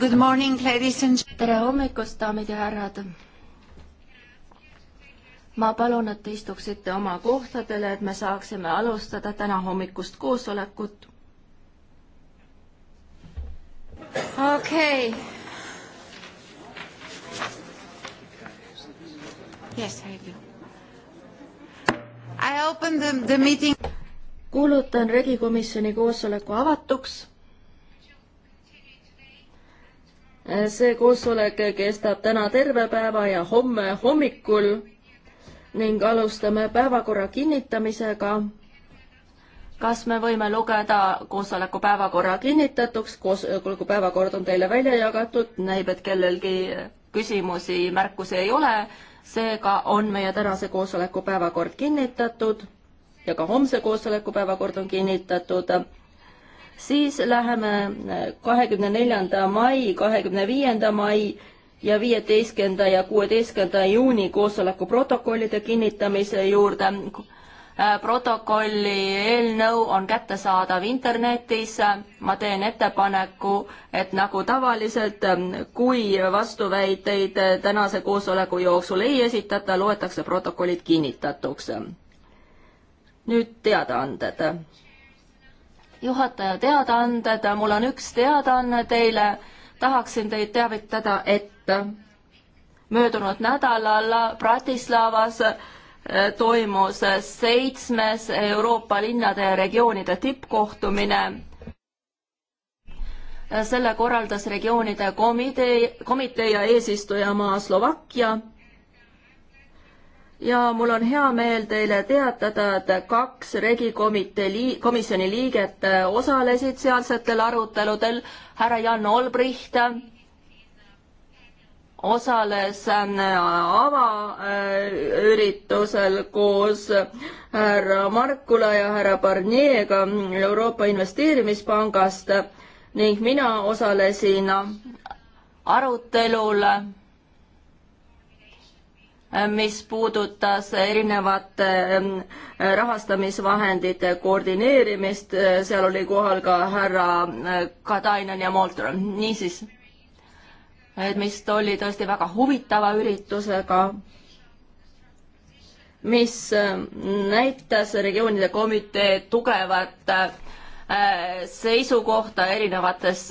Good morning, ladies and tere hommikust, daamid ja härrad! ma palun, et istuksite oma kohtadele, et me saaksime alustada täna hommikust koosolekut. okei okay.. Yes, I do. I open the, the meeting. kuulutan regikomisjoni koosoleku avatuks see koosolek kestab täna terve päeva ja homme hommikul ning alustame päevakorra kinnitamisega. kas me võime lugeda koosoleku päevakorra kinnitatuks, koosoleku päevakord on teile välja jagatud, näib, et kellelgi küsimusi, märkusi ei ole, seega on meie tänase koosoleku päevakord kinnitatud ja ka homse koosoleku päevakord on kinnitatud siis läheme äh, kahekümne neljanda mai, kahekümne viienda mai ja viieteistkümnenda ja kuueteistkümnenda juuni koosoleku protokollide kinnitamise juurde. Äh, protokolli eelnõu on kättesaadav internetis. ma teen ettepaneku, et nagu tavaliselt, äh, kui vastuväiteid tänase koosoleku jooksul ei esitata, loetakse protokollid kinnitatuks. nüüd teadaanded juhataja teadaanded, mul on üks teadaanne teile, tahaksin teid teavitada, et möödunud nädalal Bratislavas eh, toimus seitsmes Euroopa linnade ja regioonide tippkohtumine. selle korraldas regioonide komitee, komitee ja eesistujamaa Slovakkia ja mul on hea meel teile teatada, et kaks regikomitee lii-, komisjoni liiget äh, osalesid sealsetel aruteludel. härra Jan Olbricht osales ähm, avaüritusel äh, koos härra Markula ja härra Barnier'ga Euroopa Investeerimispangast ning mina osalesin arutelul mis puudutas erinevate ähm, rahastamisvahendite koordineerimist, äh, seal oli kohal ka härra äh, Katainen ja Moltron, niisiis, et mis oli tõesti väga huvitava üritusega, mis äh, näitas regioonide komitee tugevat seisukohta erinevates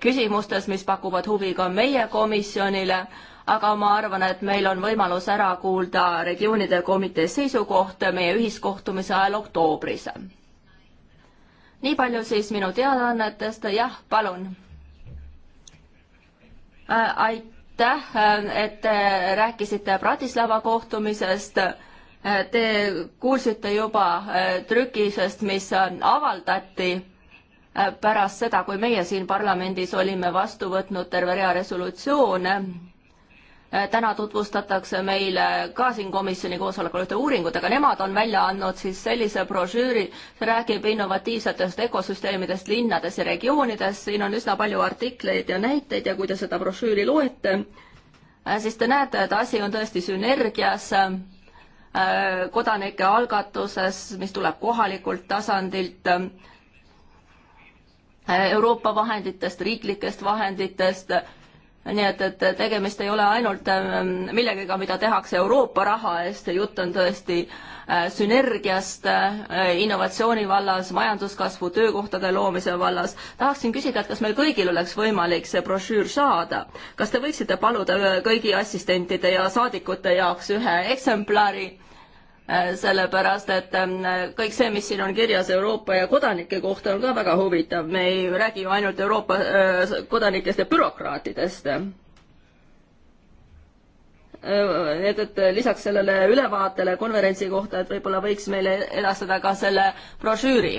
küsimustes, mis pakuvad huvi ka meie komisjonile aga ma arvan, et meil on võimalus ära kuulda regioonide komitee seisukoht meie ühiskohtumise ajal oktoobris. nii palju siis minu teadaannetest, jah, palun. Äh, aitäh, äh, et te rääkisite Bratislava kohtumisest äh, Te kuulsite juba trükisest, mis avaldati pärast seda, kui meie siin parlamendis olime vastu võtnud terve rea resolutsioone Äh, täna tutvustatakse meile ka siin komisjoni koosolekul ühte uuringut, aga nemad on välja andnud siis sellise brošüüri, see räägib innovatiivsetest ökosüsteemidest linnades ja regioonides, siin on üsna palju artikleid ja näiteid ja kui te seda brošüüri loete, äh, siis te näete, et asi on tõesti sünergias äh, kodanike algatuses, mis tuleb kohalikult tasandilt, Euroopa vahenditest, riiklikest vahenditest nii et, et tegemist ei ole ainult ähm, millegagi, mida tehakse Euroopa raha eest, jutt on tõesti äh, sünergiast äh, innovatsiooni vallas, majanduskasvu, töökohtade loomise vallas. tahaksin küsida, et kas meil kõigil oleks võimalik see brošüür saada? kas te võiksite paluda äh, kõigi assistentide ja saadikute jaoks ühe eksemplari? Äh, sellepärast et ähm, kõik see, mis siin on kirjas Euroopa ja kodanike kohta, on ka väga huvitav, me ei räägi ju ainult Euroopa äh, kodanikest ja bürokraatidest. nii äh, et, et lisaks sellele ülevaatele konverentsi kohta, et võib-olla võiks meile edastada ka selle brošüüri.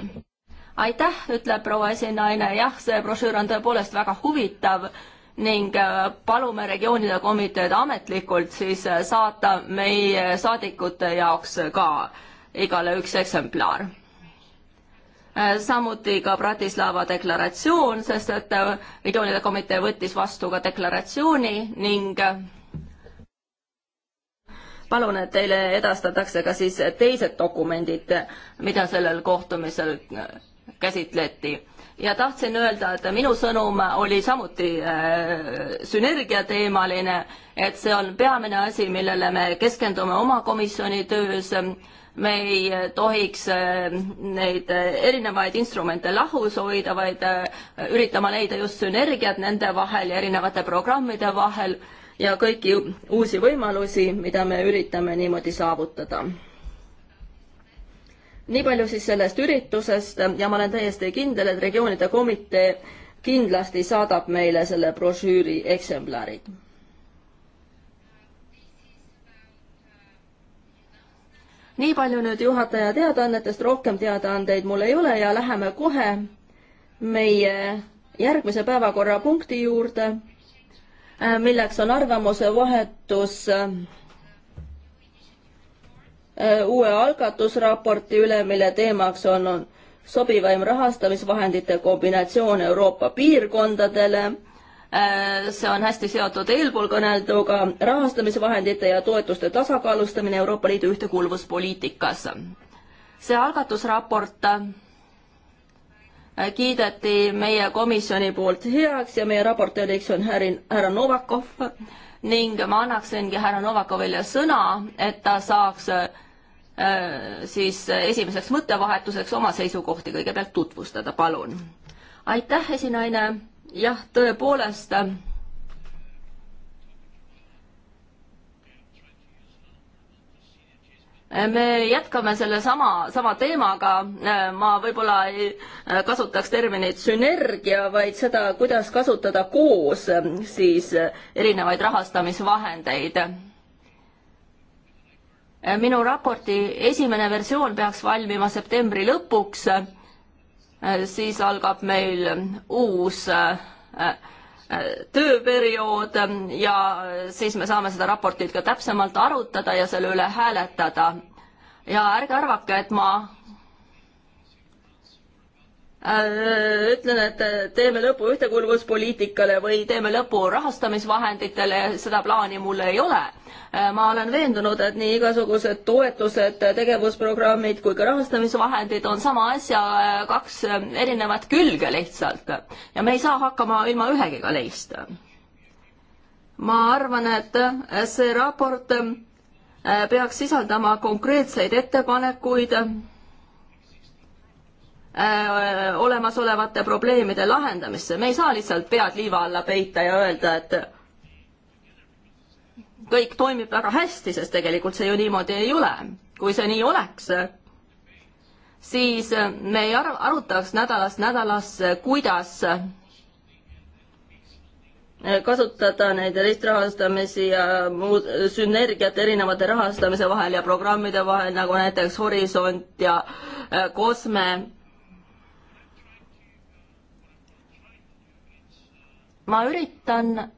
aitäh, ütleb proua esinaine, jah, see brošüür on tõepoolest väga huvitav ning äh, palume regioonide komiteed ametlikult siis äh, saata meie saadikute jaoks ka igale üks eksemplar. Äh, samuti ka Bratislava deklaratsioon, sest et regioonide komitee võttis vastu ka deklaratsiooni ning palun, et teile edastatakse ka siis teised dokumendid, mida sellel kohtumisel käsitleti ja tahtsin öelda, et minu sõnum oli samuti äh, sünergiateemaline, et see on peamine asi, millele me keskendume oma komisjoni töös. me ei tohiks äh, neid erinevaid instrumente lahus hoida, vaid äh, üritama leida just sünergiat nende vahel ja erinevate programmide vahel ja kõiki uusi võimalusi, mida me üritame niimoodi saavutada nii palju siis sellest üritusest ja ma olen täiesti kindel, et regioonide komitee kindlasti saadab meile selle brošüüri eksemplarid. nii palju nüüd juhataja teadaannetest, rohkem teadaandeid mul ei ole ja läheme kohe meie järgmise päevakorrapunkti juurde, milleks on arvamuse vahetus Äh, uue algatusraporti üle, mille teemaks on, on sobivaim rahastamisvahendite kombinatsioon Euroopa piirkondadele. Äh, see on hästi seotud eelpool kõnelduga rahastamisvahendite ja toetuste tasakaalustamine Euroopa Liidu ühtekuuluvuspoliitikas. see algatusraport äh, kiideti meie komisjoni poolt heaks ja meie raportööriks on härra Novakov ning ma annaksingi härra Novakovile sõna, et ta saaks Äh, siis äh, esimeseks mõttevahetuseks oma seisukohti kõigepealt tutvustada, palun. aitäh, esinaine. jah, tõepoolest. Äh, me jätkame sellesama, sama teemaga. ma võib-olla ei kasutaks terminit sünergia, vaid seda, kuidas kasutada koos siis erinevaid rahastamisvahendeid minu raporti esimene versioon peaks valmima septembri lõpuks, äh, siis algab meil uus äh, äh, tööperiood ja siis me saame seda raportit ka täpsemalt arutada ja selle üle hääletada. ja ärge arvake, et ma Äh, ütlen, et äh, teeme lõpu ühtekuuluvuspoliitikale või teeme lõpu rahastamisvahenditele, seda plaani mul ei ole. Äh, ma olen veendunud, et nii igasugused toetused, tegevusprogrammid kui ka rahastamisvahendid on sama asja kaks erinevat külge lihtsalt ja me ei saa hakkama ilma ühegiga neist. ma arvan, et see raport peaks sisaldama konkreetseid ettepanekuid Äh, olemasolevate probleemide lahendamisse, me ei saa lihtsalt pead liiva alla peita ja öelda, et kõik toimib väga hästi, sest tegelikult see ju niimoodi ei ole. kui see nii oleks, siis me ei ar-, arutaks nädalast nädalasse, kuidas kasutada neid rahastamisi ja muud sünergiat erinevate rahastamise vahel ja programmide vahel, nagu näiteks Horisont ja äh, Kosme ma üritan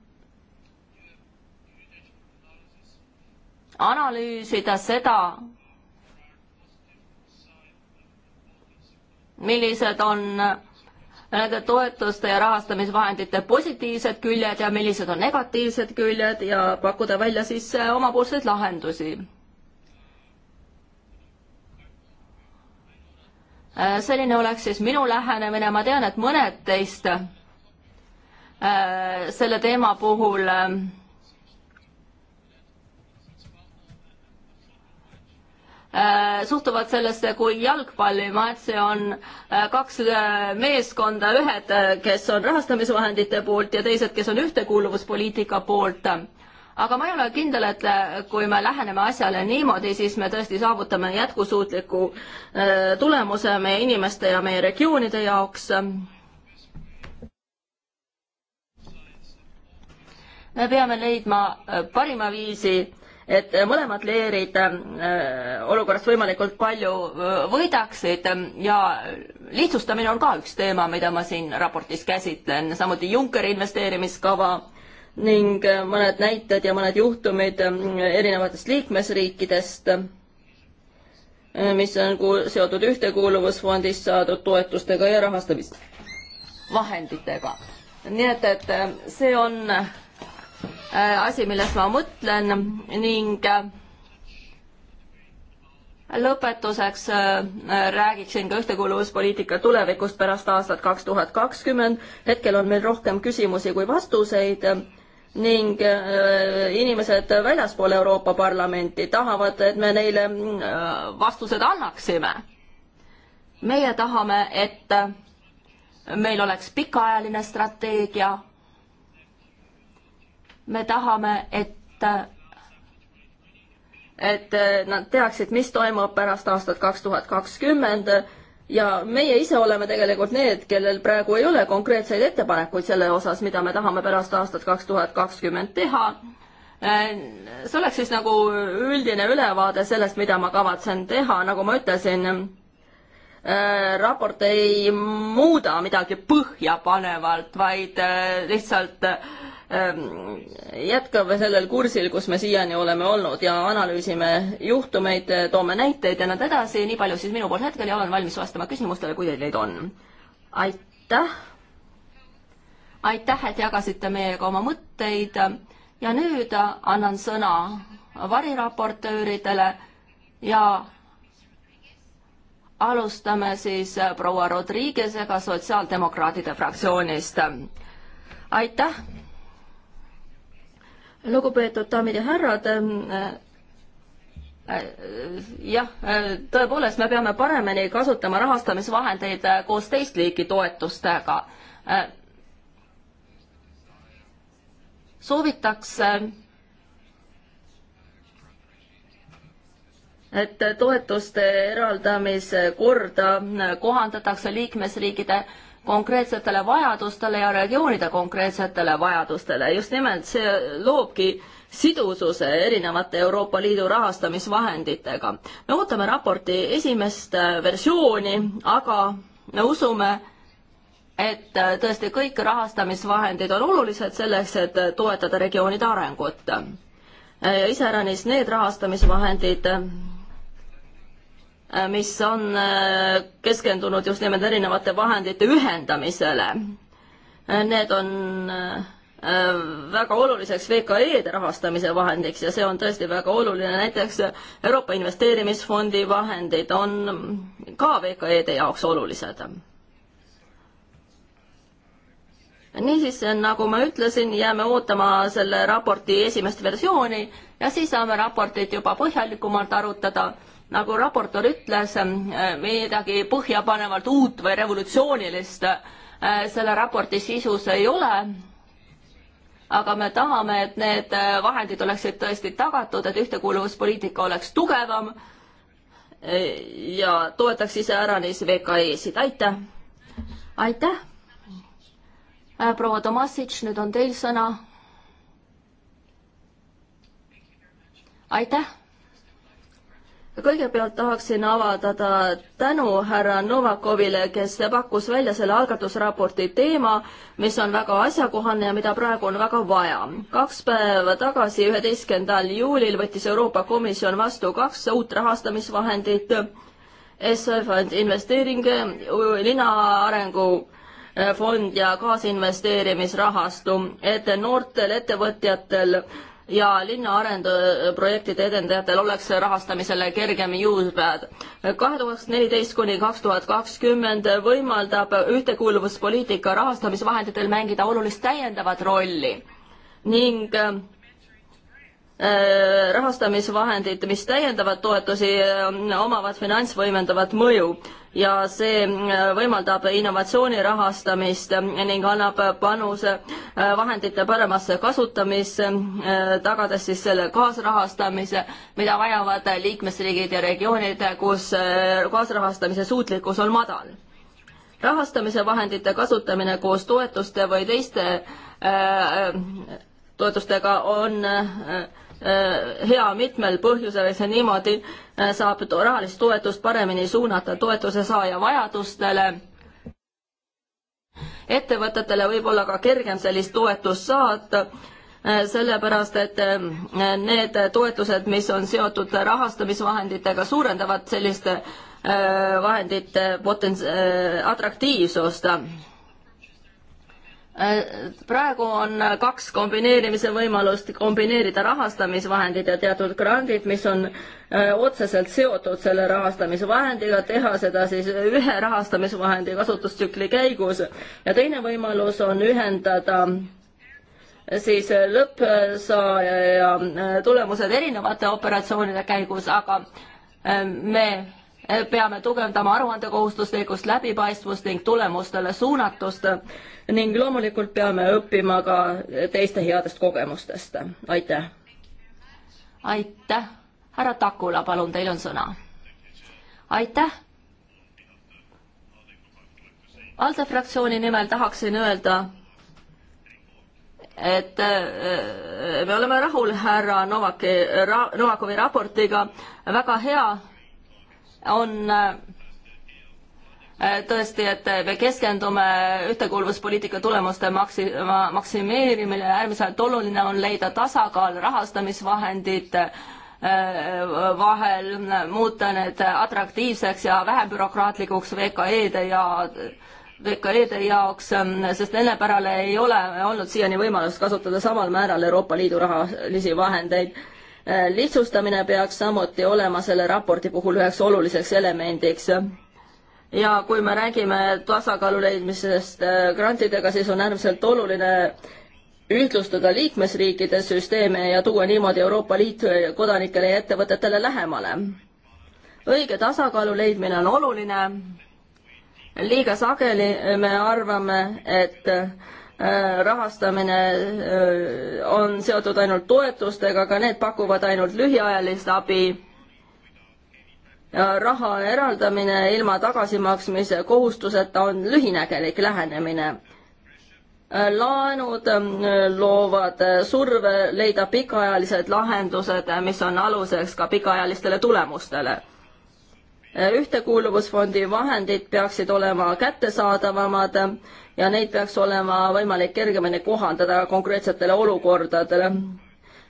analüüsida seda, millised on nende toetuste ja rahastamisvahendite positiivsed küljed ja millised on negatiivsed küljed ja pakkuda välja siis omapoolseid lahendusi. selline oleks siis minu lähenemine, ma tean, et mõned teist Äh, selle teema puhul äh, äh, suhtuvad sellesse kui jalgpallimatš, see on kaks meeskonda, ühed, kes on rahastamisvahendite poolt ja teised, kes on ühtekuuluvuspoliitika poolt. aga ma ei ole kindel, et kui me läheneme asjale niimoodi, siis me tõesti saavutame jätkusuutliku tulemuse meie inimeste ja meie regioonide jaoks me peame leidma äh, parima viisi, et mõlemad leerid äh, olukorrast võimalikult palju äh, võidaksid ja lihtsustamine on ka üks teema, mida ma siin raportis käsitlen, samuti Junckeri investeerimiskava ning mõned näited ja mõned juhtumid erinevatest liikmesriikidest, mis on seotud ühtekuuluvusfondist saadud toetustega ja rahastamisvahenditega. nii et, et see on Äh, asi, millest ma mõtlen ning äh, lõpetuseks äh, räägiksin ka ühtekuuluvuspoliitika tulevikust pärast aastat kaks tuhat kakskümmend. hetkel on meil rohkem küsimusi kui vastuseid ning inimesed väljaspool Euroopa Parlamenti tahavad, et me neile vastused annaksime. meie tahame, et meil oleks pikaajaline strateegia me tahame, et et nad teaksid, mis toimub pärast aastat kaks tuhat kakskümmend ja meie ise oleme tegelikult need, kellel praegu ei ole konkreetseid ettepanekuid selle osas, mida me tahame pärast aastat kaks tuhat kakskümmend teha. see oleks siis nagu üldine ülevaade sellest, mida ma kavatsen teha, nagu ma ütlesin, raport ei muuda midagi põhjapanevalt, vaid lihtsalt äh, Ähm, jätkame sellel kursil, kus me siiani oleme olnud ja analüüsime juhtumeid, toome näiteid ja nõnda edasi, nii palju siis minu poolt hetkel ja olen valmis vastama küsimustele, kui teil neid on. aitäh! aitäh, et jagasite meiega oma mõtteid ja nüüd annan sõna variraportööridele ja alustame siis proua Rodriguez'ega Sotsiaaldemokraatide fraktsioonist. aitäh! lugupeetud daamid ja härrad ähm, äh, äh, jah, äh, tõepoolest, me peame paremini kasutama rahastamisvahendeid koos teist liiki toetustega. soovitakse, et toetuste eraldamise korda kohandatakse liikmesriigide konkreetsetele vajadustele ja regioonide konkreetsetele vajadustele. just nimelt see loobki sidususe erinevate Euroopa Liidu rahastamisvahenditega. me ootame raporti esimest äh, versiooni, aga me usume, et äh, tõesti kõik rahastamisvahendid on olulised selleks, et äh, toetada regioonide arengut. iseäranis need rahastamisvahendid, Äh, mis on äh, keskendunud just nimelt erinevate vahendite ühendamisele. Äh, need on väga oluliseks VKE-de rahastamise vahendiks ja see on tõesti väga oluline, näiteks Euroopa Investeerimisfondi vahendid on ka VKE-de jaoks olulised. niisiis, nagu ma ütlesin, jääme ootama selle raporti esimest versiooni ja siis saame raportit juba põhjalikumalt arutada nagu raportöör ütles, äh, midagi põhjapanevalt uut või revolutsioonilist äh, selle raporti sisus ei ole. aga me tahame, et need äh, vahendid oleksid tõesti tagatud, et ühtekuuluvuspoliitika oleks tugevam ja toetaks iseäranis VKE-sid, aitäh! aitäh! proua Tomasitš, nüüd on teil sõna. aitäh! kõigepealt tahaksin avaldada tänu härra Novakovile, kes pakkus välja selle algatusraporti teema, mis on väga asjakohane ja mida praegu on väga vaja. kaks päeva tagasi, üheteistkümnendal juulil võttis Euroopa Komisjon vastu kaks uut rahastamisvahendit, SF investeering, linna arengu fond ja kaasinvesteerimisrahastu, et noortel ettevõtjatel ja linnaarenduprojektide edendajatel oleks rahastamisele kergem juurdepääs. kahe tuhat neliteist kuni kaks tuhat kakskümmend võimaldab ühtekuuluvuspoliitika rahastamisvahenditel mängida olulist täiendavat rolli ning äh, rahastamisvahendid, mis täiendavad toetusi, äh, omavad finantsvõimendavat mõju ja see äh, võimaldab innovatsiooni rahastamist ning annab panuse äh, vahendite paremasse kasutamisse, äh, tagades siis selle kaasrahastamise, mida vajavad liikmesriigid ja regioonid, kus kaasrahastamise suutlikkus on madal rahastamise vahendite kasutamine koos toetuste või teiste äh, toetustega on äh, Äh, hea mitmel põhjusel ja see niimoodi äh, saab rahalist toetust paremini suunata toetuse saaja vajadustele. ettevõtetele võib olla ka kergem sellist toetust saada, äh, sellepärast et need toetused, mis on seotud rahastamisvahenditega, suurendavad selliste vahendite potents-, atraktiivsust Äh, praegu on kaks kombineerimise võimalust, kombineerida rahastamisvahendid ja teatud grandid, mis on äh, otseselt seotud selle rahastamisvahendiga, teha seda siis ühe rahastamisvahendi kasutustsükli käigus ja teine võimalus on ühendada äh, siis lõppsaaja ja tulemused erinevate operatsioonide käigus, aga me peame tugevdama aruandekohustuslikust läbipaistvust ning tulemustele suunatust ning loomulikult peame õppima ka teiste headest kogemustest. aitäh! aitäh! härra Takula, palun, teil on sõna. aitäh! ALDE fraktsiooni nimel tahaksin öelda, et äh, me oleme rahul härra Novaki ra,, Novakovi raportiga, väga hea on äh, äh, tõesti, et me keskendume ühtekuuluvuspoliitika tulemuste maksi-, maksimeerimine, äärmiselt oluline on leida tasakaal rahastamisvahendite äh, vahel, muuta need atraktiivseks ja vähem bürokraatlikuks VKE-de ja VKE-de jaoks, sest nende pärale ei ole olnud siiani võimalust kasutada samal määral Euroopa Liidu rahalisi vahendeid Äh, lihtsustamine peaks samuti olema selle raporti puhul üheks oluliseks elemendiks ja kui me räägime tasakaalu leidmisest äh, grantidega, siis on äärmiselt oluline ühtlustada liikmesriikide süsteeme ja tuua niimoodi Euroopa Liit kodanikele ja ettevõtetele lähemale. õige tasakaalu leidmine on oluline. liiga sageli me arvame, et Äh, rahastamine äh, on seotud ainult toetustega, aga need pakuvad ainult lühiajalist abi. raha eraldamine ilma tagasimaksmise kohustuseta on lühinägelik lähenemine. Äh, laenud ähm, loovad surve leida pikaajalised lahendused, mis on aluseks ka pikaajalistele tulemustele ühtekuuluvusfondi vahendid peaksid olema kättesaadavamad ja neid peaks olema võimalik kergemini kohandada konkreetsetele olukordadele.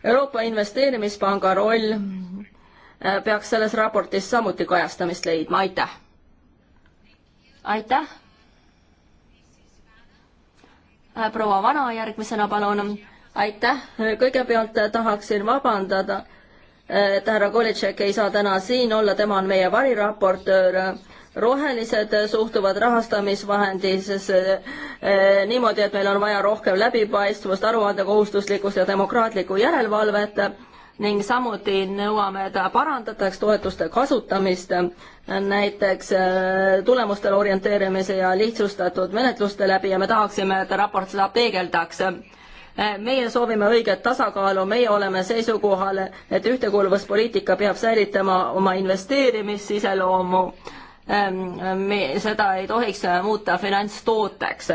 Euroopa Investeerimispanga roll äh, peaks selles raportis samuti kajastamist leidma, aitäh! aitäh! Äh, proua Vana järgmisena, palun! aitäh, kõigepealt tahaksin vabandada, et härra Kolitšek ei saa täna siin olla, tema on meie variraportöör rohelised suhtuvad rahastamisvahendisse eh, niimoodi, et meil on vaja rohkem läbipaistvust, aruandekohustuslikkust ja demokraatlikku järelevalvet ning samuti nõuame, et parandataks toetuste kasutamist, näiteks eh, tulemustele orienteerimise ja lihtsustatud menetluste läbi ja me tahaksime, et raport seda peegeldaks eh, meie soovime õiget tasakaalu, meie oleme seisukohal, et ühtekuuluvuspoliitika peab säilitama oma investeerimisiseloomu Ehm, me seda ei tohiks muuta finantstooteks.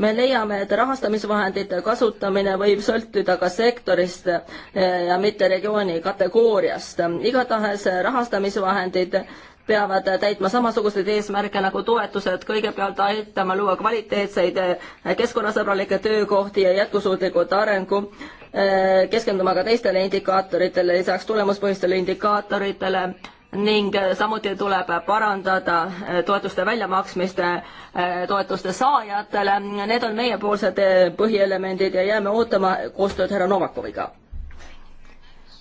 me leiame, et rahastamisvahendite kasutamine võib sõltuda ka sektorist eh, ja mitte regiooni kategooriast. igatahes rahastamisvahendid peavad täitma samasuguseid eesmärke nagu toetused, kõigepealt aitama luua kvaliteetseid eh, keskkonnasõbralikke töökohti ja jätkusuutlikult arengu, eh, keskenduma ka teistele indikaatoritele, lisaks tulemuspõhistele indikaatoritele ning samuti tuleb parandada eh, toetuste väljamaksmiste eh, toetuste saajatele. Need on meiepoolsed eh, põhielemendid ja jääme ootama koostööd härra Novakoviga.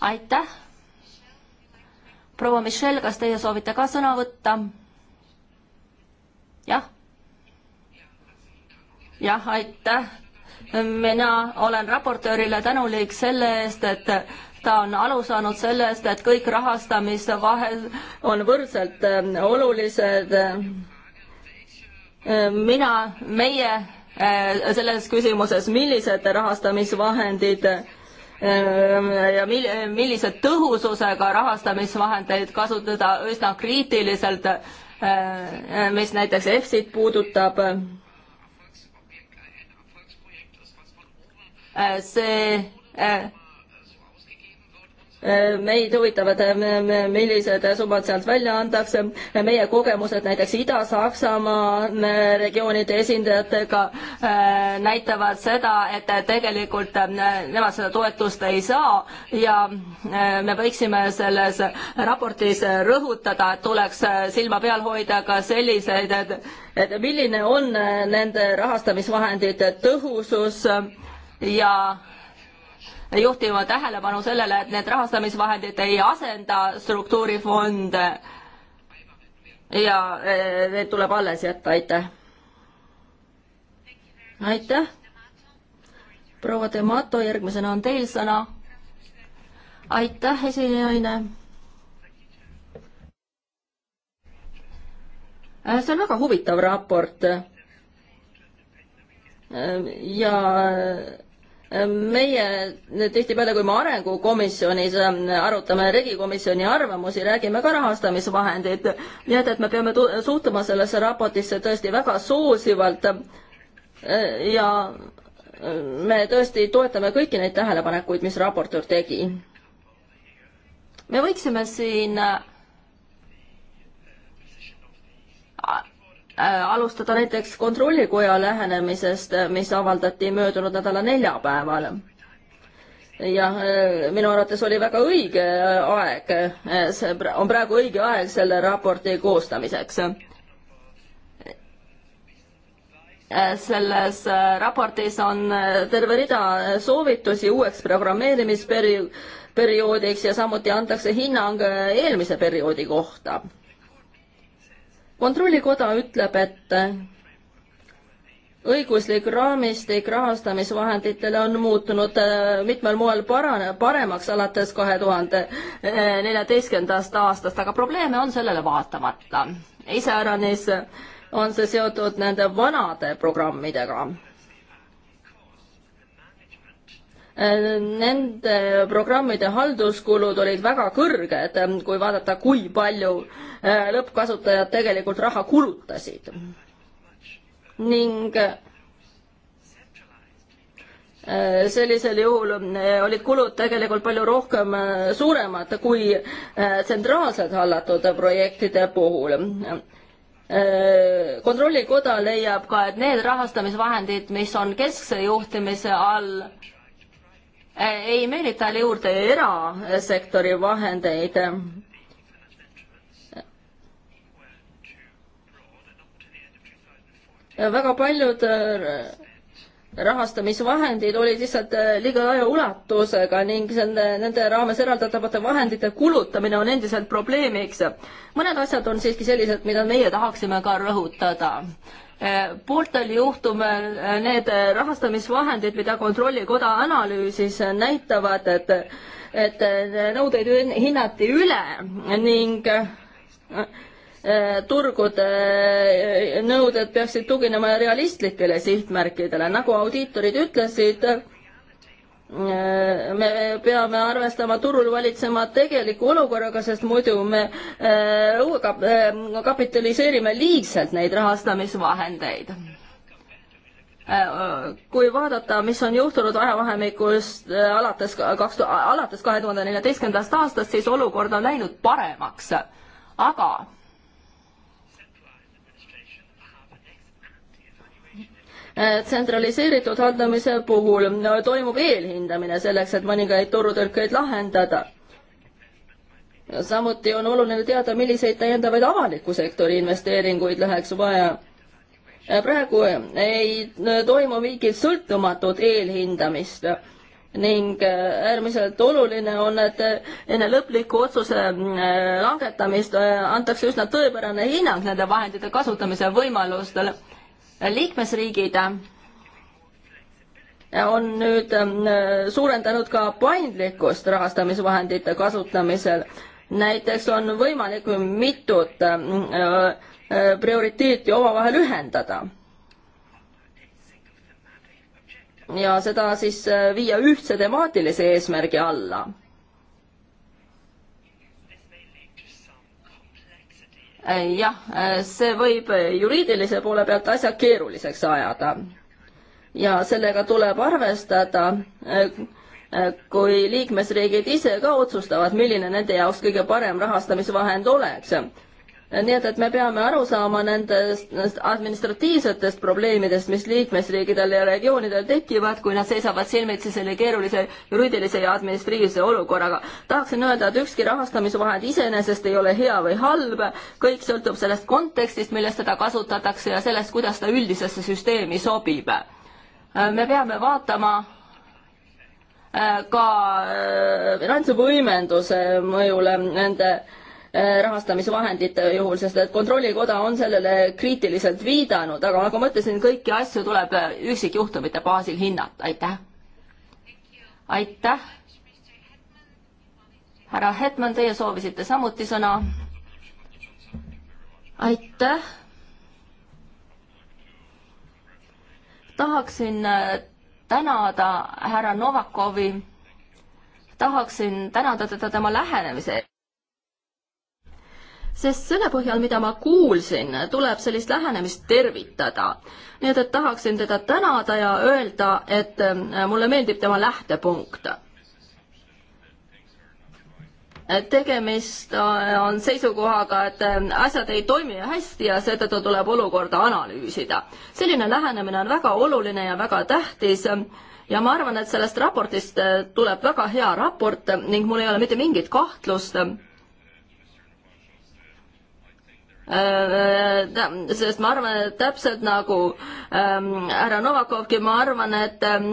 aitäh. proua Michelle, kas teie soovite ka sõna võtta? jah? jah, aitäh mina olen raportöörile tänulik selle eest, et ta on aru saanud sellest, et kõik rahastamise vahel on võrdselt äh, olulised. Äh, mina, meie äh, selles küsimuses, millised rahastamisvahendid ja millise tõhususega rahastamisvahendeid kasutada üsna kriitiliselt, mis näiteks EFSit puudutab Äh, see äh, äh, meid huvitavad, millised summad sealt välja antakse, meie kogemused näiteks Ida-Saksamaa regioonide esindajatega näitavad seda, et tegelikult nemad seda toetust ei saa ja me võiksime selles raportis rõhutada, et tuleks silma peal hoida ka selliseid, et et milline on nende rahastamisvahendite tõhusus ja juhtima tähelepanu sellele, et need rahastamisvahendid ei asenda struktuurifonde ja e, need tuleb alles jätta, aitäh. aitäh. proua Demato, järgmisena on teil sõna. aitäh, esinejaine. see on väga huvitav raport. ja meie tihtipeale, kui me arengukomisjonis ähm, arutame regikomisjoni arvamusi, räägime ka rahastamisvahendid, nii et, et me peame suhtuma sellesse raportisse tõesti väga soosivalt äh, ja äh, me tõesti toetame kõiki neid tähelepanekuid, mis raportöör tegi. me võiksime siin äh, Äh, alustada näiteks Kontrollikoja lähenemisest, mis avaldati möödunud nädala neljapäeval. jah, äh, minu arvates oli väga õige äh, aeg, see on praegu õige aeg selle raporti koostamiseks. selles raportis on terve rida soovitusi uueks programmeerimisperi-, perioodiks ja samuti antakse hinnang eelmise perioodi kohta kontrollikoda ütleb, et õiguslik raamistik rahastamisvahenditele on muutunud äh, mitmel moel parane, paremaks alates kahe tuhande neljateistkümnendast aastast, aga probleeme on sellele vaatamata. iseäranis on see seotud nende vanade programmidega Äh, nende programmide halduskulud olid väga kõrged, ähm, kui vaadata, kui palju äh, lõppkasutajad tegelikult raha kulutasid. ning äh, sellisel juhul olid kulud tegelikult palju rohkem suuremad kui tsentraalselt hallatud projektide puhul kontrollikoda leiab ka, et need rahastamisvahendid, mis on keskse juhtimise all, Äh, ei meelita juurde erasektori vahendeid väga paljud äh, rahastamisvahendid olid lihtsalt äh, liiga laia ulatusega ning selle, nende raames eraldatavate vahendite kulutamine on endiselt probleemiks. mõned asjad on siiski sellised, mida meie tahaksime ka rõhutada. Eh, pooltel juhtumil eh, need eh, rahastamisvahendid, mida Kontrollikoda analüüsis, näitavad, et, et nõudeid hinnati üle ning turgude nõuded peaksid tuginema realistlikele sihtmärkidele, nagu audiitorid ütlesid Äh, me peame arvestama turul valitsema tegeliku olukorraga, sest muidu me äh, uue kap-, äh, kapitaliseerime liigselt neid rahastamisvahendeid. Kui vaadata, mis on juhtunud ajavahemikust alates kaks, alates kahe tuhande neljateistkümnendast aastast, siis olukord on läinud paremaks, aga Äh, tsentraliseeritud haldamise puhul toimub eelhindamine selleks, et mõningaid turutõrkeid lahendada samuti on oluline teada, milliseid täiendavaid avaliku sektori investeeringuid läheks vaja. Äh, praegu ei äh, toimu mingit sõltumatut eelhindamist ning äärmiselt oluline on, et enne lõpliku otsuse langetamist antakse üsna tõepärane hinnang nende vahendite kasutamise võimalustele liikmesriigid äh, on nüüd ähm, suurendanud ka paindlikkust rahastamisvahendite kasutamisel. näiteks on võimalik mitut ähm, äh, prioriteeti omavahel ühendada. ja seda siis äh, viia ühtse temaatilise eesmärgi alla Äh, jah, äh, see võib äh, juriidilise poole pealt asja keeruliseks ajada. ja sellega tuleb arvestada, kui liikmesriigid ise ka otsustavad, milline nende jaoks kõige parem rahastamisvahend oleks nii et, et me peame aru saama nendest, nendest administratiivsetest probleemidest, mis liikmesriikidel ja regioonidel tekivad, kui nad seisavad silmitsi selle keerulise juriidilise ja administratiivse olukorraga. tahaksin öelda, et ükski rahastamisvahend iseenesest ei ole hea või halb, kõik sõltub sellest kontekstist, milles teda kasutatakse ja sellest, kuidas ta üldisesse süsteemi sobib. me peame vaatama äh, ka äh, finantsvõimenduse mõjule nende äh, Äh, rahastamisvahendite äh, juhul, sest et Kontrollikoda on sellele kriitiliselt viidanud, aga nagu ma ütlesin, kõiki asju tuleb äh, üksikjuhtumite baasil hinnata, aitäh. aitäh. härra Hetman, teie soovisite samuti sõna. aitäh. tahaksin tänada härra Novakovi, tahaksin tänada teda tema lähenemise sest selle põhjal, mida ma kuulsin, tuleb sellist lähenemist tervitada. nii et, et tahaksin teda tänada ja öelda, et ähm, mulle meeldib tema lähtepunkt. tegemist äh, on seisukohaga, et ähm, asjad ei toimi hästi ja seetõttu tuleb olukorda analüüsida. selline lähenemine on väga oluline ja väga tähtis ja ma arvan, et sellest raportist äh, tuleb väga hea raport ning mul ei ole mitte mingit kahtlust, Äh, äh, sest ma arvan, et täpselt nagu ähm, härra Novakovki, ma arvan, et ähm,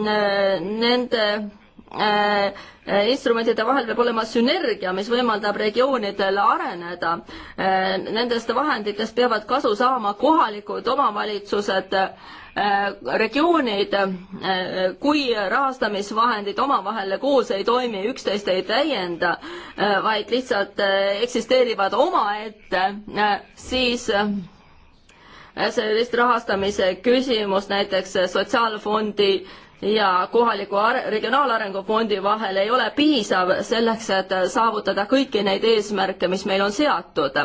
nende äh, instrumentide vahel peab olema sünergia, mis võimaldab regioonidel areneda. Nendest vahenditest peavad kasu saama kohalikud omavalitsused Äh, regioonid, äh, kui rahastamisvahendid omavahel koos ei toimi, üksteist ei täienda, äh, vaid lihtsalt eksisteerivad omaette, siis sellist rahastamise küsimust näiteks sotsiaalfondi ja kohaliku regionaalarengu fondi vahel ei ole piisav selleks, et saavutada kõiki neid eesmärke, mis meil on seatud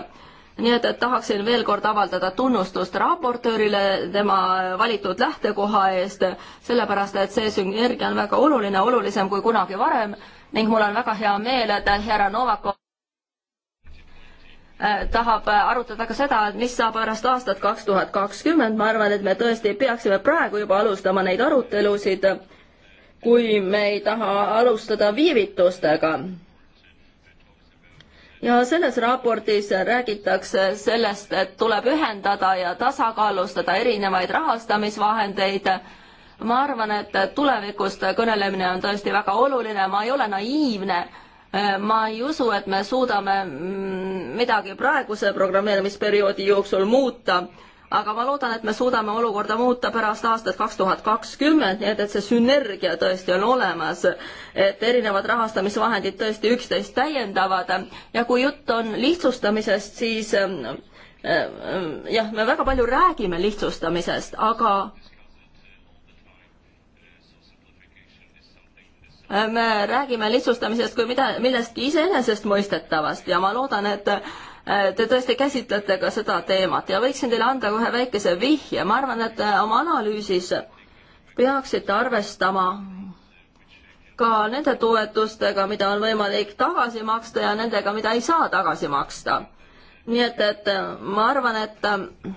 nii et, et tahaksin veel kord avaldada tunnustust raportöörile tema valitud lähtekoha eest, sellepärast et see sünergia on väga oluline, olulisem kui kunagi varem ning mul on väga hea meel, et härra Novakov tahab arutada ka seda, et mis saab pärast aastat kaks tuhat kakskümmend, ma arvan, et me tõesti peaksime praegu juba alustama neid arutelusid, kui me ei taha alustada viivitustega ja selles raportis räägitakse sellest, et tuleb ühendada ja tasakaalustada erinevaid rahastamisvahendeid. ma arvan, et tulevikust kõnelemine on tõesti väga oluline, ma ei ole naiivne ma ei usu, et me suudame mm, midagi praeguse programmeerimisperioodi jooksul muuta aga ma loodan, et me suudame olukorda muuta pärast aastat kaks tuhat kakskümmend, nii et, et see sünergia tõesti on olemas, et erinevad rahastamisvahendid tõesti üksteist täiendavad ja kui jutt on lihtsustamisest, siis ähm, äh, jah, me väga palju räägime lihtsustamisest, aga äh, me räägime lihtsustamisest kui mida, millestki iseenesestmõistetavast ja ma loodan, et Äh, te tõesti käsitlete ka seda teemat ja võiksin teile anda kohe väikese vihje, ma arvan, et äh, oma analüüsis peaksite arvestama ka nende toetustega, mida on võimalik tagasi maksta ja nendega, mida ei saa tagasi maksta. nii et, et äh, ma arvan, et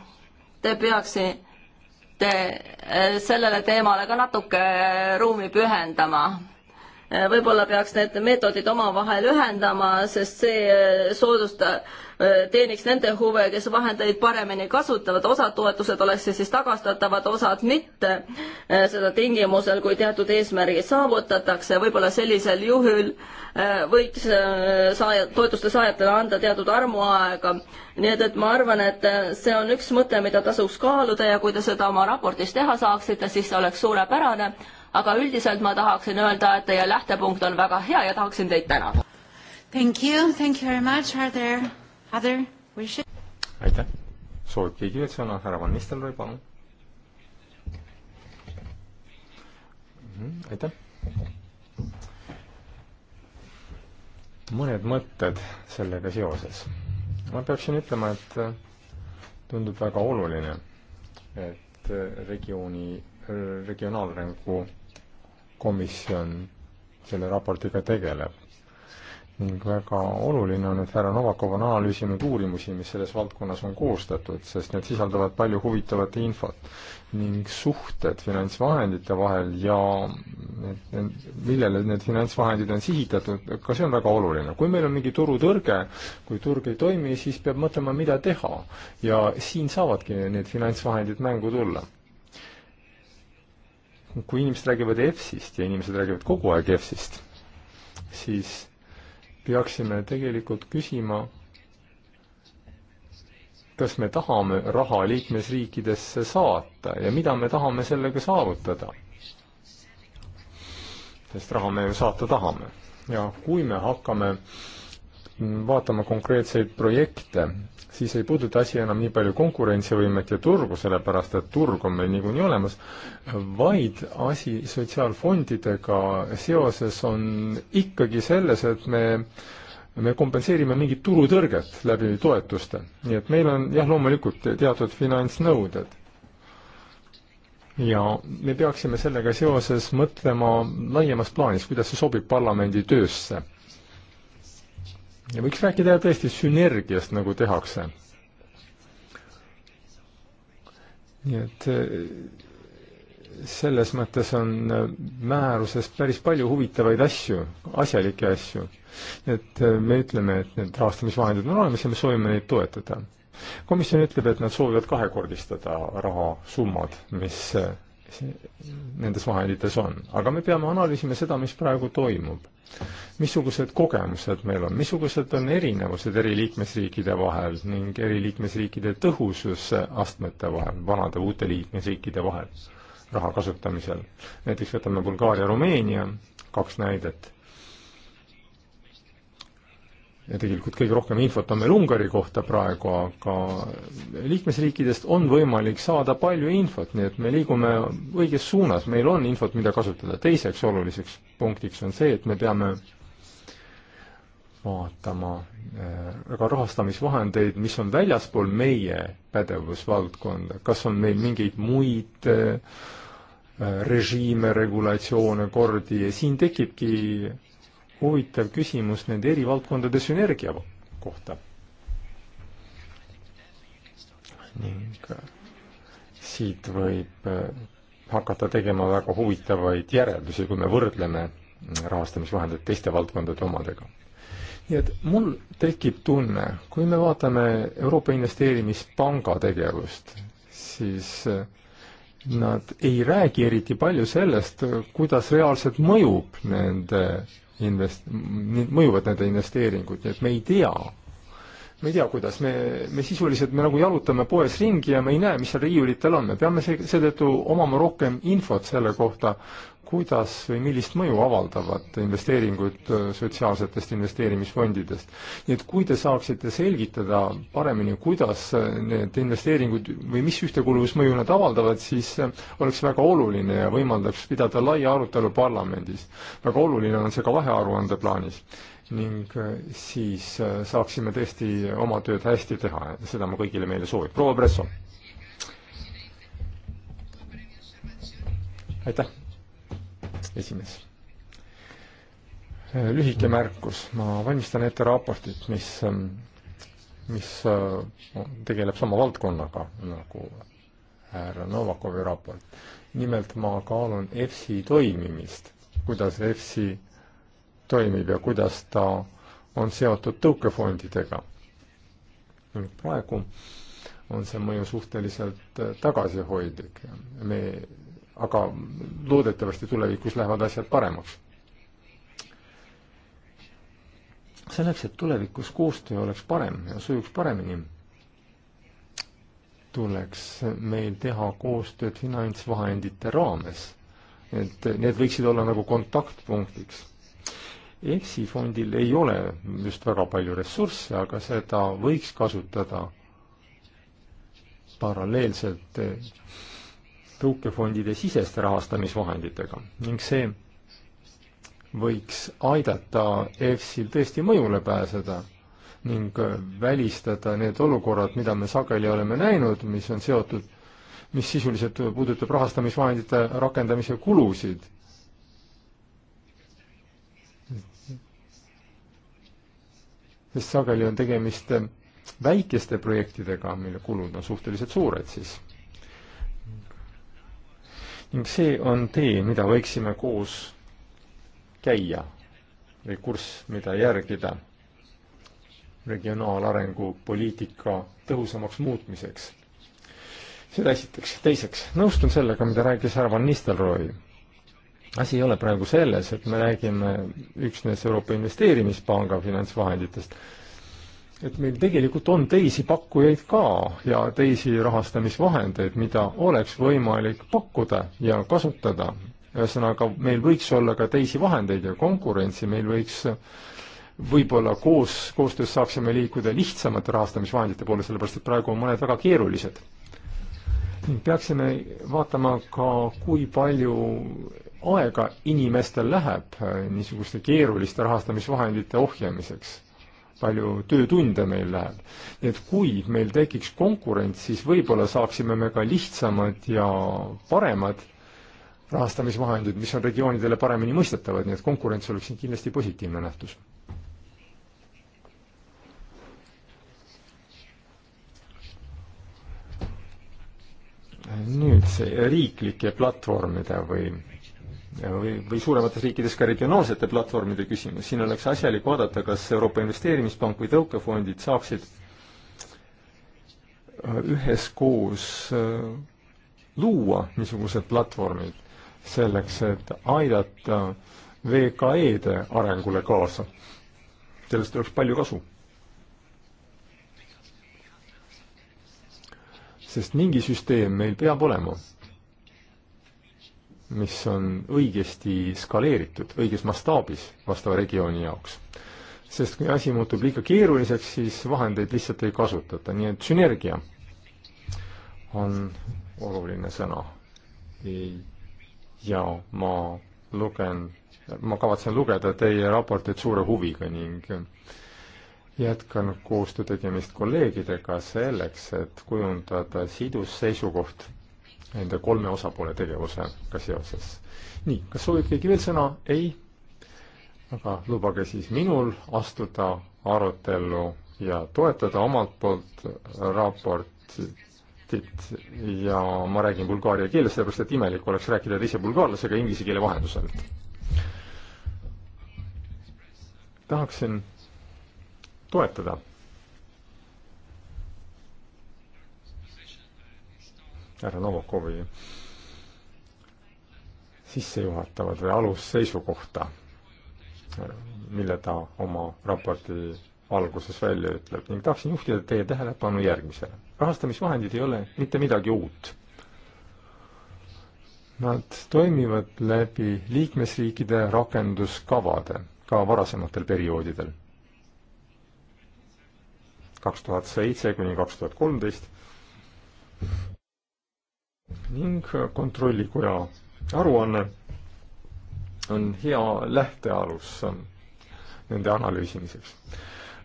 te peaksite sellele teemale ka natuke ruumi pühendama Äh, võib-olla peaks need meetodid omavahel ühendama, sest see äh, soodusta-, äh, teeniks nende huve, kes vahendeid paremini kasutavad, osad toetused oleks siis tagastatavad, osad mitte, seda tingimusel, kui teatud eesmärgid saavutatakse, võib-olla sellisel juhul võiks saaja, toetuste saajatele anda teatud armuaega. nii et, et ma arvan, et see on üks mõte, mida tasuks kaaluda ja kui te seda oma raportis teha saaksite, siis see oleks suurepärane aga üldiselt ma tahaksin öelda, et teie lähtepunkt on väga hea ja tahaksin teid tänada. Thank you, thank you very much, are there other wishes? aitäh, soovib keegi veel sõna, härra Van Nistelrooy, palun. Mhm, aitäh. mõned mõtted sellega seoses. ma peaksin ütlema, et äh, tundub väga oluline, et äh, regiooni äh, regionaalarengu komisjon selle raportiga tegeleb. ning väga oluline on, et härra Novakov on analüüsinud uurimusi, mis selles valdkonnas on koostatud, sest need sisaldavad palju huvitavat infot. ning suhted finantsvahendite vahel ja need, millele need finantsvahendid on sihitatud, ka see on väga oluline. kui meil on mingi turutõrge, kui turg ei toimi, siis peab mõtlema, mida teha. ja siin saavadki need finantsvahendid mängu tulla kui inimesed räägivad EFSist ja inimesed räägivad kogu aeg EFSist, siis peaksime tegelikult küsima, kas me tahame raha liikmesriikidesse saata ja mida me tahame sellega saavutada. sest raha me ju saata tahame ja kui me hakkame vaatama konkreetseid projekte, siis ei puuduta asi enam nii palju konkurentsivõimet ja turgu, sellepärast et turg on meil niikuinii olemas, vaid asi sotsiaalfondidega seoses on ikkagi selles, et me me kompenseerime mingit turutõrget läbi toetuste. nii et meil on jah, loomulikult teatud finantsnõuded. ja me peaksime sellega seoses mõtlema laiemas plaanis, kuidas see sobib parlamendi töösse ja võiks rääkida tõesti sünergiast, nagu tehakse. nii et eh, selles mõttes on eh, määruses päris palju huvitavaid asju, asjalikke asju. et eh, me ütleme, et need rahastamisvahendid on olemas ja me soovime neid toetada. komisjon ütleb, et nad soovivad kahekordistada rahasummad, mis nendes vahendites on. aga me peame analüüsima seda, mis praegu toimub. missugused kogemused meil on, missugused on erinevused eri liikmesriikide vahel ning eri liikmesriikide tõhususastmete vahel, vanade uute liikmesriikide vahel raha kasutamisel. näiteks võtame Bulgaaria, Rumeenia, kaks näidet ja tegelikult kõige rohkem infot on meil Ungari kohta praegu, aga liikmesriikidest on võimalik saada palju infot, nii et me liigume õiges suunas, meil on infot, mida kasutada. teiseks oluliseks punktiks on see, et me peame vaatama eh, ka rahastamisvahendeid, mis on väljaspool meie pädevusvaldkonda, kas on meil mingeid muid eh, režiime, regulatsioone, kordi ja siin tekibki huvitav küsimus nende eri valdkondade sünergia kohta. ning äh, siit võib äh, hakata tegema väga huvitavaid järeldusi, kui me võrdleme mm, rahastamisvahendeid teiste valdkondade omadega. nii et mul tekib tunne, kui me vaatame Euroopa Investeerimispanga tegevust, siis äh, nad ei räägi eriti palju sellest, kuidas reaalselt mõjub nende invest-, mõjuvad nende investeeringud, nii et me ei tea, me ei tea, kuidas me, me sisuliselt, me nagu jalutame poes ringi ja me ei näe, mis seal riiulitel on, me peame see, seetõttu omama rohkem infot selle kohta, kuidas või millist mõju avaldavad investeeringud äh, sotsiaalsetest investeerimisfondidest. nii et kui te saaksite selgitada paremini, kuidas äh, need investeeringud või mis ühtekuuluvusmõju nad avaldavad, siis äh, oleks väga oluline ja võimaldaks pidada laia arutelu parlamendis. väga oluline on see ka vahearuande plaanis ning siis saaksime tõesti oma tööd hästi teha ja seda ma kõigile meile soovin. proua Presso. aitäh esimees. lühike märkus, ma valmistan ette raportit, mis, ähm, mis äh, tegeleb sama valdkonnaga nagu härra Novakovi raport. nimelt ma kaalun EFSi toimimist, kuidas EFSi toimib ja kuidas ta on seotud tõukefondidega. praegu on see mõju suhteliselt tagasihoidlik. me aga loodetavasti tulevikus lähevad asjad paremaks. selleks, et tulevikus koostöö oleks parem ja sujuks paremini, tuleks meil teha koostööd finantsvahendite raames. et need võiksid olla nagu kontaktpunktiks. EFSI fondil ei ole just väga palju ressursse, aga seda võiks kasutada paralleelselt tõukefondide siseste rahastamisvahenditega ning see võiks aidata EFSil tõesti mõjule pääseda ning äh, välistada need olukorrad, mida me sageli oleme näinud, mis on seotud, mis sisuliselt puudutab rahastamisvahendite rakendamise kulusid. sest sageli on tegemist äh, väikeste projektidega, mille kulud on suhteliselt suured siis ning see on tee, mida võiksime koos käia või kurss, mida järgida regionaalarengu poliitika tõhusamaks muutmiseks. seda esiteks. teiseks, nõustun sellega, mida rääkis härra Van Nistelrooy. asi ei ole praegu selles, et me räägime üksnes Euroopa Investeerimispanga finantsvahenditest et meil tegelikult on teisi pakkujaid ka ja teisi rahastamisvahendeid, mida oleks võimalik pakkuda ja kasutada. ühesõnaga, meil võiks olla ka teisi vahendeid ja konkurentsi, meil võiks võib-olla koos, koostöös saaksime liikuda lihtsamate rahastamisvahendite poole, sellepärast et praegu on mõned väga keerulised. ning peaksime vaatama ka, kui palju aega inimestel läheb niisuguste keeruliste rahastamisvahendite ohjamiseks palju töötunde meil läheb. nii et kui meil tekiks konkurents, siis võib-olla saaksime me ka lihtsamad ja paremad rahastamisvahendid, mis on regioonidele paremini mõistetavad, nii et konkurents oleks siin kindlasti positiivne nähtus. nüüd see riiklike platvormide või või, või suuremates riikides ka regionaalsete platvormide küsimus, siin oleks asjalik vaadata, kas Euroopa Investeerimispank või tõukefondid saaksid äh, üheskoos äh, luua niisugused platvormid selleks, et aidata VKE-de arengule kaasa. sellest oleks palju kasu. sest mingi süsteem meil peab olema mis on õigesti skaleeritud, õiges mastaabis vastava regiooni jaoks. sest kui asi muutub liiga keeruliseks, siis vahendeid lihtsalt ei kasutata, nii et sünergia on oluline sõna. ja ma lugen, ma kavatsen lugeda teie raportit suure huviga ning jätkan koostöö tegemist kolleegidega selleks, et kujundada sidus seisukoht nende kolme osapoole tegevusega seoses. nii, kas soovib keegi veel sõna? ei? aga lubage siis minul astuda arutellu ja toetada omalt poolt raportit ja ma räägin bulgaaria keeles, sellepärast et imelik oleks rääkida teise bulgaarlasega inglise keele vahendusel. tahaksin toetada härra Novakovi sissejuhatavat või alusseisukohta, mille ta oma raporti alguses välja ütleb ning tahaksin juhtida teie tähelepanu järgmisele. rahastamisvahendid ei ole mitte midagi uut. Nad toimivad läbi liikmesriikide rakenduskavade ka varasematel perioodidel. kaks tuhat seitse kuni kaks tuhat kolmteist ning Kontrollikoja aruanne on hea lähtealus nende analüüsimiseks.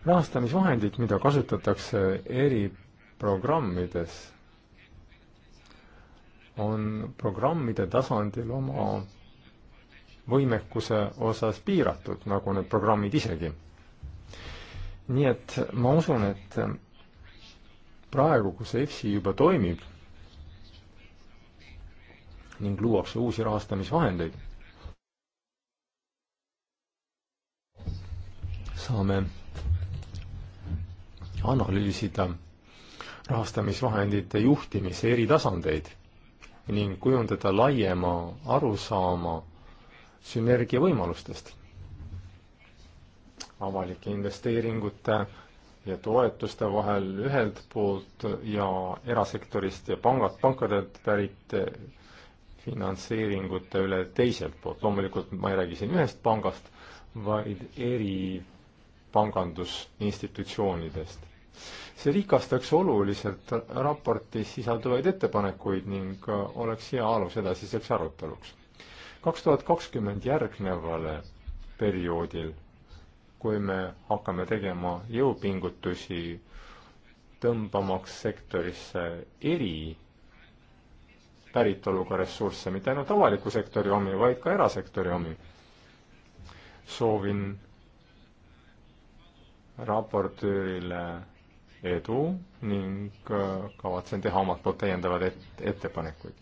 rahastamisvahendid, mida kasutatakse eriprogrammides, on programmide tasandil oma võimekuse osas piiratud, nagu need programmid isegi. nii et ma usun, et praegu, kus EFSI juba toimib ning luuakse uusi rahastamisvahendeid. saame analüüsida rahastamisvahendite juhtimise eri tasandeid ning kujundada laiema arusaama sünergia võimalustest. avalike investeeringute ja toetuste vahel ühelt poolt ja erasektorist ja pangad, pankadelt pärit finantseeringute üle teiselt poolt. loomulikult ma ei räägi siin ühest pangast, vaid eri pangandusinstitutsioonidest. see rikastaks oluliselt raportis sisalduvaid ettepanekuid ning äh, oleks hea alus edasiseks aruteluks. kaks tuhat kakskümmend järgnevale perioodil, kui me hakkame tegema jõupingutusi tõmbamaks sektorisse eri päritoluga ressursse, mitte ainult avaliku sektori omi, vaid ka erasektori omi. soovin raportöörile edu ning äh, kavatsen teha omalt poolt täiendavaid et ettepanekuid.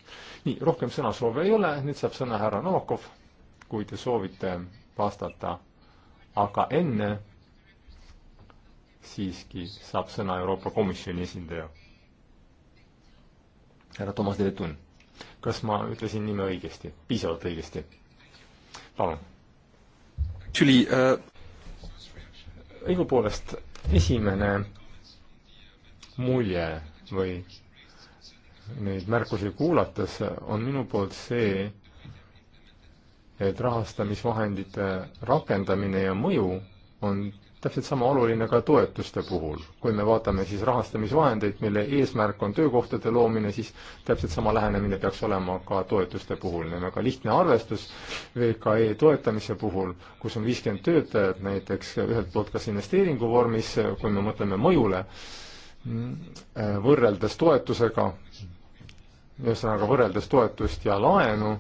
nii, rohkem sõnasoove ei ole, nüüd saab sõna härra Novakov, kui te soovite vastata, aga enne siiski saab sõna Euroopa Komisjoni esindaja, härra Toomas Leetun kas ma ütlesin nime õigesti, piisavalt õigesti? palun. Tüli äh.... õigupoolest esimene mulje või neid märkusi kuulates on minu poolt see, et rahastamisvahendite rakendamine ja mõju on täpselt sama oluline ka toetuste puhul. kui me vaatame siis rahastamisvahendeid, mille eesmärk on töökohtade loomine, siis täpselt sama lähenemine peaks olema ka toetuste puhul. Neil on ka lihtne arvestus VKE toetamise puhul, kus on viiskümmend töötajat näiteks ühelt poolt kas investeeringu vormis, kui me mõtleme mõjule, võrreldes toetusega, ühesõnaga võrreldes toetust ja laenu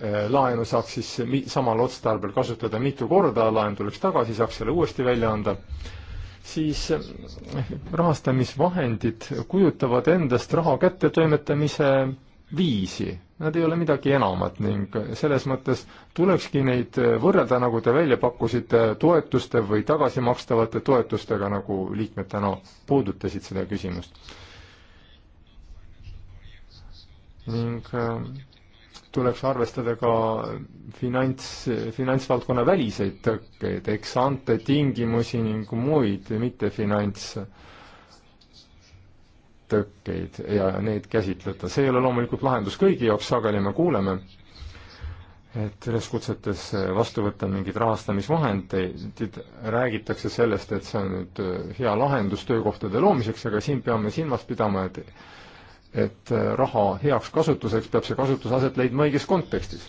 Äh, laenu saaks siis samal otstarbel kasutada mitu korda, laen tuleks tagasi, saaks selle uuesti välja anda, siis äh, rahastamisvahendid kujutavad endast raha kättetoimetamise viisi. Nad ei ole midagi enamat ning selles mõttes tulekski neid äh, võrrelda, nagu te välja pakkusite, toetuste või tagasimakstavate toetustega, nagu liikmed täna puudutasid seda küsimust. ning tuleks arvestada ka finants, finantsvaldkonna väliseid tõkkeid, eks ante tingimusi ning muid mittefinants tõkkeid ja neid käsitleda. see ei ole loomulikult lahendus kõigi jaoks, sageli me kuuleme, et üleskutsetes vastu võtta mingeid rahastamisvahendeid, räägitakse sellest, et see on nüüd hea lahendus töökohtade loomiseks, aga siin peame silmas pidama, et et äh, raha heaks kasutuseks peab see kasutus aset leidma õiges kontekstis.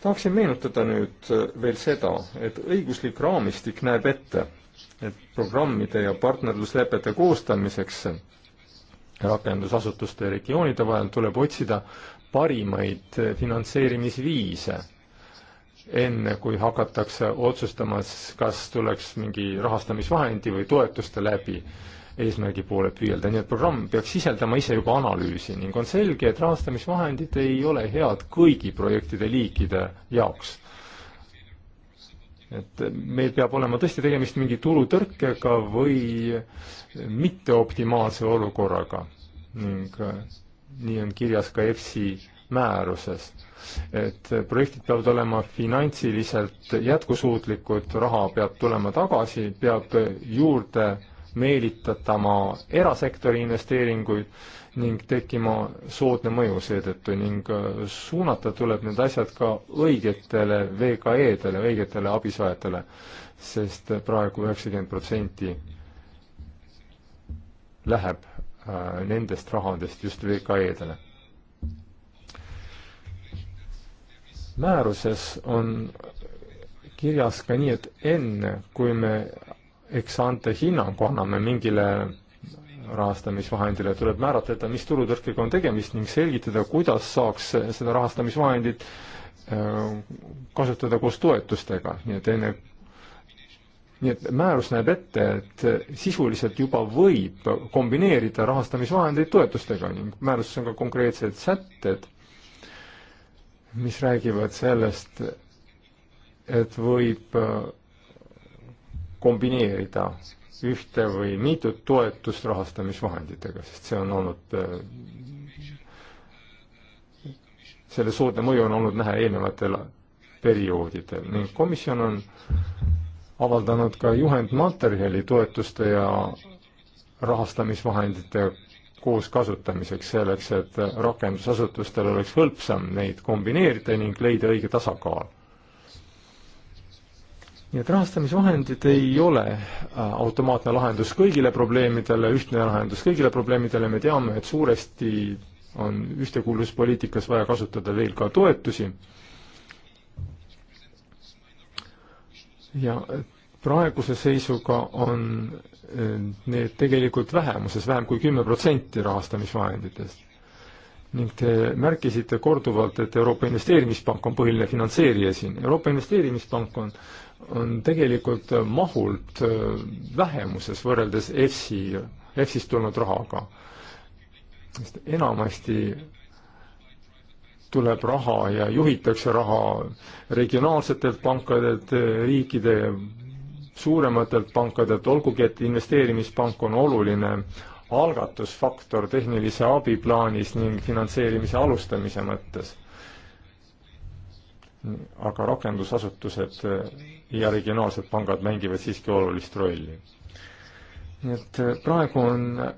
tahaksin meenutada nüüd äh, veel seda, et õiguslik raamistik näeb ette, et programmide ja partnerluslepete koostamiseks rakendusasutuste ja regioonide vahel tuleb otsida parimaid äh, finantseerimisviise, enne kui hakatakse otsustama, kas tuleks mingi rahastamisvahendi või toetuste läbi äh, eesmärgi poole püüelda, nii et programm peaks sisaldama ise juba analüüsi ning on selge, et rahastamisvahendid ei ole head kõigi projektide liikide jaoks et meil peab olema tõesti tegemist mingi turutõrkega või mitteoptimaalse olukorraga ning nii on kirjas ka EFSI määruses. et projektid peavad olema finantsiliselt jätkusuutlikud, raha peab tulema tagasi, peab juurde meelitatama erasektori investeeringuid ning tekkima soodne mõju seetõttu ning äh, suunata tuleb need asjad ka õigetele VKE-dele, õigetele abisaajatele, sest praegu üheksakümmend protsenti läheb äh, nendest rahadest just VKE-dele. määruses on kirjas ka nii, et enne, kui me eks ante hinnangu anname mingile rahastamisvahendile, tuleb määratleda, mis turutõrkega on tegemist ning selgitada, kuidas saaks seda rahastamisvahendit äh, kasutada koos toetustega, nii et enne, nii et määrus näeb ette, et sisuliselt juba võib kombineerida rahastamisvahendeid toetustega ning määruses on ka konkreetsed sätted, mis räägivad sellest, et võib äh, kombineerida ühte või mitut toetust rahastamisvahenditega, sest see on olnud, äh, selle soodne mõju on olnud näha eelnevatel perioodidel ning komisjon on avaldanud ka juhendmaterjali toetuste ja rahastamisvahendite koos kasutamiseks, selleks et rakendusasutustel oleks hõlpsam neid kombineerida ning leida õige tasakaal nii et rahastamisvahendid ei ole äh, automaatne lahendus kõigile probleemidele, ühtne lahendus kõigile probleemidele, me teame, et suuresti on ühtekuuluvuspoliitikas vaja kasutada veel ka toetusi ja praeguse seisuga on äh, need tegelikult vähemuses, vähem kui kümme protsenti rahastamisvahenditest. ning te märkisite korduvalt, et Euroopa Investeerimispank on põhiline finantseerija siin. Euroopa Investeerimispank on on tegelikult mahult äh, vähemuses võrreldes EFSI, EFSist tulnud rahaga. sest enamasti tuleb raha ja juhitakse raha regionaalsetelt pankadelt, äh, riikide suurematelt pankadelt, olgugi et investeerimispank on oluline algatusfaktor tehnilise abi plaanis ning finantseerimise alustamise mõttes aga rakendusasutused ja regionaalsed pangad mängivad siiski olulist rolli. nii et eh, praegu on eh,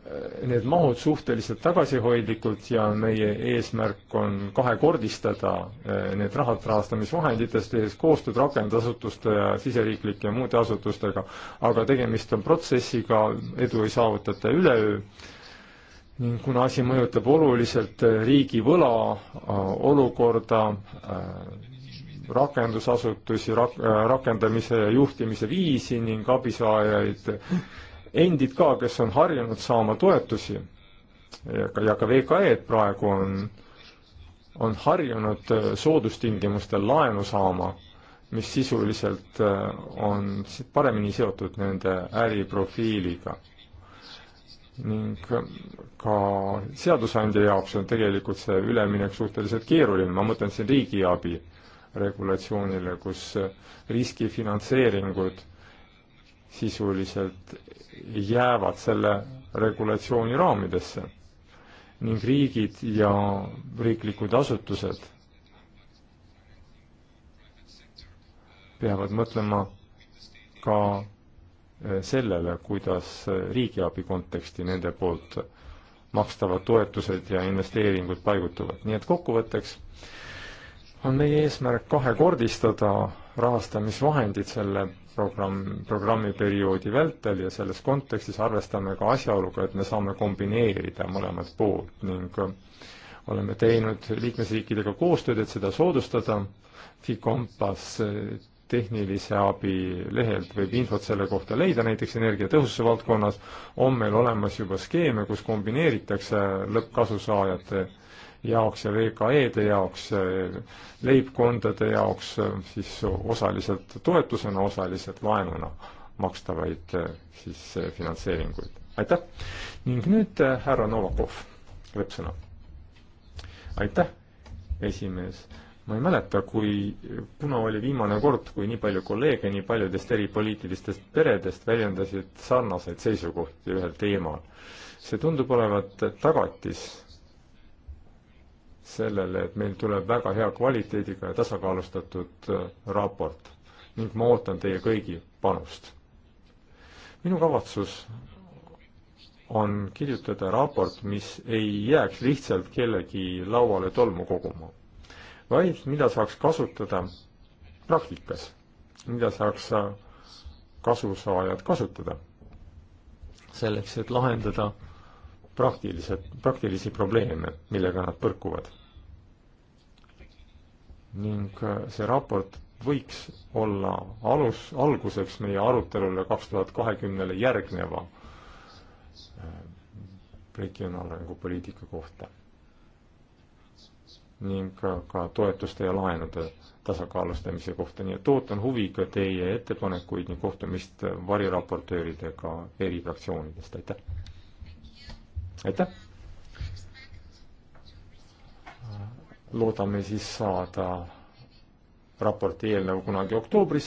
need mahud suhteliselt tagasihoidlikud ja meie eesmärk on kahekordistada eh, need rahad rahastamisvahenditest, tehes koostööd rakendusasutuste ja siseriiklike ja muude asutustega, aga tegemist on protsessiga, edu ei saavutata üleöö ning kuna asi mõjutab oluliselt riigi võla olukorda, rakendusasutusi rak-, äh, rakendamise ja juhtimise viisi ning abisaajaid endid ka, kes on harjunud saama toetusi ja ka, ja ka VKE-d praegu on, on harjunud äh, soodustingimustel laenu saama, mis sisuliselt äh, on paremini seotud nende äriprofiiliga ning ka seadusandja jaoks on tegelikult see üleminek suhteliselt keeruline, ma mõtlen siin riigiabi regulatsioonile, kus riskifinantseeringud sisuliselt jäävad selle regulatsiooni raamidesse ning riigid ja riiklikud asutused peavad mõtlema ka sellele, kuidas riigiabi konteksti nende poolt makstavad toetused ja investeeringud paigutuvad. nii et kokkuvõtteks on meie eesmärk kahekordistada rahastamisvahendid selle programm, programmiperioodi vältel ja selles kontekstis arvestame ka asjaoluga, et me saame kombineerida mõlemat poolt ning oleme teinud liikmesriikidega koostööd, et seda soodustada. Fikompas tehnilise abi lehelt võib infot selle kohta leida, näiteks energiatõhususe valdkonnas on meil olemas juba skeeme, kus kombineeritakse lõppkasusaajate jaoks ja VKE-de jaoks, leibkondade jaoks siis osaliselt toetusena, osaliselt laenuna makstavaid siis finantseeringuid. aitäh! ning nüüd härra Novakov, lõppsõna. aitäh, esimees! ma ei mäleta, kui, kuna oli viimane kord, kui nii palju kolleege nii paljudest eri poliitilistest peredest väljendasid sarnaseid seisukohti ühel teemal. see tundub olevat tagatis sellele, et meil tuleb väga hea kvaliteediga ja tasakaalustatud äh, raport ning ma ootan teie kõigi panust. minu kavatsus on kirjutada raport, mis ei jääks lihtsalt kellegi lauale tolmu koguma, vaid mida saaks kasutada praktikas, mida saaks äh, kasusaajad kasutada selleks, et lahendada praktilised, praktilisi probleeme, millega nad põrkuvad ning äh, see raport võiks olla alus, alguseks meie arutelule kaks tuhat kahekümnele järgneva äh, regionaalarengu poliitika kohta. ning ka, äh, ka toetuste ja laenude tasakaalustamise kohta, nii et ootan huviga teie ettepanekuid ning kohtumist variraportööridega eri fraktsioonidest, aitäh! aitäh! loodame siis saada raporti eelnõu kunagi oktoobris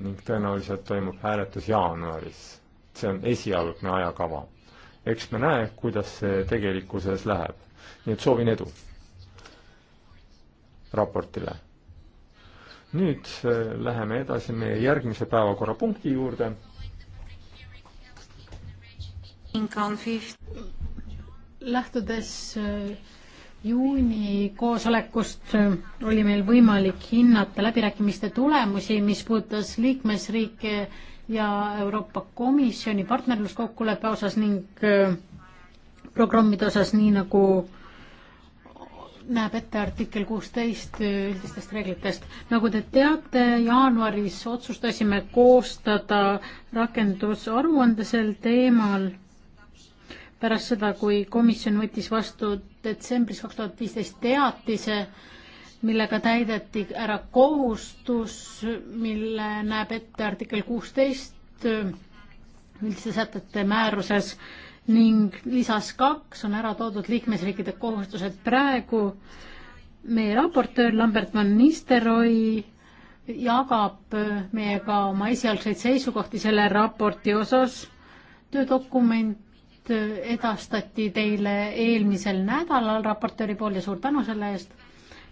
ning tõenäoliselt toimub hääletus jaanuaris. see on esialgne ajakava. eks me näe, kuidas see tegelikkuses läheb. nii et soovin edu raportile. nüüd äh, läheme edasi meie järgmise päevakorrapunkti juurde. lähtudes äh, juuni koosolekust äh, oli meil võimalik hinnata läbirääkimiste tulemusi, mis puudutas liikmesriike ja Euroopa Komisjoni partnerluskokkuleppe osas ning äh, programmide osas, nii nagu näeb ette artikkel kuusteist äh, üldistest reeglitest. nagu te teate, jaanuaris otsustasime koostada rakendusaruande sel teemal pärast seda, kui komisjon võttis vastu detsembris kaks tuhat viisteist teatise, millega täideti ära kohustus, mille näeb ette artikkel kuusteist üldiste sätete määruses ning lisas kaks on ära toodud liikmesriikide kohustused. praegu meie raportöör Lambert van Nisteroi jagab meiega oma esialgseid seisukohti selle raporti osas. töödokument edastati teile eelmisel nädalal raportööri pool ja suur tänu selle eest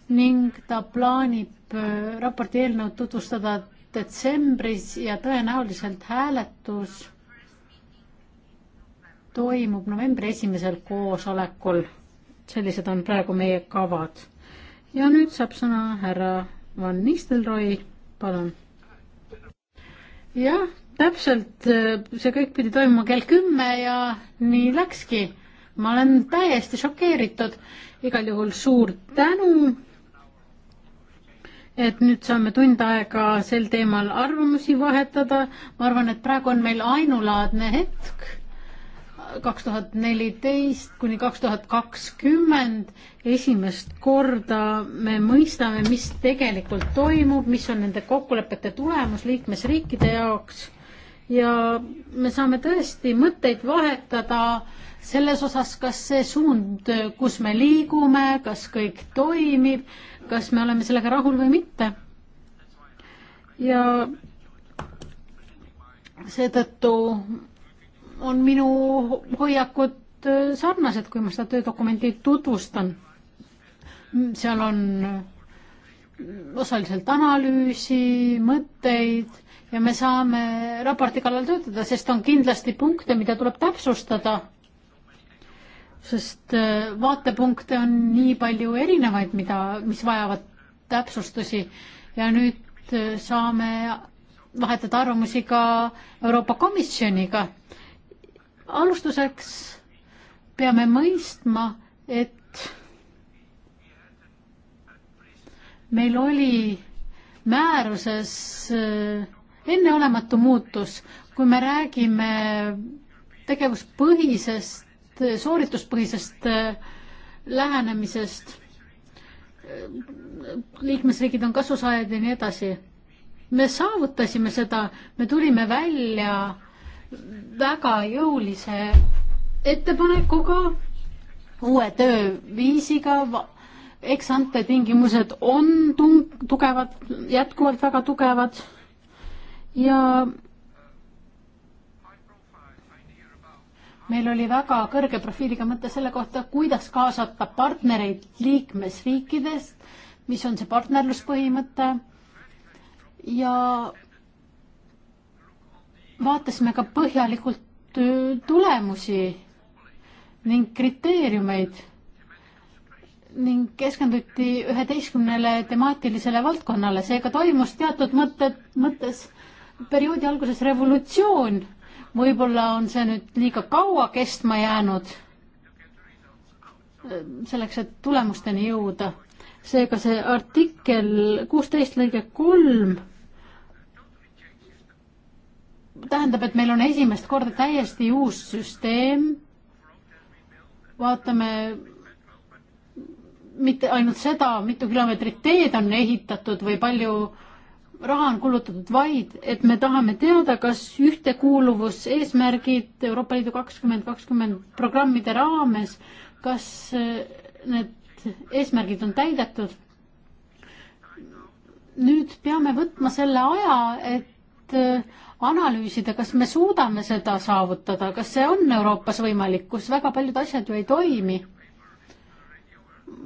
ning ta plaanib äh, raporti eelnõud tutvustada detsembris ja tõenäoliselt hääletus toimub novembri esimesel koosolekul. sellised on praegu meie kavad. ja nüüd saab sõna härra Van Nistelrooy, palun. jah täpselt, äh, see kõik pidi toimuma kell kümme ja nii läkski. ma olen täiesti šokeeritud, igal juhul suur tänu, et nüüd saame tund aega sel teemal arvamusi vahetada. ma arvan, et praegu on meil ainulaadne hetk, kaks tuhat neliteist kuni kaks tuhat kakskümmend, esimest korda me mõistame, mis tegelikult toimub, mis on nende kokkulepete tulemus liikmesriikide jaoks ja me saame tõesti mõtteid vahetada selles osas, kas see suund, kus me liigume, kas kõik toimib, kas me oleme sellega rahul või mitte. ja seetõttu on minu hoiakud sarnased, kui ma seda töödokumenti tutvustan. seal on osaliselt analüüsi, mõtteid ja me saame raporti kallal töötada, sest on kindlasti punkte, mida tuleb täpsustada. sest äh, vaatepunkte on nii palju erinevaid, mida, mis vajavad täpsustusi ja nüüd äh, saame vahetada arvamusi ka Euroopa Komisjoniga. alustuseks peame mõistma, et meil oli määruses äh, enneolematu muutus, kui me räägime tegevuspõhisest, soorituspõhisest äh, lähenemisest, äh, liikmesriigid on kasusaajad ja nii edasi. me saavutasime seda, me tulime välja väga jõulise ettepanekuga, uue tööviisiga, eksante tingimused on tung-, tugevad, jätkuvalt väga tugevad ja meil oli väga kõrge profiiliga mõte selle kohta, kuidas kaasata partnereid liikmesriikidest, mis on see partnerluspõhimõte ja vaatasime ka põhjalikult tulemusi ning kriteeriumeid ning keskenduti üheteistkümnele temaatilisele valdkonnale, seega toimus teatud mõtted, mõttes perioodi alguses revolutsioon. võib-olla on see nüüd liiga kaua kestma jäänud äh, selleks, et tulemusteni jõuda. seega see artikkel kuusteist lõige kolm tähendab, et meil on esimest korda täiesti uus süsteem. vaatame mitte ainult seda, mitu kilomeetrit teed on ehitatud või palju äh, raha on kulutatud vaid, et me tahame teada, kas ühtekuuluvuseesmärgid Euroopa Liidu kakskümmend kakskümmend programmide raames, kas eh, need eesmärgid on täidetud. nüüd peame võtma selle aja, et eh, analüüsida, kas me suudame seda saavutada, kas see on Euroopas võimalik, kus väga paljud asjad ju ei toimi.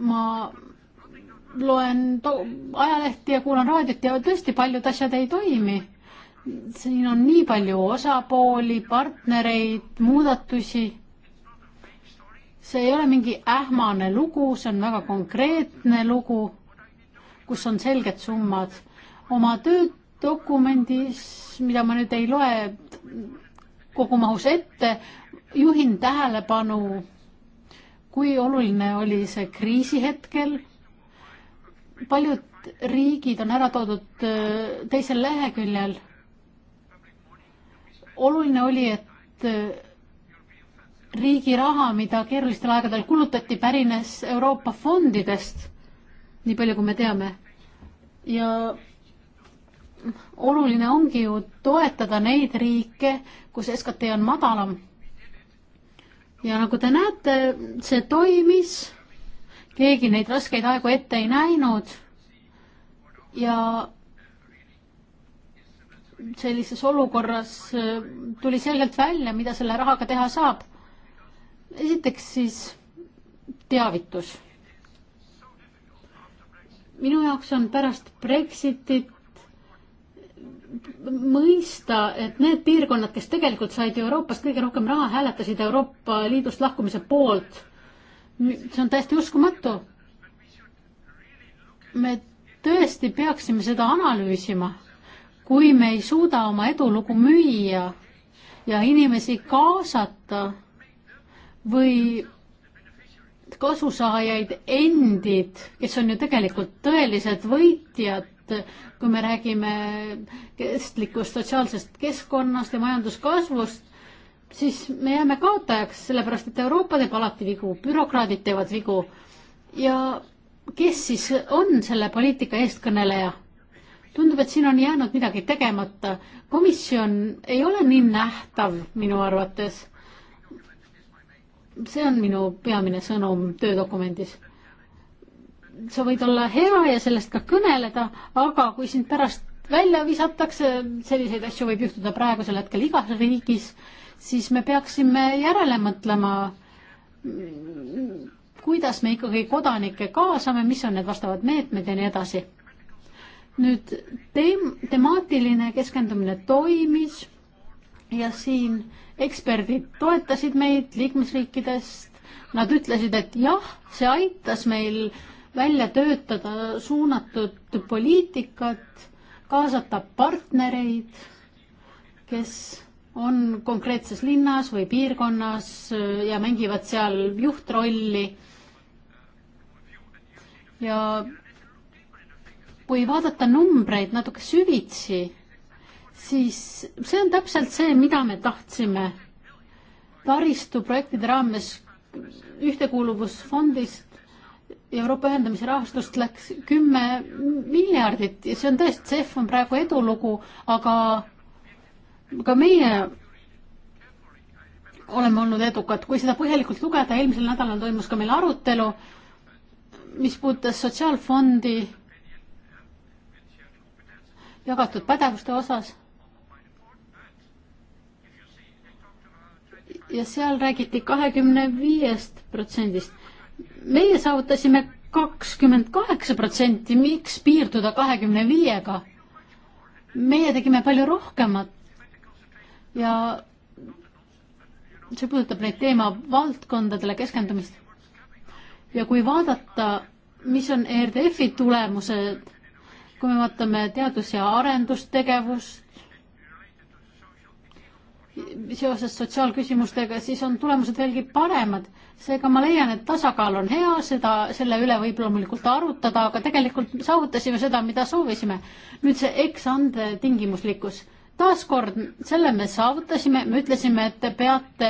ma loen ajalehti ja kuulan raadiot ja tõesti paljud asjad ei toimi. siin on nii palju osapooli, partnereid, muudatusi. see ei ole mingi ähmane lugu, see on väga konkreetne lugu, kus on selged summad. oma töödokumendis, mida ma nüüd ei loe kogumahus ette, juhin tähelepanu, kui oluline oli see kriisi hetkel paljud riigid on ära toodud äh, teisel leheküljel. oluline oli, et äh, riigi raha, mida keerulistel aegadel kulutati, pärines Euroopa fondidest, nii palju kui me teame. ja oluline ongi ju toetada neid riike, kus SKT on madalam. ja nagu te näete, see toimis keegi neid raskeid aegu ette ei näinud ja sellises olukorras äh, tuli selgelt välja, mida selle rahaga teha saab. esiteks siis teavitus. minu jaoks on pärast Brexitit mõista, et need piirkonnad, kes tegelikult said ju Euroopast kõige rohkem raha, hääletasid Euroopa Liidust lahkumise poolt see on täiesti uskumatu. me tõesti peaksime seda analüüsima. kui me ei suuda oma edulugu müüa ja inimesi kaasata või kasusaajaid endid, kes on ju tegelikult tõelised võitjad, kui me räägime kestlikust sotsiaalsest keskkonnast ja majanduskasvust, siis me jääme kaotajaks, sellepärast et Euroopa teeb alati vigu, bürokraadid teevad vigu ja kes siis on selle poliitika eestkõneleja? tundub, et siin on jäänud midagi tegemata. komisjon ei ole nii nähtav minu arvates. see on minu peamine sõnum töödokumendis. sa võid olla hea ja sellest ka kõneleda, aga kui sind pärast välja visatakse, selliseid asju võib juhtuda praegusel hetkel igas riigis siis me peaksime järele mõtlema, kuidas me ikkagi kodanikke kaasame, mis on need vastavad meetmed ja nii edasi. nüüd teem-, temaatiline keskendumine toimis ja siin eksperdid toetasid meid liikmesriikidest, nad ütlesid, et jah, see aitas meil välja töötada suunatud poliitikat, kaasata partnereid, kes on konkreetses linnas või piirkonnas äh, ja mängivad seal juhtrolli. ja kui vaadata numbreid natuke süvitsi, siis see on täpselt see, mida me tahtsime taristuprojektide raames ühtekuuluvusfondist Euroopa ühendamise rahastust läks kümme miljardit ja see on tõesti, CEF on praegu edulugu, aga ka meie oleme olnud edukad, kui seda põhjalikult lugeda, eelmisel nädalal toimus ka meil arutelu, mis puudutas sotsiaalfondi jagatud pädevuste osas. ja seal räägiti kahekümne viiest protsendist. meie saavutasime kakskümmend kaheksa protsenti, miks piirduda kahekümne viiega? meie tegime palju rohkemat ja see puudutab neid teemavaldkondadele keskendumist. ja kui vaadata, mis on ERDF-i tulemused, kui me vaatame teadus- ja arendustegevust seoses sotsiaalküsimustega, siis on tulemused veelgi paremad. seega ma leian, et tasakaal on hea, seda, selle üle võib loomulikult arutada, aga tegelikult saavutasime seda, mida soovisime. nüüd see eksande tingimuslikkus taaskord selle me saavutasime, me ütlesime, et te peate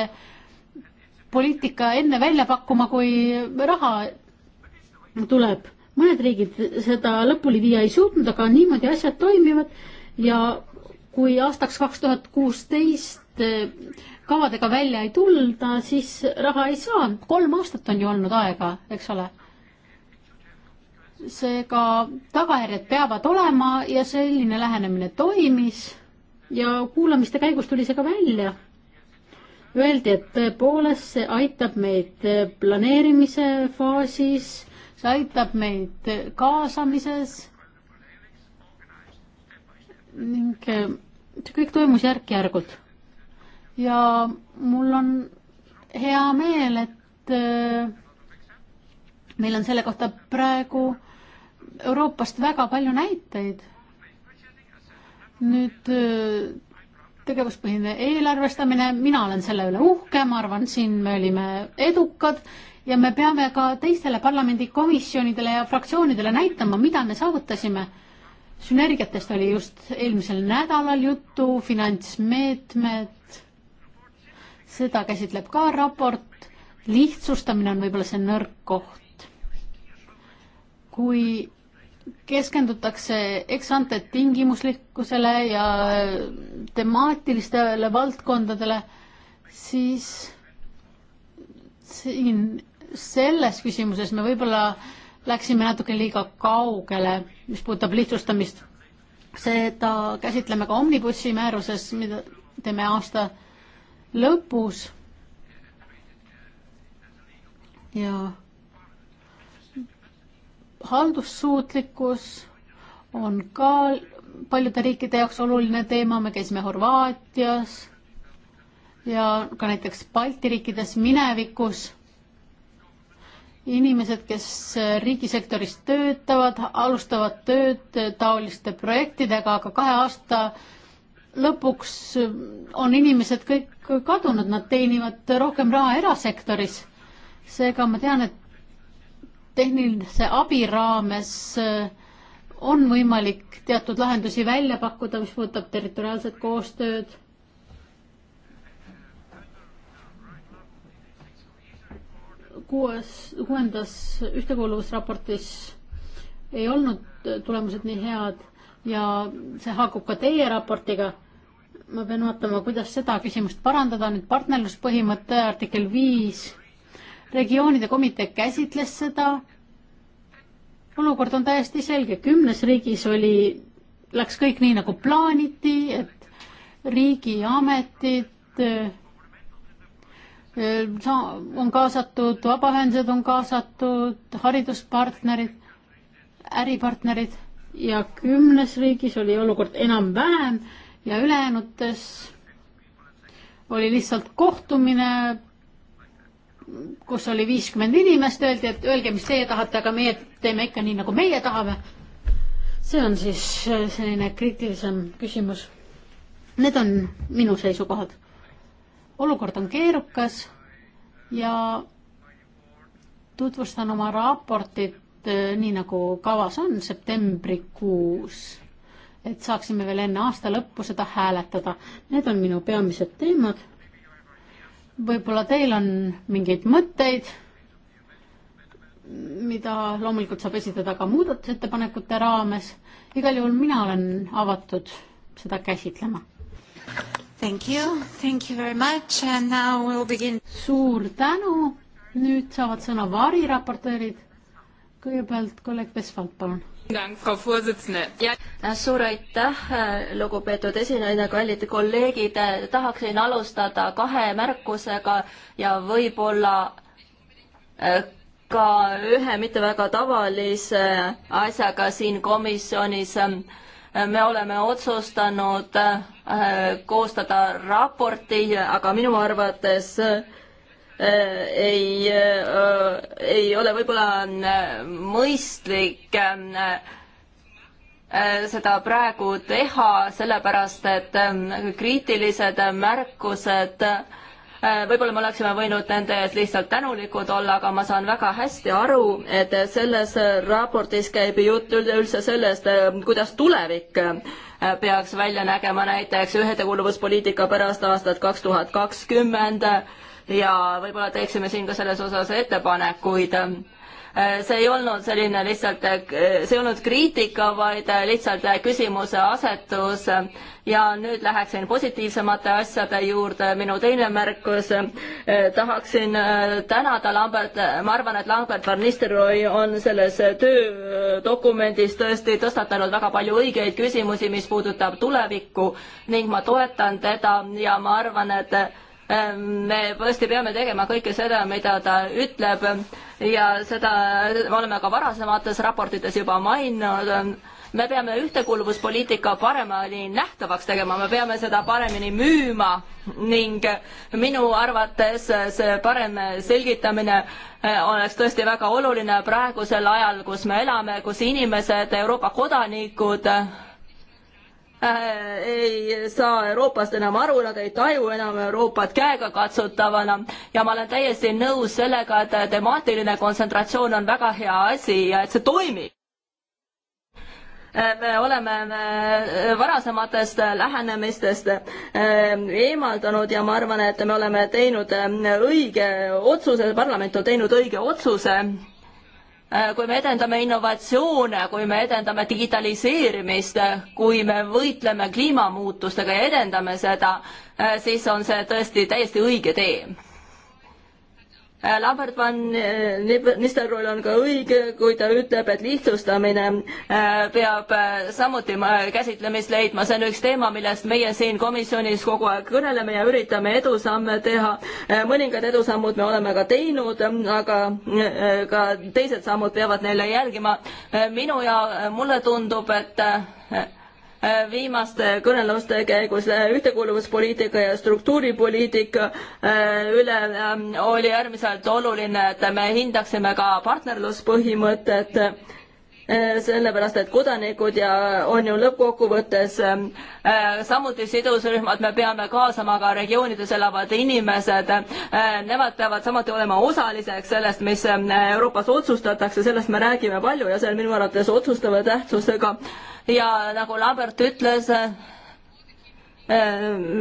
poliitika enne välja pakkuma, kui raha tuleb. mõned riigid seda lõpuni viia ei suutnud, aga niimoodi asjad toimivad ja kui aastaks kaks tuhat kuusteist kavadega välja ei tulda, siis raha ei saa. kolm aastat on ju olnud aega, eks ole. seega tagajärjed peavad olema ja selline lähenemine toimis ja kuulamiste käigus tuli see ka välja. Öeldi, et tõepoolest see aitab meid planeerimise faasis, see aitab meid kaasamises ning eh, see kõik toimus järk-järgult. ja mul on hea meel, et eh, meil on selle kohta praegu Euroopast väga palju näiteid nüüd äh, tegevuspõhine eelarvestamine, mina olen selle üle uhke, ma arvan, siin me olime edukad ja me peame ka teistele parlamendikomisjonidele ja fraktsioonidele näitama, mida me saavutasime. sünergiatest oli just eelmisel nädalal juttu, finantsmeetmed, seda käsitleb ka raport, lihtsustamine on võib-olla see nõrk koht. kui keskendutakse eksante tingimuslikkusele ja temaatilistele valdkondadele, siis siin selles küsimuses me võib-olla läksime natuke liiga kaugele, mis puudutab lihtsustamist. seda käsitleme ka omnibussi määruses, mida teeme aasta lõpus. ja haldussuutlikkus on ka paljude riikide jaoks oluline teema, me käisime Horvaatias ja ka näiteks Balti riikides minevikus. inimesed, kes riigisektoris töötavad, alustavad tööd taoliste projektidega, aga kahe aasta lõpuks on inimesed kõik kadunud, nad teenivad rohkem raha erasektoris. seega ma tean, et tehnilise abi raames äh, on võimalik teatud lahendusi välja pakkuda, mis puudutab territoriaalset koostööd. kuues, kuuendas ühtekuuluvusraportis ei olnud tulemused nii head ja see haakub ka teie raportiga. ma pean vaatama, kuidas seda küsimust parandada, nüüd partnerluspõhimõte artikkel viis regioonide komitee käsitles seda. olukord on täiesti selge, kümnes riigis oli, läks kõik nii nagu plaaniti, et riigiametid äh, äh, on kaasatud, vabaühendused on kaasatud, hariduspartnerid, äripartnerid ja kümnes riigis oli olukord enam-vähem ja ülejäänutes oli lihtsalt kohtumine kus oli viiskümmend inimest, öeldi, et öelge, mis teie tahate, aga meie teeme ikka nii, nagu meie tahame. see on siis äh, selline kriitilisem küsimus. Need on minu seisukohad. olukord on keerukas ja tutvustan oma raportit äh, nii, nagu kavas on, septembrikuus, et saaksime veel enne aasta lõppu seda hääletada. Need on minu peamised teemad võib-olla teil on mingeid mõtteid, mida loomulikult saab esitada ka muudatusettepanekute raames. igal juhul mina olen avatud seda käsitlema. Thank you, thank you very much and now we will begin. suur tänu, nüüd saavad sõna variraportöörid. kõigepealt kolleeg Vesvalt, palun suur aitäh, lugupeetud esinaine, kallid kolleegid, tahaksin alustada kahe märkusega ja võib-olla äh, ka ühe mitte väga tavalise asjaga siin komisjonis. me oleme otsustanud äh, koostada raporti, aga minu arvates Äh, ei, äh, ei ole võib-olla äh, mõistlik seda praegu teha, sellepärast et kriitilised märkused võib-olla me oleksime võinud nende ees lihtsalt tänulikud olla, aga ma saan väga hästi aru, et selles raportis käib jutt üleüldse sellest, kuidas tulevik peaks välja nägema näiteks ühtekuuluvuspoliitika pärast aastat kaks tuhat kakskümmend ja võib-olla teeksime siin ka selles osas ettepanekuid äh, see ei olnud selline lihtsalt, äh, see ei olnud kriitika, vaid äh, lihtsalt küsimuse asetus ja nüüd läheksin positiivsemate asjade juurde, minu teine märkus, tahaksin tänada Lambert, ma arvan, et Lambert Van Nistelrooy on selles töödokumendis tõesti tõstatanud väga palju õigeid küsimusi, mis puudutab tulevikku ning ma toetan teda ja ma arvan, et me tõesti peame tegema kõike seda, mida ta ütleb ja seda me oleme ka varasemates raportites juba maininud. me peame ühtekuuluvuspoliitika paremini nähtavaks tegema, me peame seda paremini müüma ning minu arvates see parem selgitamine eh, oleks tõesti väga oluline praegusel ajal, kus me elame, kus inimesed, Euroopa kodanikud Äh, ei saa Euroopast enam aru, nad ei taju enam Euroopat käegakatsutavana ja ma olen täiesti nõus sellega, et temaatiline kontsentratsioon on väga hea asi ja et see toimib äh, me oleme äh, varasematest lähenemistest eemaldanud ja ma arvan, et me oleme teinud õige otsuse, parlament on teinud õige otsuse Äh, kui me edendame innovatsioone, kui me edendame digitaliseerimist, äh, kui me võitleme kliimamuutustega ja edendame seda, äh, siis on see tõesti täiesti õige tee Äh, Lambert van äh, Nistelrooy on ka õige, kui ta ütleb, et lihtsustamine äh, peab samuti käsitlemist leidma, see on üks teema, millest meie siin komisjonis kogu aeg kõneleme ja üritame edusamme teha. mõningad edusammud me oleme ka teinud, aga ka teised sammud peavad neile jälgima. minu ja mulle tundub, et viimaste kõneluste käigus äh, ühtekuuluvuspoliitika ja struktuuripoliitika äh, üle ähm, oli äärmiselt oluline, et me hindaksime ka partnerluspõhimõtet Äh, sellepärast et kodanikud ja on ju lõppkokkuvõttes äh, samuti sidusrühmad, me peame kaasama ka regioonides elavad inimesed. Äh, nemad peavad samuti olema osaliseks sellest, mis Euroopas otsustatakse, sellest me räägime palju ja see on minu arvates otsustava tähtsusega. ja nagu Lambert ütles,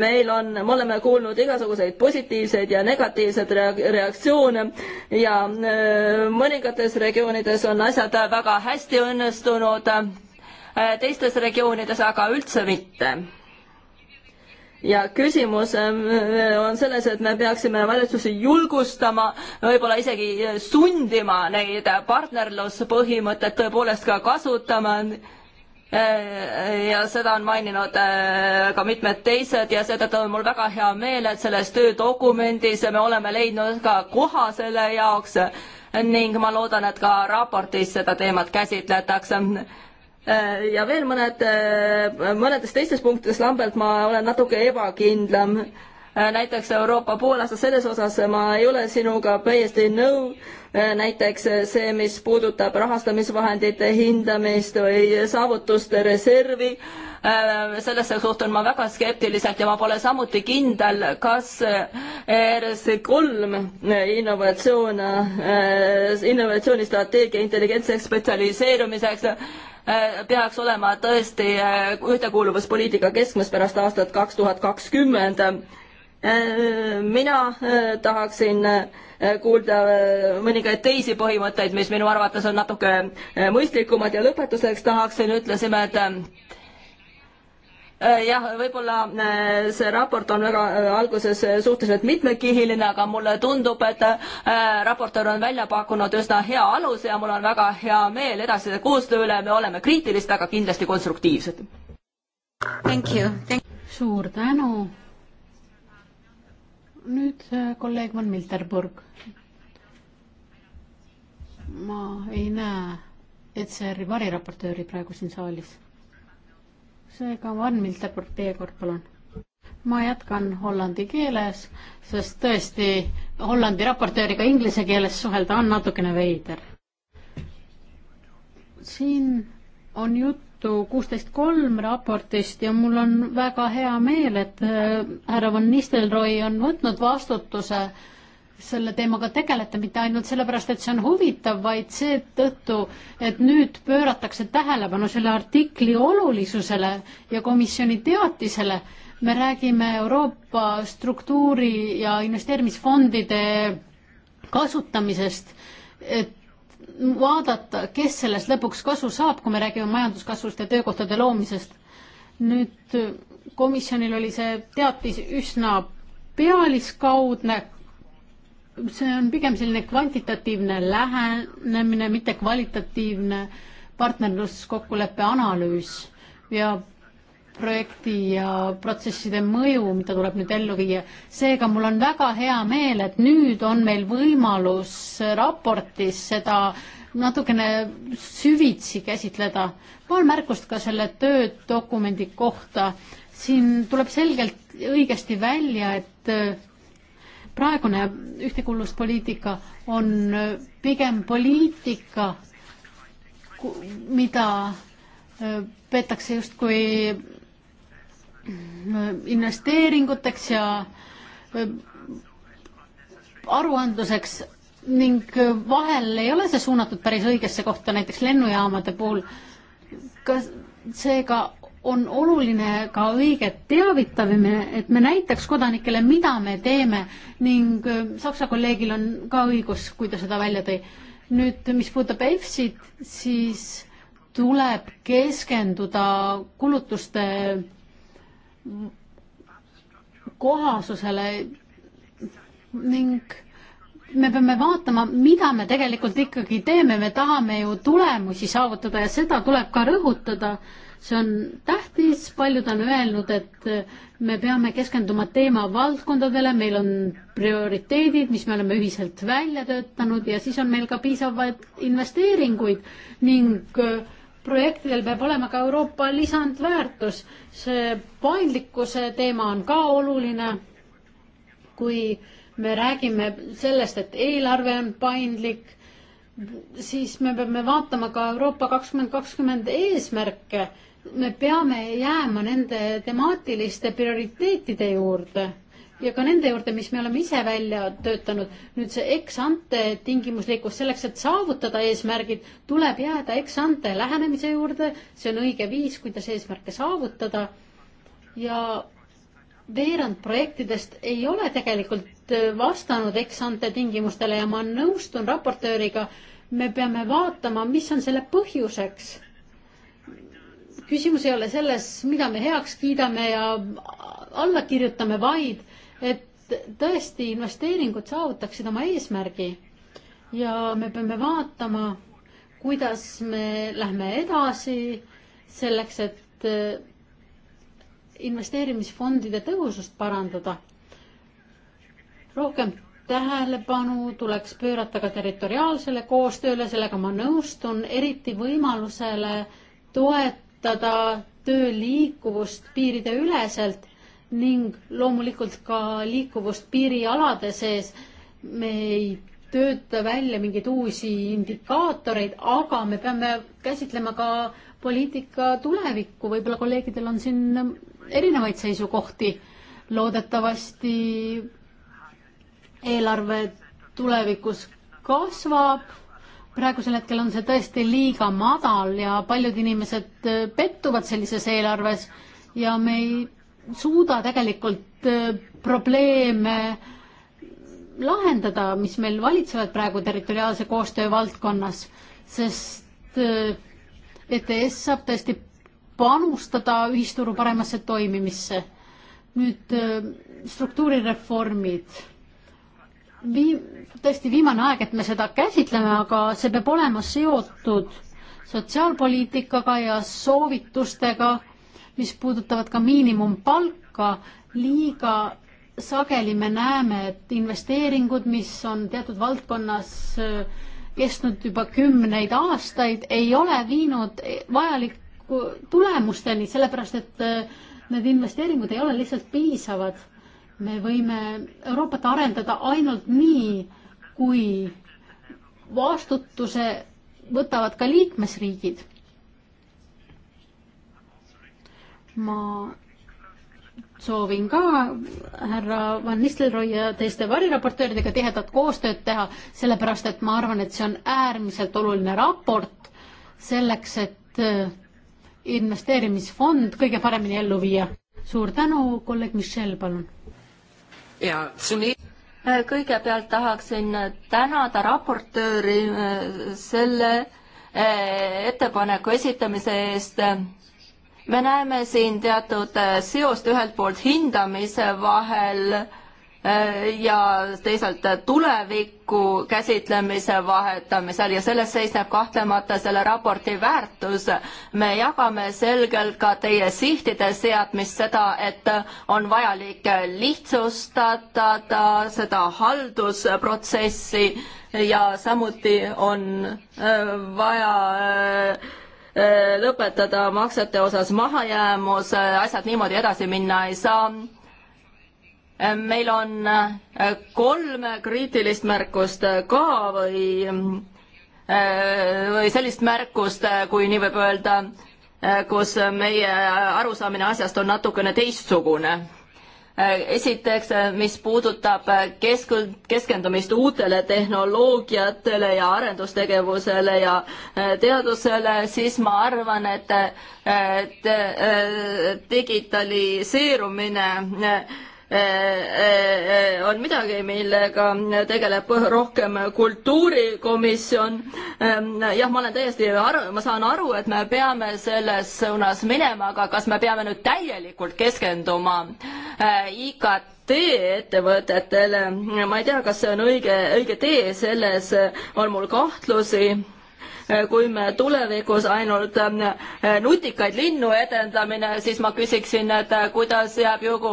meil on, me oleme kuulnud igasuguseid positiivseid ja negatiivseid reaktsioone ja äh, mõningates regioonides on asjad väga hästi õnnestunud, äh, teistes regioonides aga üldse mitte ja küsimus ähm, on selles, et me peaksime valitsusi julgustama, võib-olla isegi äh, sundima neid partnerluspõhimõtteid tõepoolest ka kasutama ja seda on maininud äh, ka mitmed teised ja seetõttu on mul väga hea meel, et selles töödokumendis me oleme leidnud ka koha selle jaoks ning ma loodan, et ka raportis seda teemat käsitletakse. Äh, ja veel mõned, äh, mõnedes teistes punktides lambelt ma olen natuke ebakindlam Äh, näiteks Euroopa poolaasta, selles osas ma ei ole sinuga täiesti nõu, äh, näiteks äh, see, mis puudutab rahastamisvahendite hindamist või saavutuste reservi, sellesse suhtun ma väga skeptiliselt ja ma pole samuti kindel, kas ERS kolm innovatsioon, innovatsioonistrateegia intelligentseks spetsialiseerumiseks peaks olema tõesti ühtekuuluvuspoliitika keskmes pärast aastat kaks tuhat kakskümmend Äh, mina äh, tahaksin äh, kuulda mõningaid teisi põhimõtteid, mis minu arvates on natuke mõistlikumad ja lõpetuseks tahaksin ütlesime, et jah, võib-olla see raport on väga alguses suhteliselt mitmekihiline, aga mulle tundub, et raportöör on välja pakkunud üsna hea aluse ja mul on väga hea meel edasise koostöö üle, me oleme kriitilised, aga kindlasti konstruktiivsed. suur tänu nüüd äh, kolleeg Van Milterburg. ma ei näe ECR-i variraportööri praegu siin saalis. seega Van Milterburg, teie kord, palun ma jätkan hollandi keeles, sest tõesti Hollandi raportööriga inglise keeles suhelda on natukene veider. siin on jutt juttu kuusteist kolm raportist ja mul on väga hea meel, et äh, härra Van Nistelrooy on võtnud vastutuse selle teemaga tegeleda, mitte ainult sellepärast, et see on huvitav, vaid seetõttu, et nüüd pööratakse tähelepanu selle artikli olulisusele ja komisjoni teatisele. me räägime Euroopa struktuuri ja investeerimisfondide kasutamisest, et vaadata, kes sellest lõpuks kasu saab, kui me räägime majanduskasvust ja töökohtade loomisest. nüüd komisjonil oli see teatis üsna pealiskaudne, see on pigem selline kvantitatiivne lähenemine, mitte kvalitatiivne partnerluskokkuleppe analüüs ja projekti ja protsesside mõju, mida tuleb nüüd ellu viia. seega mul on väga hea meel, et nüüd on meil võimalus raportis seda natukene süvitsi käsitleda. paar märkust ka selle töödokumendi kohta. siin tuleb selgelt õigesti välja, et praegune ühtekuuluvuspoliitika on pigem poliitika, mida peetakse justkui investeeringuteks ja äh, aruandluseks ning äh, vahel ei ole see suunatud päris õigesse kohta, näiteks lennujaamade puhul. kas seega on oluline ka õige teavitamine, et me näitaks kodanikele, mida me teeme ning äh, Saksa kolleegil on ka õigus, kui ta seda välja tõi. nüüd, mis puudutab EFSit, siis tuleb keskenduda kulutuste kohasusele ning me peame vaatama, mida me tegelikult ikkagi teeme, me tahame ju tulemusi saavutada ja seda tuleb ka rõhutada. see on tähtis, paljud on öelnud, et me peame keskenduma teemavaldkondadele, meil on prioriteedid, mis me oleme ühiselt välja töötanud ja siis on meil ka piisavalt investeeringuid ning äh, projektidel peab olema ka Euroopa lisandväärtus. see paindlikkuse teema on ka oluline. kui me räägime sellest, et eelarve on paindlik, siis me peame vaatama ka Euroopa kakskümmend kakskümmend eesmärke. me peame jääma nende temaatiliste prioriteetide juurde ja ka nende juurde, mis me oleme ise välja töötanud. nüüd see ex-ante tingimuslikkus, selleks, et saavutada eesmärgid, tuleb jääda ex-ante lähenemise juurde, see on õige viis, kuidas eesmärke saavutada. ja veerand projektidest ei ole tegelikult vastanud ex-ante tingimustele ja ma nõustun raportööriga, me peame vaatama, mis on selle põhjuseks küsimus ei ole selles, mida me heaks kiidame ja alla kirjutame, vaid et tõesti investeeringud saavutaksid oma eesmärgi ja me peame vaatama, kuidas me lähme edasi selleks, et eh, investeerimisfondide tõhusust parandada. rohkem tähelepanu tuleks pöörata ka territoriaalsele koostööle, sellega ma nõustun, eriti võimalusele toetada töö liikuvust piirideüleselt ning loomulikult ka liikuvust piirialade sees. me ei tööta välja mingeid uusi indikaatoreid, aga me peame käsitlema ka poliitika tulevikku, võib-olla kolleegidel on siin erinevaid seisukohti. loodetavasti eelarve tulevikus kasvab, praegusel hetkel on see tõesti liiga madal ja paljud inimesed pettuvad sellises eelarves ja me ei suuda tegelikult äh, probleeme lahendada, mis meil valitsevad praegu territoriaalse koostöö valdkonnas, sest äh, ETS saab tõesti panustada ühisturu paremasse toimimisse. nüüd äh, struktuurireformid. Vii-, tõesti viimane aeg, et me seda käsitleme, aga see peab olema seotud sotsiaalpoliitikaga ja soovitustega mis puudutavad ka miinimumpalka, liiga sageli me näeme, et investeeringud, mis on teatud valdkonnas äh, kestnud juba kümneid aastaid, ei ole viinud vajaliku tulemusteni, sellepärast et äh, need investeeringud ei ole lihtsalt piisavad. me võime Euroopat arendada ainult nii, kui vastutuse võtavad ka liikmesriigid ma soovin ka härra Van Nistelrooy ja teiste variraportööridega tihedat koostööd teha, sellepärast et ma arvan, et see on äärmiselt oluline raport selleks, et äh, investeerimisfond kõige paremini ellu viia. suur tänu, kolleeg Michelle, palun. ja, Suni kõigepealt tahaksin tänada raportööri äh, selle äh, ettepaneku esitamise eest me näeme siin teatud äh, seost ühelt poolt hindamise vahel äh, ja teisalt äh, tuleviku käsitlemise vahetamisel ja selles seisneb kahtlemata selle raporti väärtus. me jagame selgelt ka teie sihtide seadmist, seda, et on vajalik lihtsustada seda haldusprotsessi ja samuti on vaja Äh, lõpetada maksete osas mahajäämus, äh, asjad niimoodi edasi minna ei saa. Äh, meil on kolm kriitilist märkust ka või, või sellist märkust, kui nii võib öelda, kus meie arusaamine asjast on natukene teistsugune Äh, esiteks, äh, mis puudutab äh, kesk-, keskendumist uutele tehnoloogiatele ja arendustegevusele ja teadusele, siis ma arvan, et digitaliseerumine Äh, äh, äh, on midagi, millega tegeleb rohkem kultuurikomisjon. Ähm, jah, ma olen täiesti aru, ma saan aru, et me peame selles suunas minema, aga kas me peame nüüd täielikult keskenduma IKT ettevõtetele, ma ei tea, kas see on õige, õige tee, selles on mul kahtlusi Äh, kui me tulevikus ainult ähm, äh, nutikaid linnu edendamine, siis ma küsiksin, et äh, kuidas jääb jugu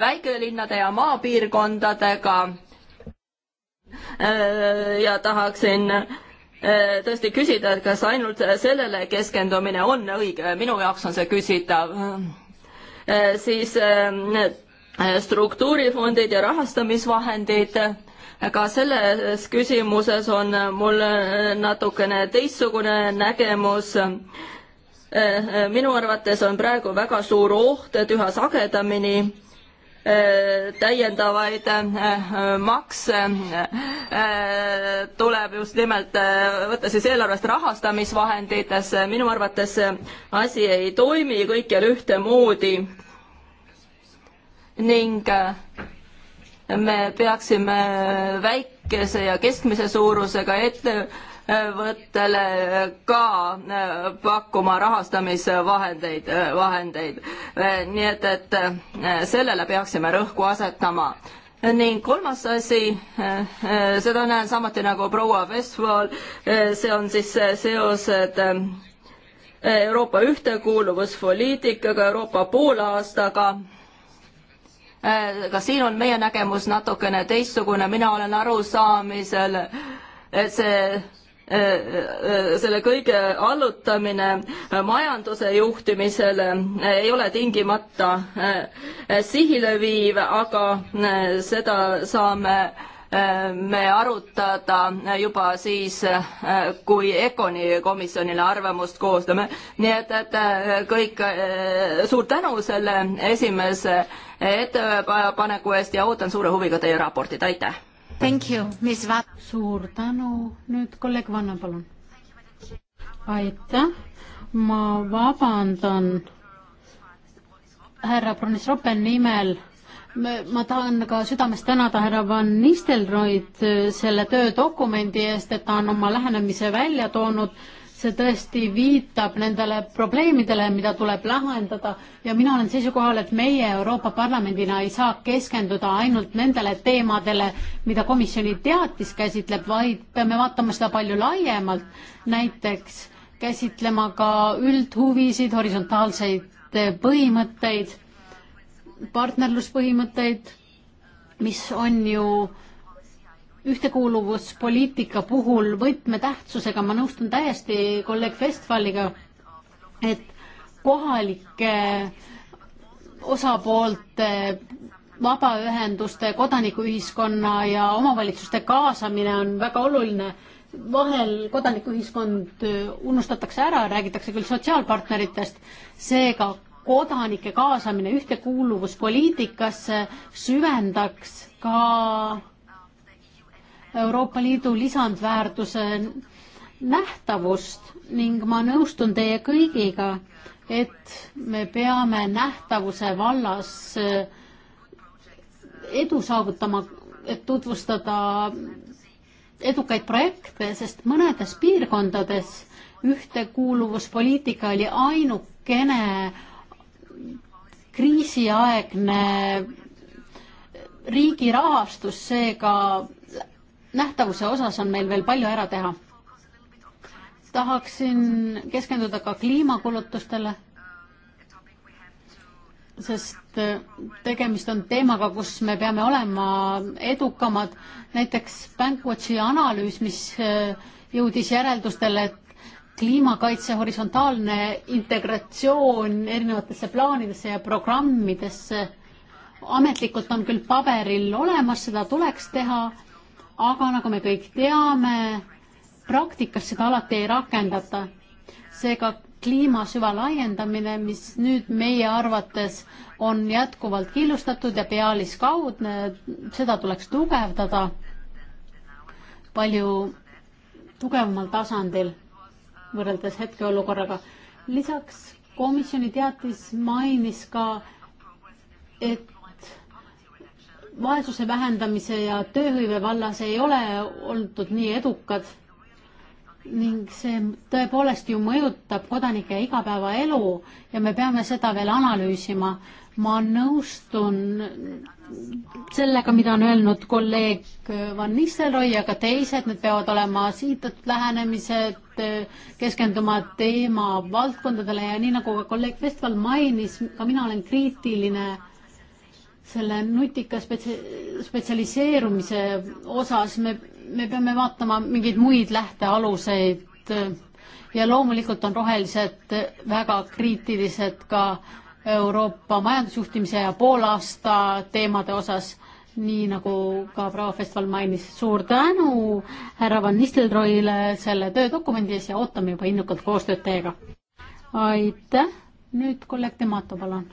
väikelinnade ja maapiirkondadega. ja tahaksin tõesti küsida, et kas ainult sellele keskendumine on õige, minu jaoks on see küsitav. siis ähm, struktuurifondid ja rahastamisvahendid ka selles küsimuses on mul natukene teistsugune nägemus. minu arvates on praegu väga suur oht, et üha sagedamini eh, täiendavaid eh, makse eh, tuleb just nimelt võtta siis eelarvest rahastamisvahenditesse, minu arvates see asi ei toimi kõikjal ühtemoodi ning me peaksime väikese ja keskmise suurusega ettevõttele ka äh, pakkuma rahastamisvahendeid, äh, vahendeid. Äh, nii et, et sellele peaksime rõhku asetama ning kolmas asi, seda näen samuti nagu proua Vestval, see on siis seosed Euroopa ühtekuuluvuspoliitikaga, Euroopa poolaastaga Äh, ka siin on meie nägemus natukene teistsugune, mina olen arusaamisel, et see äh, äh, selle kõige allutamine majanduse juhtimisele ei ole tingimata sihile viiv, aga seda saame me arutada juba siis, kui EKONi komisjonile arvamust koostame. nii et, et äh, kõik äh, suur tänu selle esimese ettepaneku eest ja ootan suure huviga teie raportit, aitäh! Thank you, Miss Va-. suur tänu, nüüd kolleeg Vanna, palun. aitäh, ma vabandan härra Bronis Roppen nimel ma tahan ka südamest tänada härra Van Nistelrooid äh, selle töödokumendi eest, et ta on oma lähenemise välja toonud. see tõesti viitab nendele probleemidele, mida tuleb lahendada ja mina olen seisukohal, et meie Euroopa Parlamendina ei saa keskenduda ainult nendele teemadele, mida komisjoni teatis käsitleb, vaid peame vaatama seda palju laiemalt, näiteks käsitlema ka üldhuvisid, horisontaalseid äh, põhimõtteid partnerluspõhimõtteid, mis on ju ühtekuuluvuspoliitika puhul võtmetähtsusega, ma nõustun täiesti kolleeg Festvaliga, et kohalike osapoolte, vabaühenduste, kodanikuühiskonna ja omavalitsuste kaasamine on väga oluline. vahel kodanikuühiskond äh, unustatakse ära, räägitakse küll sotsiaalpartneritest, seega kodanike kaasamine ühtekuuluvuspoliitikasse süvendaks ka Euroopa Liidu lisandväärtuse nähtavust ning ma nõustun teie kõigiga, et me peame nähtavuse vallas eh, edu saavutama, et tutvustada edukaid projekte, sest mõnedes piirkondades ühtekuuluvuspoliitika oli ainukene kriisiaegne riigi rahastus, seega nähtavuse osas on meil veel palju ära teha. tahaksin keskenduda ka kliimakulutustele, sest tegemist on teemaga, kus me peame olema edukamad. näiteks Bankwatchi analüüs, mis jõudis järeldustele, et kliimakaitse horisontaalne integratsioon erinevatesse plaanidesse ja programmidesse. ametlikult on küll paberil olemas, seda tuleks teha, aga nagu me kõik teame, praktikas seda alati ei rakendata. seega kliima süvalaiendamine, mis nüüd meie arvates on jätkuvalt killustatud ja pealiskaudne, seda tuleks tugevdada palju tugevamal tasandil võrreldes hetkeolukorraga. lisaks komisjoni teatis mainis ka, et vaesuse vähendamise ja tööhõive vallas ei ole oldud nii edukad ning see tõepoolest ju mõjutab kodanike igapäevaelu ja me peame seda veel analüüsima. ma nõustun sellega, mida on öelnud kolleeg Van Nistelrooy ja ka teised, need peavad olema sihitatud lähenemised, keskenduma teemavaldkondadele ja nii nagu ka kolleeg Vestval mainis, ka mina olen kriitiline selle nutika spetsia-, spetsialiseerumise osas, me, me peame vaatama mingeid muid lähtealuseid ja loomulikult on rohelised väga kriitilised ka äh, Euroopa majandusjuhtimise ja poolaasta teemade osas, nii nagu ka proua Festival mainis. suur tänu härra Van Nistelrooile selle töödokumendi ees ja ootame juba innukalt koostööd teiega. aitäh, nüüd kolleeg Demato, palun.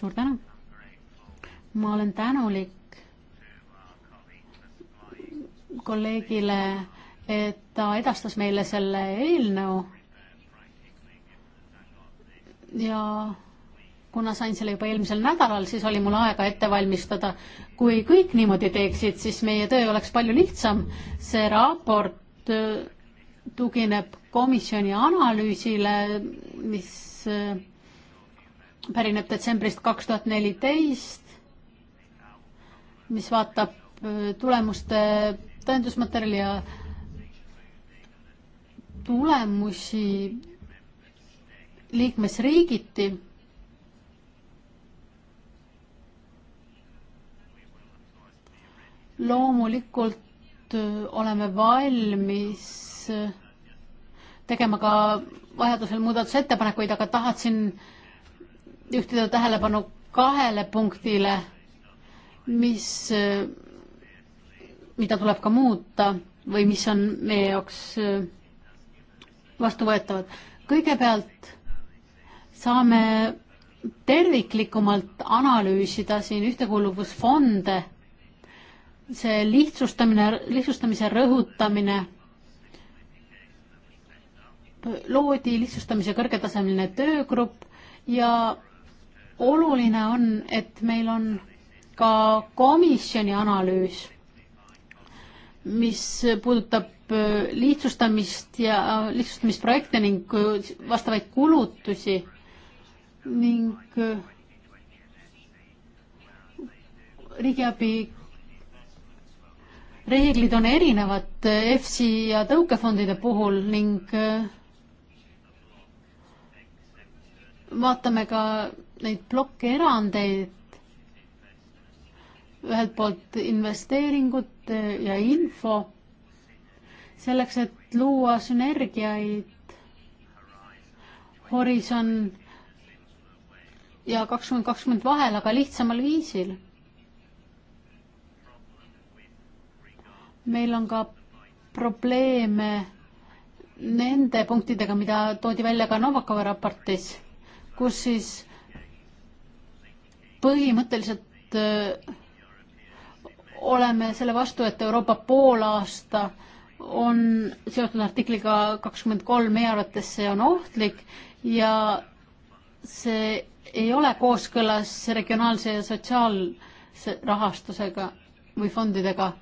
suur tänu. ma olen tänulik kolleegile, et ta edastas meile selle eelnõu ja kuna sain selle juba eelmisel nädalal, siis oli mul aega ette valmistada. kui kõik niimoodi teeksid, siis meie töö oleks palju lihtsam. see raport äh, tugineb komisjoni analüüsile, mis äh, pärineb detsembrist kaks tuhat neliteist, mis vaatab äh, tulemuste tõendusmaterjali ja tulemusi liikmesriigiti. loomulikult äh, oleme valmis äh, tegema ka vajadusel muudatusettepanekuid, aga tahtsin juhtida tähelepanu kahele punktile, mis, äh, mida tuleb ka muuta või mis on meie jaoks vastuvõetavad. kõigepealt saame terviklikumalt analüüsida siin ühtekuuluvusfonde, see lihtsustamine, lihtsustamise rõhutamine, loodi lihtsustamise kõrgetasemeline töögrupp ja oluline on, et meil on ka komisjoni analüüs, mis puudutab Äh, lihtsustamist ja äh, lihtsustamisprojekte ning äh, vastavaid kulutusi ning riigiabi reeglid on erinevad EFSI ja tõukefondide puhul ning vaatame ka neid plokkerandeid, ühelt poolt investeeringud ja info selleks, et luua sünergiaid Horizon ja kakskümmend kakskümmend vahel, aga lihtsamal viisil. meil on ka probleeme nende punktidega, mida toodi välja ka Novakova raportis, kus siis põhimõtteliselt öö, äh, oleme selle vastu, et Euroopa poolaasta äh, on seotud artikliga kakskümmend kolm, meie arvates see on ohtlik ja see ei ole kooskõlas regionaalse ja sotsiaalrahastusega või fondidega.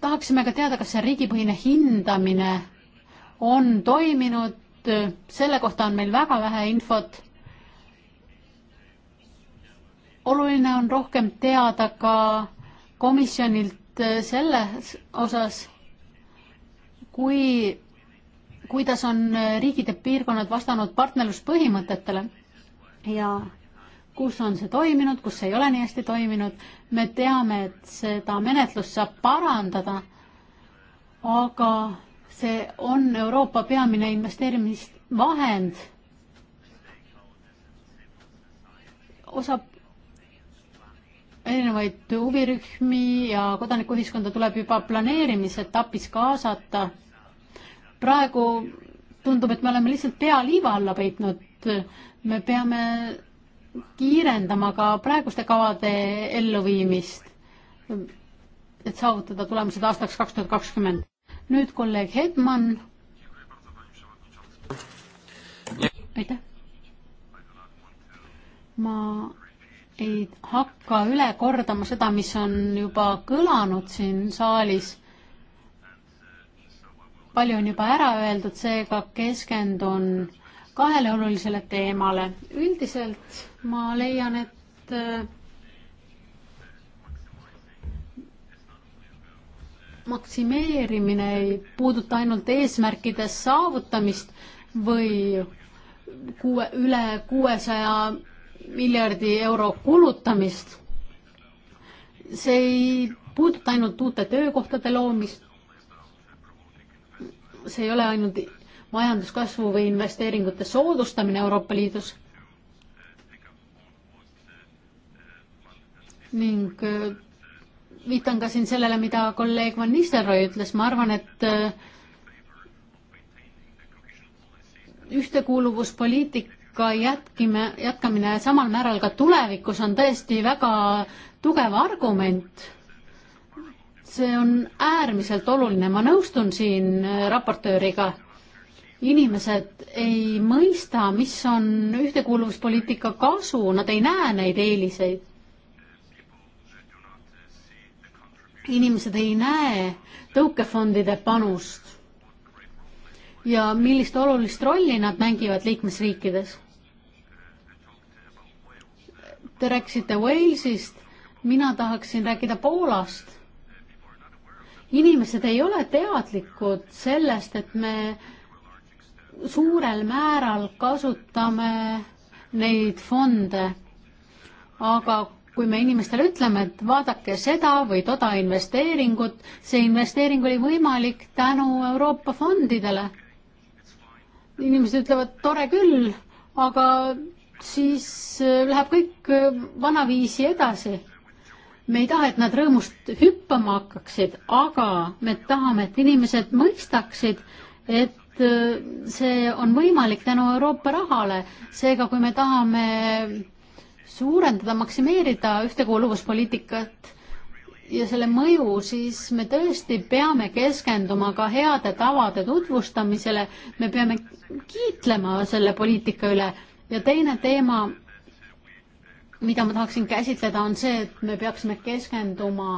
tahaksime ka teada, kas see riigipõhine hindamine on toiminud, selle kohta on meil väga vähe infot. oluline on rohkem teada ka komisjonilt selles osas kui, kuidas on riigid ja piirkonnad vastanud partnerluspõhimõtetele ja kus on see toiminud, kus ei ole nii hästi toiminud. me teame, et seda menetlust saab parandada, aga see on Euroopa peamine investeerimisvahend osa erinevaid huvirühmi ja kodanikuühiskonda tuleb juba planeerimisetapis kaasata. praegu tundub, et me oleme lihtsalt pea liiva alla peitnud. me peame kiirendama ka praeguste kavade elluviimist, et saavutada tulemused aastaks kaks tuhat kakskümmend. nüüd kolleeg Hetman. aitäh. ma ei hakka üle kordama seda, mis on juba kõlanud siin saalis. palju on juba ära öeldud, seega keskendun kahele olulisele teemale. üldiselt ma leian, et äh, maksimeerimine ei puuduta ainult eesmärkide saavutamist või kuue, üle kuuesaja miljardi euro kulutamist. see ei puuduta ainult uute töökohtade loomist. see ei ole ainult majanduskasvu või investeeringute soodustamine Euroopa Liidus. ning äh, viitan ka siin sellele, mida kolleeg Van Nistelrooy ütles, ma arvan, et äh, ühtekuuluvuspoliitika poliitika jätkime, jätkamine samal määral ka tulevikus on tõesti väga tugev argument. see on äärmiselt oluline, ma nõustun siin raportööriga. inimesed ei mõista, mis on ühtekuuluvuspoliitika kasu, nad ei näe neid eeliseid. inimesed ei näe tõukefondide panust ja millist olulist rolli nad mängivad liikmesriikides? Te rääkisite Walesist, mina tahaksin rääkida Poolast. inimesed ei ole teadlikud sellest, et me suurel määral kasutame neid fonde, aga kui me inimestele ütleme, et vaadake seda või toda investeeringut, see investeering oli võimalik tänu Euroopa fondidele inimesed ütlevad, tore küll, aga siis äh, läheb kõik äh, vanaviisi edasi. me ei taha, et nad rõõmust hüppama hakkaksid, aga me tahame, et inimesed mõistaksid, et äh, see on võimalik tänu Euroopa rahale. seega, kui me tahame suurendada, maksimeerida ühtekuuluvuspoliitikat, ja selle mõju, siis me tõesti peame keskenduma ka heade tavade tutvustamisele, me peame kiitlema selle poliitika üle ja teine teema, mida ma tahaksin käsitleda, on see, et me peaksime keskenduma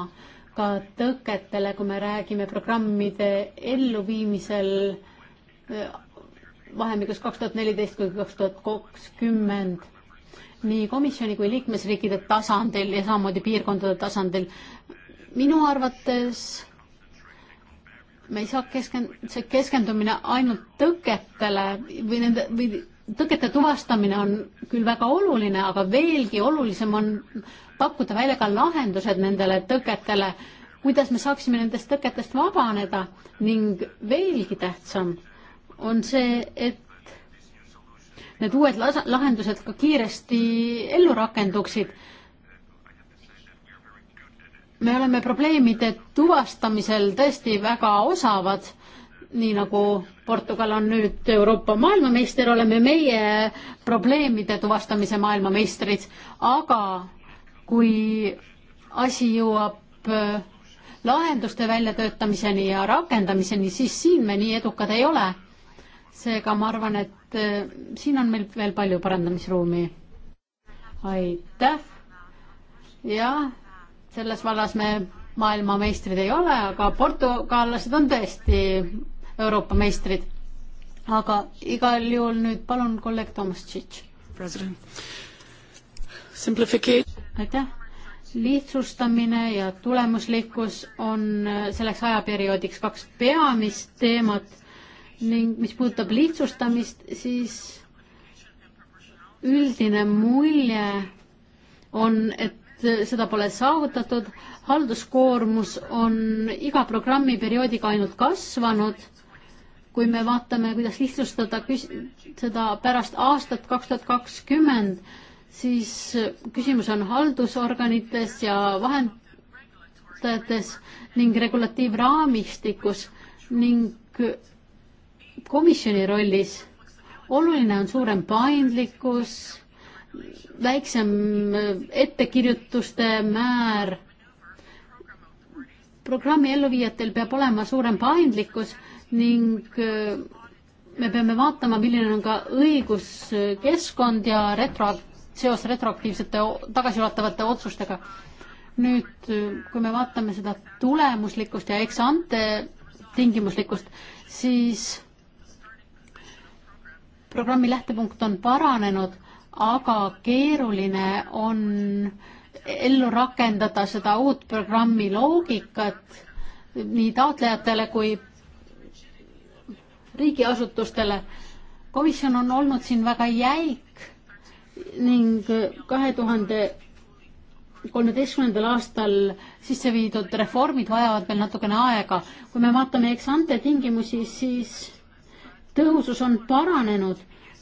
ka tõketele, kui me räägime programmide elluviimisel eh, vahemikus kaks tuhat neliteist kuni kaks tuhat kakskümmend nii komisjoni kui liikmesriikide tasandil ja samamoodi piirkondade tasandil minu arvates me ei saa keskend-, see keskendumine ainult tõketele või nende, või tõkete tuvastamine on küll väga oluline, aga veelgi olulisem on pakkuda välja ka lahendused nendele tõketele, kuidas me saaksime nendest tõketest vabaneda ning veelgi tähtsam on see, et need uued lahendused ka kiiresti ellu rakenduksid me oleme probleemide tuvastamisel tõesti väga osavad, nii nagu Portugal on nüüd Euroopa maailmameister, oleme meie probleemide tuvastamise maailmameistrid, aga kui asi jõuab äh, lahenduste väljatöötamiseni ja rakendamiseni, siis siin me nii edukad ei ole. seega ma arvan, et äh, siin on meil veel palju parandamisruumi. aitäh! jah selles vallas me maailmameistrid ei ole, aga portugallased on tõesti Euroopa meistrid. aga igal juhul nüüd palun kolleeg Toomas Tšitš. aitäh. lihtsustamine ja tulemuslikkus on selleks ajaperioodiks kaks peamist teemat ning mis puudutab lihtsustamist, siis üldine mulje on, et seda pole saavutatud. halduskoormus on iga programmi perioodiga ainult kasvanud. kui me vaatame, kuidas lihtsustada seda pärast aastat kaks tuhat kakskümmend, siis küsimus on haldusorganites ja vahendajates ning regulatiivraamistikus ning komisjoni rollis. oluline on suurem paindlikkus väiksem äh, ettekirjutuste määr. programmi elluviijatel peab olema suurem paindlikkus ning äh, me peame vaatama, milline on ka õiguskeskkond ja retro, seos retroaktiivsete tagasiulatavate otsustega. nüüd, äh, kui me vaatame seda tulemuslikkust ja eksante tingimuslikkust, siis programmi lähtepunkt on paranenud aga keeruline on ellu rakendada seda uut programmi loogikat nii taotlejatele kui riigiasutustele. komisjon on olnud siin väga jäik ning kahe tuhande kolmeteistkümnendal aastal sisse viidud reformid vajavad veel natukene aega. kui me vaatame eksante tingimusi, siis tõhusus on paranenud,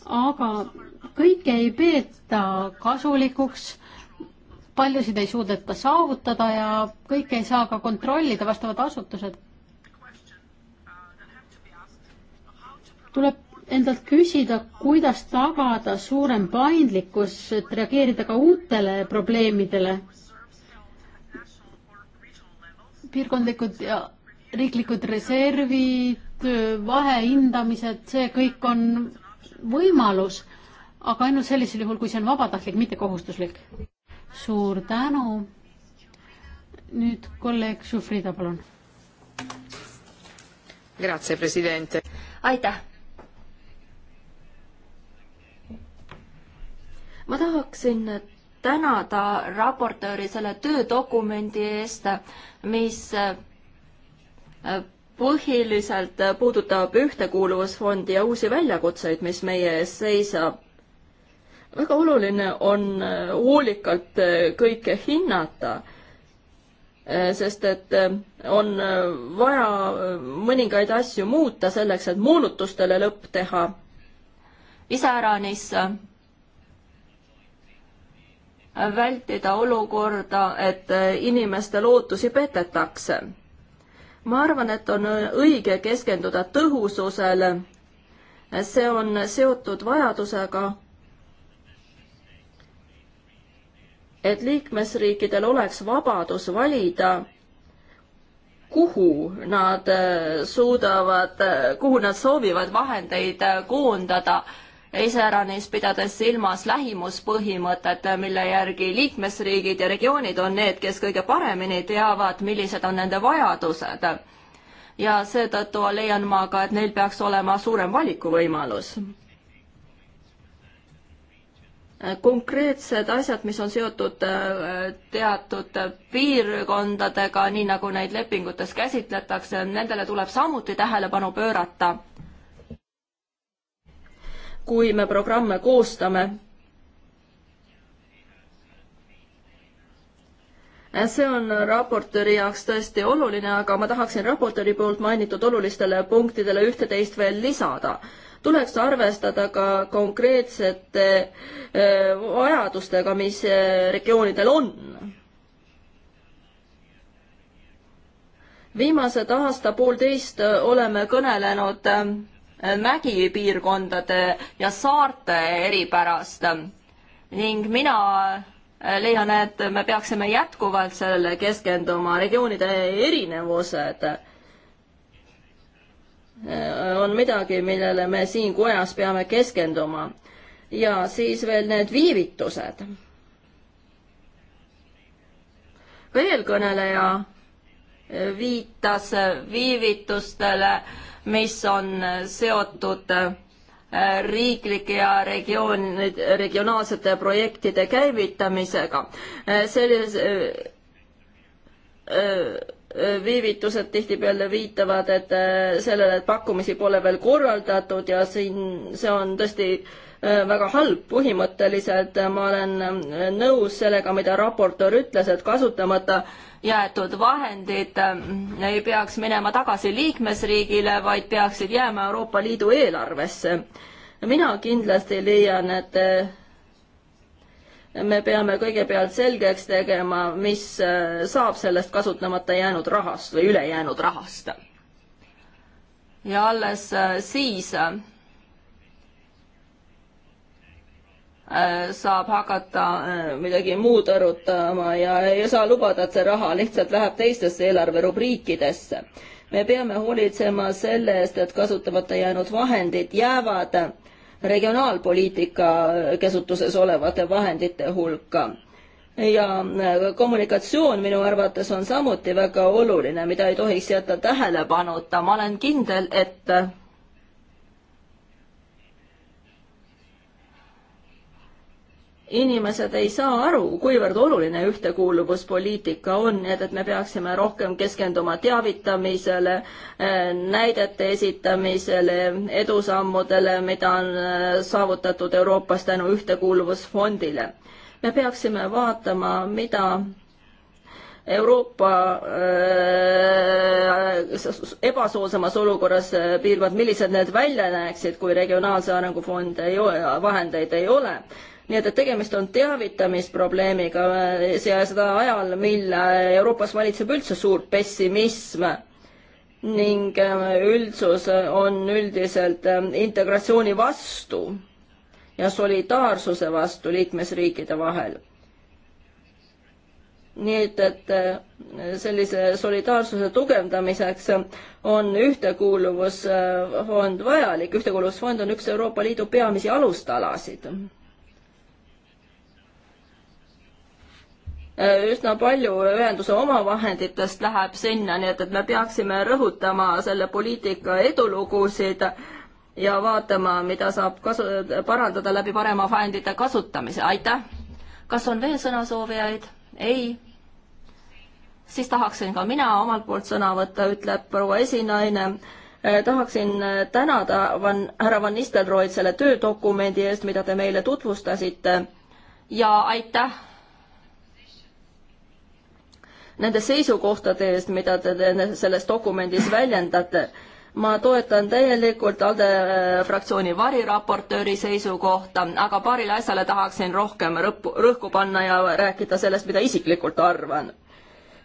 aga kõike ei peeta kasulikuks, paljusid ei suudeta saavutada ja kõike ei saa ka kontrollida vastavad asutused. tuleb endalt küsida, kuidas tagada suurem paindlikkus, et reageerida ka uutele probleemidele. piirkondlikud ja riiklikud reservid, vahehindamised, see kõik on võimalus aga ainult sellisel juhul, kui see on vabatahtlik, mitte kohustuslik. suur tänu. nüüd kolleeg Šufrida, palun. Grazie, president. aitäh. ma tahaksin tänada raportööri selle töödokumendi eest, mis äh, põhiliselt puudutab ühtekuuluvusfondi ja uusi väljakutseid, mis meie ees seisab väga oluline on äh, hoolikalt äh, kõike hinnata, äh, sest et on vaja mõningaid asju muuta selleks, et moonutustele lõpp teha. iseäranis vältida olukorda, et inimeste lootusi petetakse. ma arvan, et on õige keskenduda tõhususele. see on seotud vajadusega et liikmesriikidel oleks vabadus valida, kuhu nad äh, suudavad, äh, kuhu nad soovivad vahendeid äh, koondada, iseäranis pidades silmas lähimuspõhimõtet, mille järgi liikmesriigid ja regioonid on need, kes kõige paremini teavad, millised on nende vajadused. ja seetõttu leian ma ka, et neil peaks olema suurem valikuvõimalus konkreetsed asjad, mis on seotud äh, teatud piirkondadega, nii nagu neid lepingutes käsitletakse, nendele tuleb samuti tähelepanu pöörata. kui me programme koostame. see on raportööri jaoks tõesti oluline, aga ma tahaksin raportööri poolt mainitud olulistele punktidele üht-teist veel lisada tuleks arvestada ka konkreetsete eh, vajadustega, mis eh, regioonidel on. viimased aasta-poolteist eh, oleme kõnelenud mägipiirkondade ja saarte eripärast ning mina leian, et me peaksime jätkuvalt sellele keskenduma, regioonide erinevused on midagi, millele me siin kojas peame keskenduma. ja siis veel need viivitused. ka eelkõneleja viitas viivitustele, mis on seotud äh, riiklike ja regioon, regionaalsete projektide käivitamisega. Äh, selles öö, äh, öö, viivitused tihtipeale viitavad, et äh, sellele, et pakkumisi pole veel korraldatud ja siin see on tõesti äh, väga halb põhimõtteliselt, ma olen äh, nõus sellega, mida raportöör ütles, et kasutamata jäetud vahendid ei peaks minema tagasi liikmesriigile, vaid peaksid jääma Euroopa Liidu eelarvesse. mina kindlasti leian, et me peame kõigepealt selgeks tegema, mis äh, saab sellest kasutamata jäänud rahast või ülejäänud rahast. ja alles äh, siis äh, saab hakata midagi muud arutama ja ei saa lubada, et see raha lihtsalt läheb teistesse eelarverubriikidesse. me peame hoolitsema selle eest, et kasutamata jäänud vahendid jäävad äh, regionaalpoliitika käsutuses olevate vahendite hulka ja kommunikatsioon minu arvates on samuti väga oluline, mida ei tohiks jätta tähelepanuta. ma olen kindel, et inimesed ei saa aru, kuivõrd oluline ühtekuuluvuspoliitika on, nii et, et me peaksime rohkem keskenduma teavitamisele, eh, näidete esitamisele, edusammudele, mida on eh, saavutatud Euroopas tänu ühtekuuluvusfondile. me peaksime vaatama, mida Euroopa eh, ebasoodsamas olukorras piirkond, millised need välja näeksid, kui regionaalse arengu fond ei ole, vahendeid ei ole nii et, et tegemist on teavitamisprobleemiga ja seda ajal, mil Euroopas valitseb üldse suur pessimism ning üldsus on üldiselt integratsiooni vastu ja solidaarsuse vastu liikmesriikide vahel. nii et, et sellise solidaarsuse tugevdamiseks on ühtekuuluvusfond vajalik, ühtekuuluvusfond on üks Euroopa Liidu peamisi alustalasid Äh, üsna palju ühenduse omavahenditest läheb sinna, nii et, et me peaksime rõhutama selle poliitika edulugusid ja vaatama, mida saab kasu, parandada läbi parema vahendite kasutamise, aitäh. kas on veel sõnasoovijaid? ei? siis tahaksin ka mina omalt poolt sõna võtta, ütleb proua esinaine äh, tahaksin tänada van, härra Van Nistelrooid selle töödokumendi eest, mida te meile tutvustasite ja aitäh nende seisukohtade eest, mida te selles dokumendis väljendate. ma toetan täielikult ALDE fraktsiooni variraportööri seisukohta, aga paarile asjale tahaksin rohkem rõppu, rõhku panna ja rääkida sellest, mida isiklikult arvan.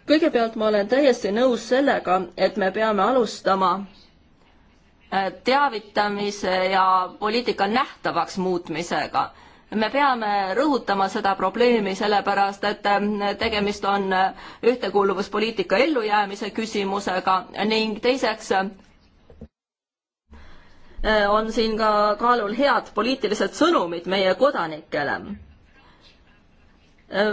kõigepealt ma olen täiesti nõus sellega, et me peame alustama äh, teavitamise ja poliitika nähtavaks muutmisega me peame rõhutama seda probleemi, sellepärast et äh, tegemist on äh, ühtekuuluvuspoliitika ellujäämise küsimusega ning teiseks äh, on siin ka kaalul head poliitilised sõnumid meie kodanikele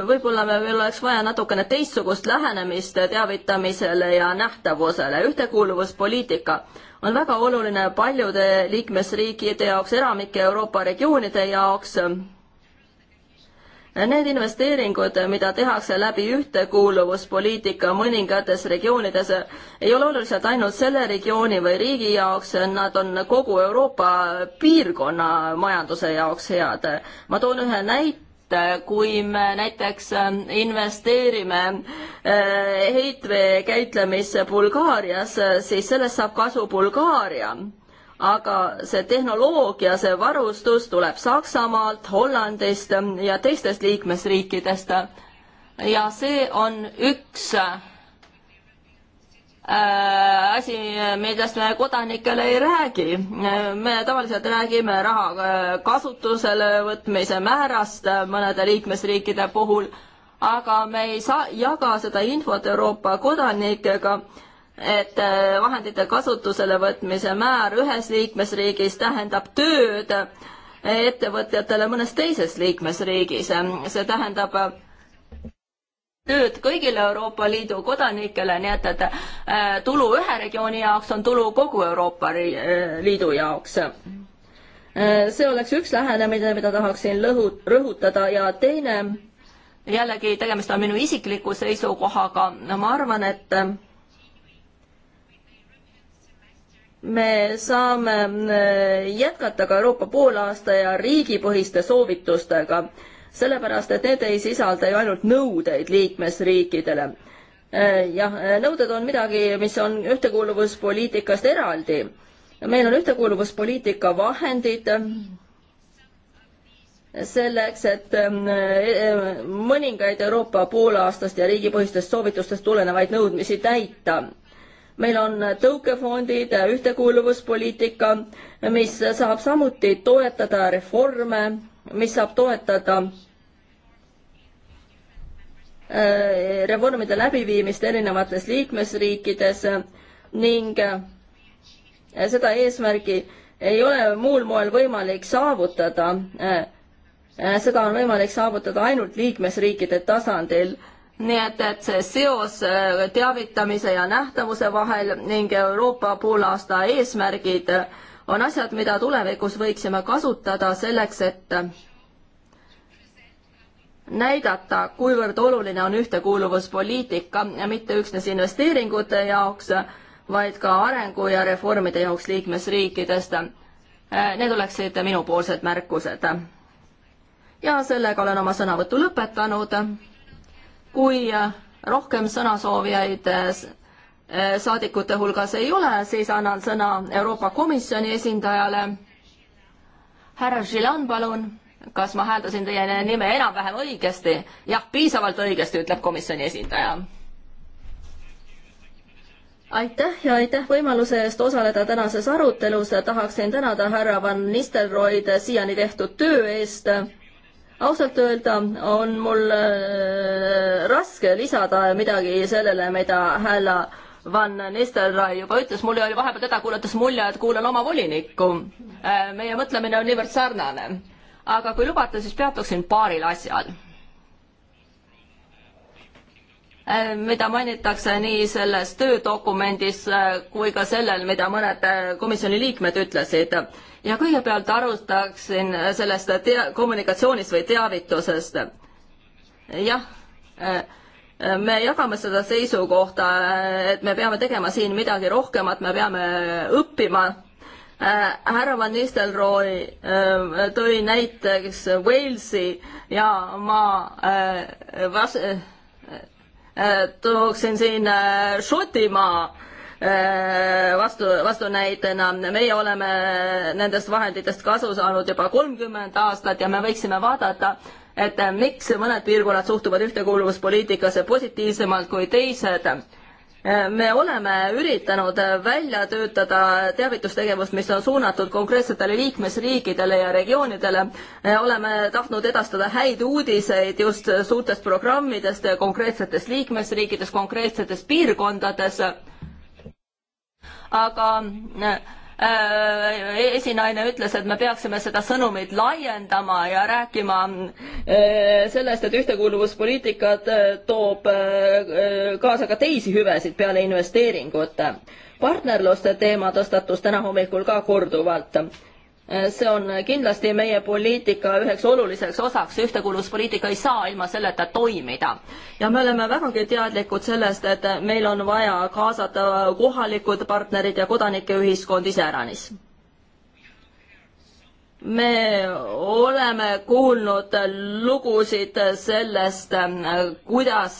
võib-olla meil oleks vaja natukene teistsugust lähenemist teavitamisele ja nähtavusele. ühtekuuluvuspoliitika on väga oluline paljude liikmesriikide jaoks, eramike Euroopa regioonide jaoks. Need investeeringud, mida tehakse läbi ühtekuuluvuspoliitika mõningates regioonides, ei ole olulised ainult selle regiooni või riigi jaoks, nad on kogu Euroopa piirkonna majanduse jaoks head. ma toon ühe näite et äh, kui me näiteks äh, investeerime äh, heitvee käitlemisse Bulgaarias, siis sellest saab kasu Bulgaaria aga see tehnoloogia, see varustus tuleb Saksamaalt, Hollandist ja teistest liikmesriikidest. ja see on üks Äh, asi, millest me kodanikele ei räägi. me tavaliselt räägime raha äh, kasutusele võtmise määrast äh, mõnede liikmesriikide puhul, aga me ei saa, jaga seda infot Euroopa kodanikega, et vahendite kasutusele võtmise määr ühes liikmesriigis tähendab tööd ettevõtjatele mõnes teises liikmesriigis. see tähendab tööd kõigile Euroopa Liidu kodanikele, nii et, et äh, tulu ühe regiooni jaoks on tulu kogu Euroopa äh, Liidu jaoks. Äh, see oleks üks lähenemine, mida tahaksin lõhu-, rõhutada ja teine, jällegi tegemist on minu isikliku seisukohaga, ma arvan, et me saame jätkata ka Euroopa poolaasta ja riigipõhiste soovitustega sellepärast et need ei sisalda ju ainult nõudeid liikmesriikidele. Äh, jah, äh, nõuded on midagi, mis on ühtekuuluvuspoliitikast eraldi. meil on ühtekuuluvuspoliitika vahendid äh, selleks, et ähm, mõningaid Euroopa poolaastast ja riigipõhistest soovitustest tulenevaid nõudmisi täita meil on tõukefondid, ühtekuuluvuspoliitika, mis saab samuti toetada reforme mis saab toetada äh, reformide läbiviimist erinevates liikmesriikides ning äh, seda eesmärgi ei ole muul moel võimalik saavutada. Äh, seda on võimalik saavutada ainult liikmesriikide tasandil. nii et, et see seos teavitamise ja nähtavuse vahel ning Euroopa poolaasta eesmärgid äh, on asjad, mida tulevikus võiksime kasutada selleks, et näidata, kuivõrd oluline on ühtekuuluvuspoliitika ja mitte üksnes investeeringute jaoks, vaid ka arengu ja reformide jaoks liikmesriikidest. Need oleksid minupoolsed märkused. ja sellega olen oma sõnavõtu lõpetanud. kui rohkem sõnasoovijaid Äh, saadikute hulgas ei ole, siis annan sõna Euroopa Komisjoni esindajale. härra Žilan, palun, kas ma hääldasin teie nime enam-vähem õigesti? jah, piisavalt õigesti, ütleb komisjoni esindaja. aitäh ja aitäh võimaluse eest osaleda tänases arutelus. tahaksin tänada härra Van Nistelrooid siiani tehtud töö eest ausalt öelda on mul äh, raske lisada midagi sellele, mida härra Van Nistelrooy juba ütles, mul oli vahepeal teda kuulates mulje, et kuulan oma volinikku. Äh, meie mõtlemine on niivõrd sarnane. aga kui lubate, siis peatuksin paaril asjal äh, mida mainitakse nii selles töödokumendis äh, kui ka sellel, mida mõned komisjoni liikmed ütlesid. ja kõigepealt alustaksin sellest te-, kommunikatsioonist või teavitusest. jah äh,, me jagame seda seisukohta, et me peame tegema siin midagi rohkemat, me peame õppima. härra Van Nistelrooy äh, tõi näiteks Walesi ja ma äh, vas-, äh, tooksin siin Šotimaa vastu, vastunäitena, meie oleme nendest vahenditest kasu saanud juba kolmkümmend aastat ja me võiksime vaadata, et miks mõned piirkonnad suhtuvad ühtekuuluvuspoliitikasse positiivsemalt kui teised. me oleme üritanud välja töötada teavitustegevust, mis on suunatud konkreetsetele liikmesriikidele ja regioonidele. oleme tahtnud edastada häid uudiseid just suurtest programmidest konkreetsetes liikmesriikides, konkreetsetes piirkondades. aga Äh, esinaine ütles, et me peaksime seda sõnumit laiendama ja rääkima äh, sellest, et ühtekuuluvuspoliitikad äh, toob kaasa ka teisi hüvesid peale investeeringute. partnerluste teema tõstatus täna hommikul ka korduvalt Eh, see on kindlasti meie poliitika üheks oluliseks osaks, ühtekuuluvuspoliitika ei saa ilma selleta toimida. ja me oleme vägagi teadlikud sellest, et meil on vaja kaasata kohalikud partnerid ja kodanikeühiskond iseäranis me oleme kuulnud lugusid sellest, kuidas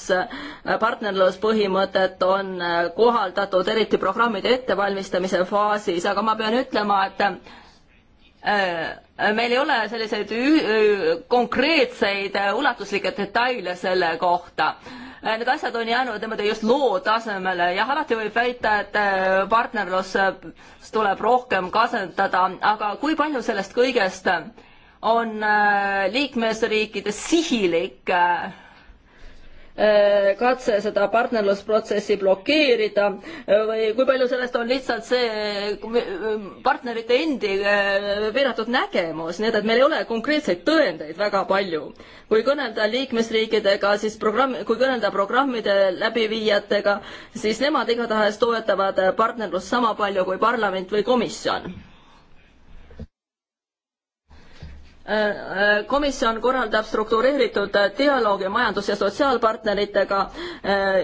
partnerluspõhimõtet on kohaldatud, eriti programmide ettevalmistamise faasis, aga ma pean ütlema, et Äh, meil ei ole selliseid konkreetseid äh, ulatuslikke detaile selle kohta. Äh, need asjad on jäänud niimoodi just loo tasemele, jah, alati võib väita, et partnerlus tuleb rohkem kasvatada, aga kui palju sellest kõigest on liikmesriikide sihilik äh, Äh, katse seda partnerlusprotsessi blokeerida või kui palju sellest on lihtsalt see äh, partnerite endi piiratud äh, nägemus, nii et, et meil ei ole konkreetseid tõendeid väga palju. kui kõnelda liikmesriikidega, siis programm, kui kõnelda programmide läbiviijatega, siis nemad igatahes toetavad partnerlust sama palju kui parlament või komisjon Äh, äh, komisjon korraldab struktureeritud äh, dialoogi majandus- ja sotsiaalpartneritega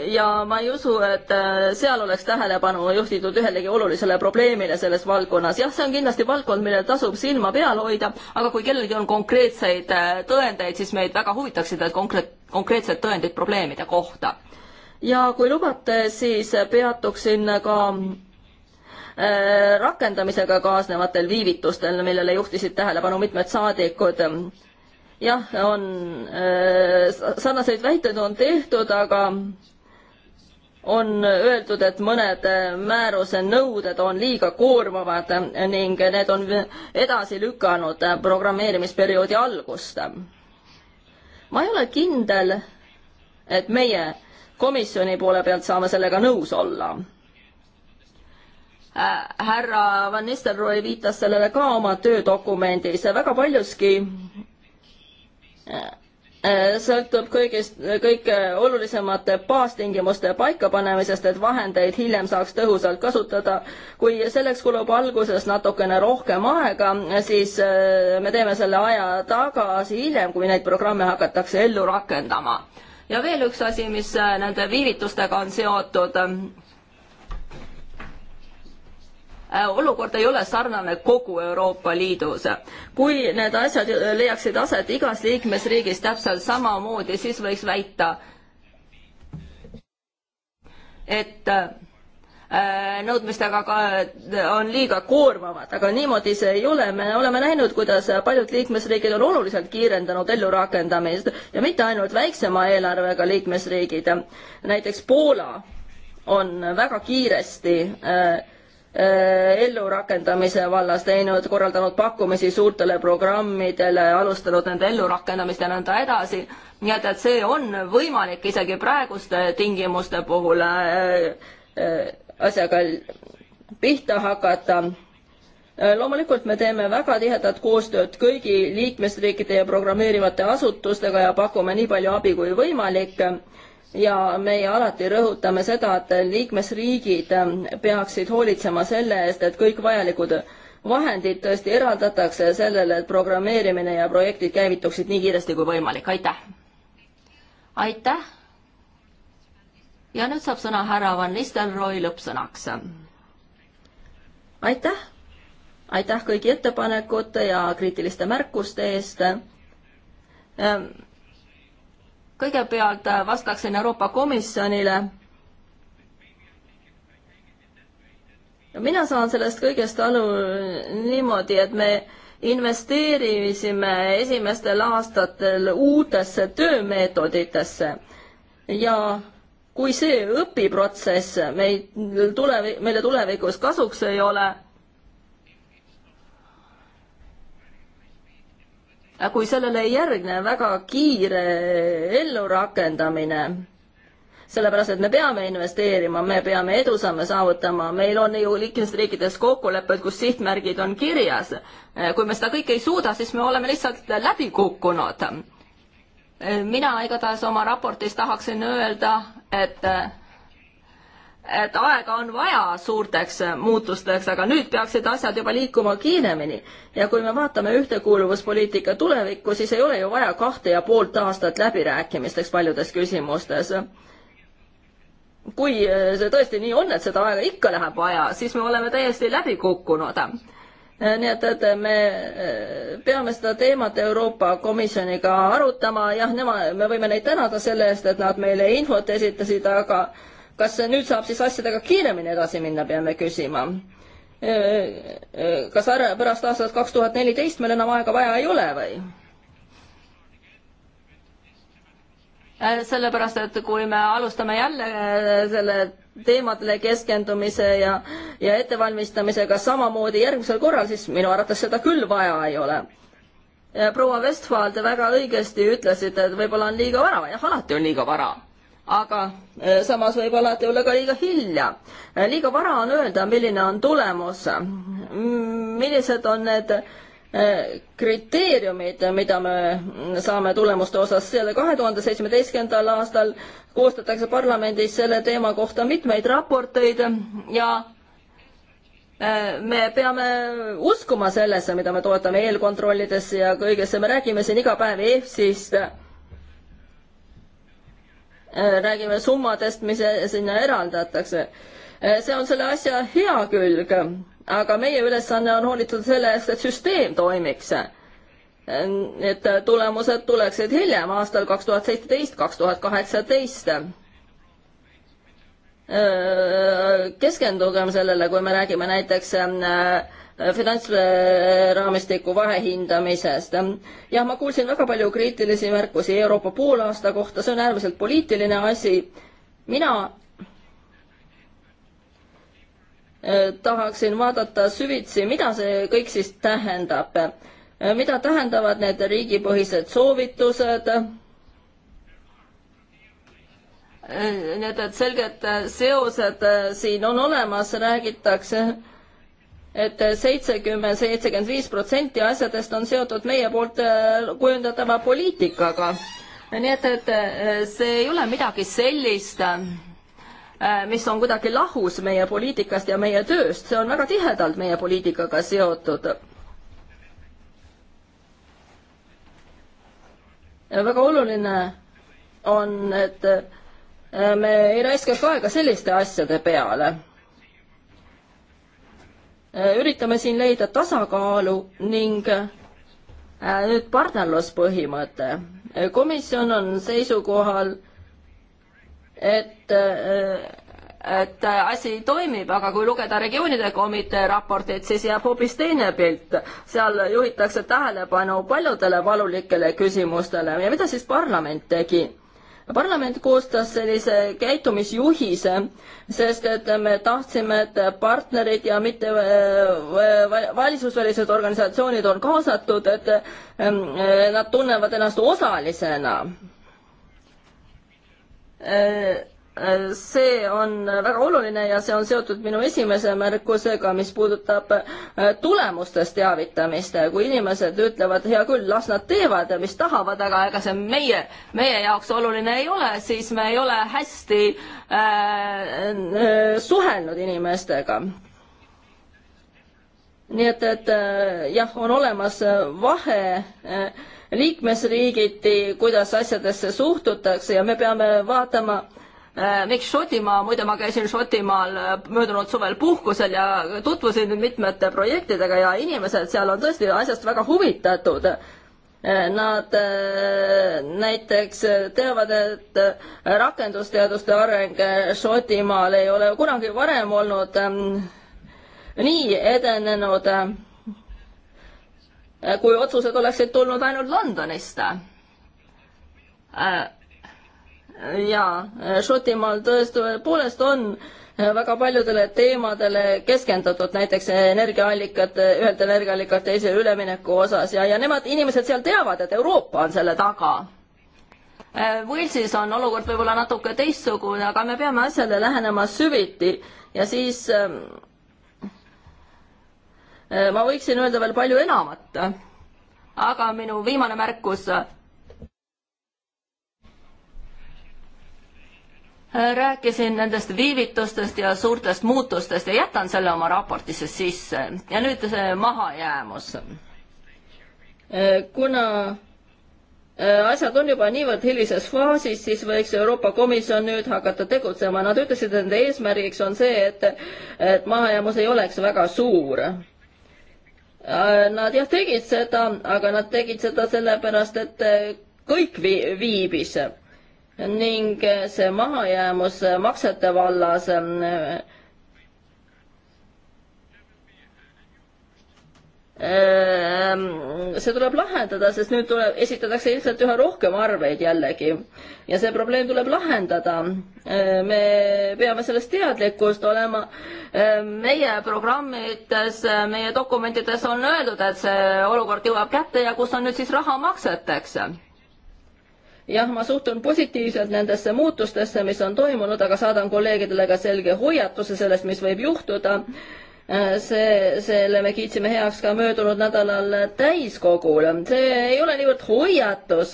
ja ma ei usu, et seal oleks tähelepanu juhtitud ühelegi olulisele probleemile selles valdkonnas. jah, see on kindlasti valdkond, millel tasub silma peal hoida, aga kui kellelgi on konkreetseid tõendeid, siis meid väga huvitaksid need konkreet-, konkreetsed tõendid probleemide kohta. ja kui lubate, siis peatuksin ka Äh, rakendamisega kaasnevatel viivitustel, millele juhtisid tähelepanu mitmed saadikud. jah, on, äh, sarnaseid väiteid on tehtud, aga on öeldud, et mõned määruse nõuded on liiga koormavad ning need on edasi lükanud programmeerimisperioodi algust. ma ei ole kindel, et meie komisjoni poole pealt saame sellega nõus olla Äh, härra Van Nistelrooy viitas sellele ka oma töödokumendis ja väga paljuski äh, äh, sõltub kõigist, kõige olulisemate baastingimuste paikapanemisest, et vahendeid hiljem saaks tõhusalt kasutada. kui selleks kulub alguses natukene rohkem aega, siis me teeme selle aja tagasi hiljem, kui neid programme hakatakse ellu rakendama. ja veel üks asi, mis nende viivitustega on seotud Äh, olukord ei ole sarnane kogu Euroopa Liidus. kui need asjad äh, leiaksid aset igas liikmesriigis täpselt samamoodi, siis võiks väita, et äh, nõudmistega ka on liiga koormavad, aga niimoodi see ei ole, me oleme näinud, kuidas paljud liikmesriigid on oluliselt kiirendanud ellurakendamist ja mitte ainult väiksema eelarvega liikmesriigid, näiteks Poola on väga kiiresti äh, Äh, ellurakendamise vallas teinud, korraldanud pakkumisi suurtele programmidele, alustanud nende ellurakendamist ja nõnda edasi. nii et, et see on võimalik isegi praeguste tingimuste puhul äh, äh, asjaga pihta hakata loomulikult me teeme väga tihedat koostööd kõigi liikmesriikide ja programmeerivate asutustega ja pakume nii palju abi kui võimalik ja meie alati rõhutame seda, et liikmesriigid ähm, peaksid hoolitsema selle eest, et kõik vajalikud vahendid tõesti eraldatakse sellele, et programmeerimine ja projektid käivituksid nii kiiresti kui võimalik, aitäh! aitäh! ja nüüd saab sõna härra Van Nistelrooy lõppsõnaks. aitäh! aitäh kõigi ettepanekute ja kriitiliste märkuste eest ähm kõigepealt äh, vastaksin Euroopa Komisjonile. mina saan sellest kõigest aru niimoodi, et me investeerimisime esimestel aastatel uutesse töömeetoditesse ja kui see õpiprotsess meid tulevi-, meile tulevikus kasuks ei ole, kui sellele ei järgne väga kiire ellurakendamine, sellepärast et me peame investeerima, me peame edusamme saavutama, meil on ju liikmesriikides kokkulepped, kus sihtmärgid on kirjas. kui me seda kõike ei suuda, siis me oleme lihtsalt läbi kukkunud. mina igatahes oma raportis tahaksin öelda, et et aega on vaja suurteks muutusteks, aga nüüd peaksid asjad juba liikuma kiiremini. ja kui me vaatame ühtekuuluvuspoliitika tulevikku, siis ei ole ju vaja kahte ja poolt aastat läbirääkimisteks paljudes küsimustes. kui see tõesti nii on, et seda aega ikka läheb vaja, siis me oleme täiesti läbi kukkunud nii et, et me eh, peame seda teemat Euroopa Komisjoniga arutama, jah, nema, me võime neid tänada selle eest, et nad meile infot esitasid, aga äh, kas nüüd saab siis asjadega kiiremini edasi minna, peame küsima. kas ära, pärast aastat kaks tuhat neliteist meil enam aega vaja ei ole või? Äh, sellepärast, et kui me alustame jälle äh, selle teemadele keskendumise ja, ja ettevalmistamisega samamoodi järgmisel korral, siis minu arvates seda küll vaja ei ole äh, proua Westphal, te väga õigesti ütlesite, et võib-olla on liiga vara, jah, alati on liiga vara aga e, samas võib alati olla ka liiga hilja. E, liiga vara on öelda, milline on tulemus, millised on need e, kriteeriumid, mida me saame tulemuste osas, selle kahe tuhande seitsmeteistkümnendal aastal koostatakse parlamendis selle teema kohta mitmeid raporteid ja me peame uskuma sellesse, mida me toetame eelkontrollidesse ja kõigesse, me räägime siin iga päev EFSist Äh, räägime summadest, mis sinna eraldatakse. Äh, see on selle asja hea külg, aga meie ülesanne on hoolitada selle eest, et süsteem toimiks. Äh, et tulemused tuleksid hiljem, aastal kaks tuhat seitseteist, kaks tuhat kaheksateist keskendugem sellele, kui me räägime näiteks äh, finantsraamistiku vahehindamisest. jah, ma kuulsin väga palju kriitilisi märkusi Euroopa poolaasta kohta, see on äärmiselt poliitiline asi. mina äh, tahaksin vaadata süvitsi, mida see kõik siis tähendab. Äh, mida tähendavad need riigipõhised soovitused? Äh, nii et, et selged seosed siin on olemas, räägitakse et seitsekümmend, seitsekümmend viis protsenti asjadest on seotud meie poolt äh, kujundatava poliitikaga. nii et, et äh, see ei ole midagi sellist, äh, mis on kuidagi lahus meie poliitikast ja meie tööst, see on väga tihedalt meie poliitikaga seotud Ja väga oluline on, et me ei raiskaks aega selliste asjade peale. Äh, üritame siin leida tasakaalu ning äh, nüüd partnerluspõhimõte. Äh, komisjon on seisukohal, et, et asi toimib, aga kui lugeda regioonide komitee raportit, siis jääb hoopis teine pilt. seal juhitakse tähelepanu paljudele valulikele küsimustele ja mida siis parlament tegi? parlament koostas sellise käitumisjuhise, sest et me tahtsime, et partnerid ja mitte äh, äh, valitsusvälised organisatsioonid on kaasatud, et ähm, nad tunnevad ennast osalisena äh, see on väga oluline ja see on seotud minu esimese märkusega, mis puudutab äh, tulemustest teavitamist. kui inimesed ütlevad, hea küll, las nad teevad, mis tahavad, aga ega see meie, meie jaoks oluline ei ole, siis me ei ole hästi äh, äh suhelnud inimestega nii et, et äh, jah, on olemas vahe liikmesriigiti, kuidas asjadesse suhtutakse ja me peame vaatama äh, Äh, miks Šotimaa, muide ma käisin Šotimaal äh, möödunud suvel puhkusel ja tutvusin mitmete projektidega ja inimesed seal on tõesti asjast väga huvitatud. Äh, nad näiteks teavad, et rakendusteaduste areng Šotimaal ei ole kunagi varem olnud ähm, nii edenenud, kui otsused oleksid tulnud ainult Londonist jaa, Šotimaal tõepoolest on äh, väga paljudele teemadele keskendatud, näiteks energiaallikad, äh, ühelt energiaallikalt teisele ülemineku osas ja, ja nemad, inimesed seal teavad, et Euroopa on selle taga. Äh, Walesis on olukord võib-olla natuke teistsugune, aga me peame asjale lähenema süviti ja siis ähm, ma võiksin öelda veel palju enamat. aga minu viimane märkus rääkisin nendest viivitustest ja suurtest muutustest ja jätan selle oma raportisse sisse ja nüüd see mahajäämus. Äh, kuna äh, asjad on juba niivõrd hilises faasis, siis võiks Euroopa Komisjon nüüd hakata tegutsema. Nad ütlesid, et nende eesmärgiks on see, et, et mahajäämus ei oleks väga suur. Äh, nad jah, tegid seda, aga nad tegid seda sellepärast, et kõik vi viibis ning eh, see mahajäämus eh, maksete vallas eh, ehm, see tuleb lahendada, sest nüüd tuleb, esitatakse ilmselt üha rohkem arveid jällegi ja see probleem tuleb lahendada. me peame sellest teadlikkust olema. meie programmides, meie dokumentides on öeldud, et see olukord jõuab kätte ja kus on nüüd siis raha makseteks jah, ma suhtun positiivselt nendesse muutustesse, mis on toimunud, aga saadan kolleegidele ka selge hoiatuse sellest, mis võib juhtuda. Äh, see, selle me kiitsime heaks ka möödunud nädalal täiskogul, see ei ole niivõrd hoiatus,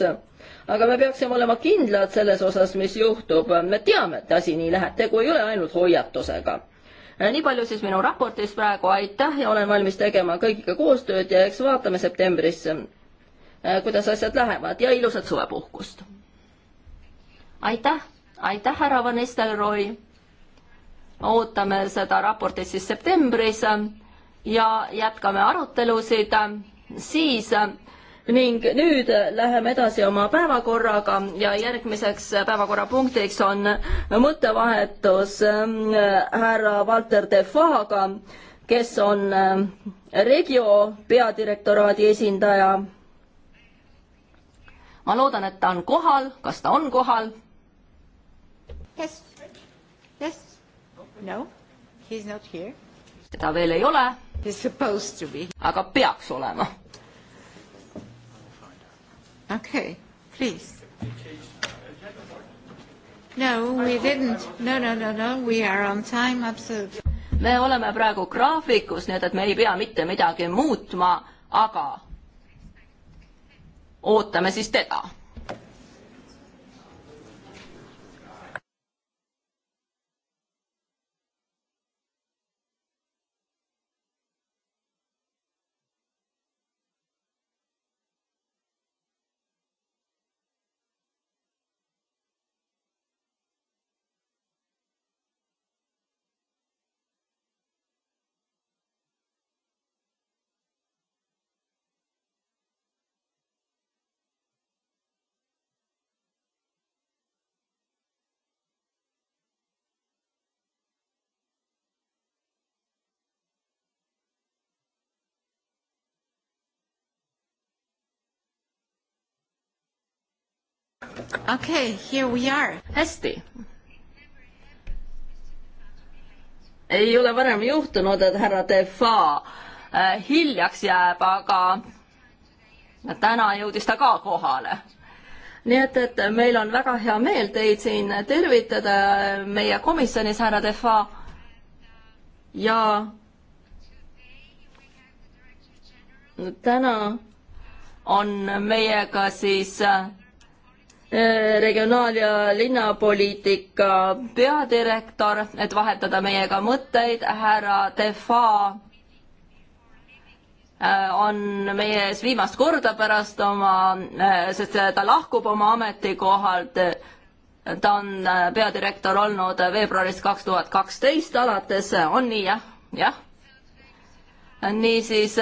aga me peaksime olema kindlad selles osas, mis juhtub, me teame, et asi nii läheb, tegu ei ole ainult hoiatusega äh, nii palju siis minu raportist praegu, aitäh ja olen valmis tegema kõigiga koostööd ja eks vaatame septembris Äh, kuidas asjad lähevad ja ilusat suvepuhkust. aitäh, aitäh, härra Van Nistelrooy. ootame seda raportit siis septembris ja jätkame arutelusid siis ning nüüd läheme edasi oma päevakorraga ja järgmiseks päevakorrapunktiks on mõttevahetus äh, härra Walter Defaga, kes on äh, Regio peadirektoraadi esindaja ma loodan, et ta on kohal, kas ta on kohal? Yes, yes, no, he is not here. teda veel ei ole. He is supposed to be. aga peaks olema. okei okay,, please. No, we didn't. No, no, no, no, we are on time, absolutely. me oleme praegu graafikus, nii et, et me ei pea mitte midagi muutma, aga ootame siis teda okei okay,, here we are. hästi. ei ole varem juhtunud, et härra Defa äh, hiljaks jääb, aga täna jõudis ta ka kohale. nii et, et meil on väga hea meel teid siin tervitada meie komisjonis, härra Defa. ja täna on meiega siis äh, Eh, regionaal- ja linnapoliitika peadirektor, et vahetada meiega mõtteid, härra Defa eh, on meie ees viimast korda pärast oma, eh, sest ta lahkub oma ametikohalt. ta on peadirektor olnud veebruarist kaks tuhat kaksteist alates, on nii jah, jah? niisiis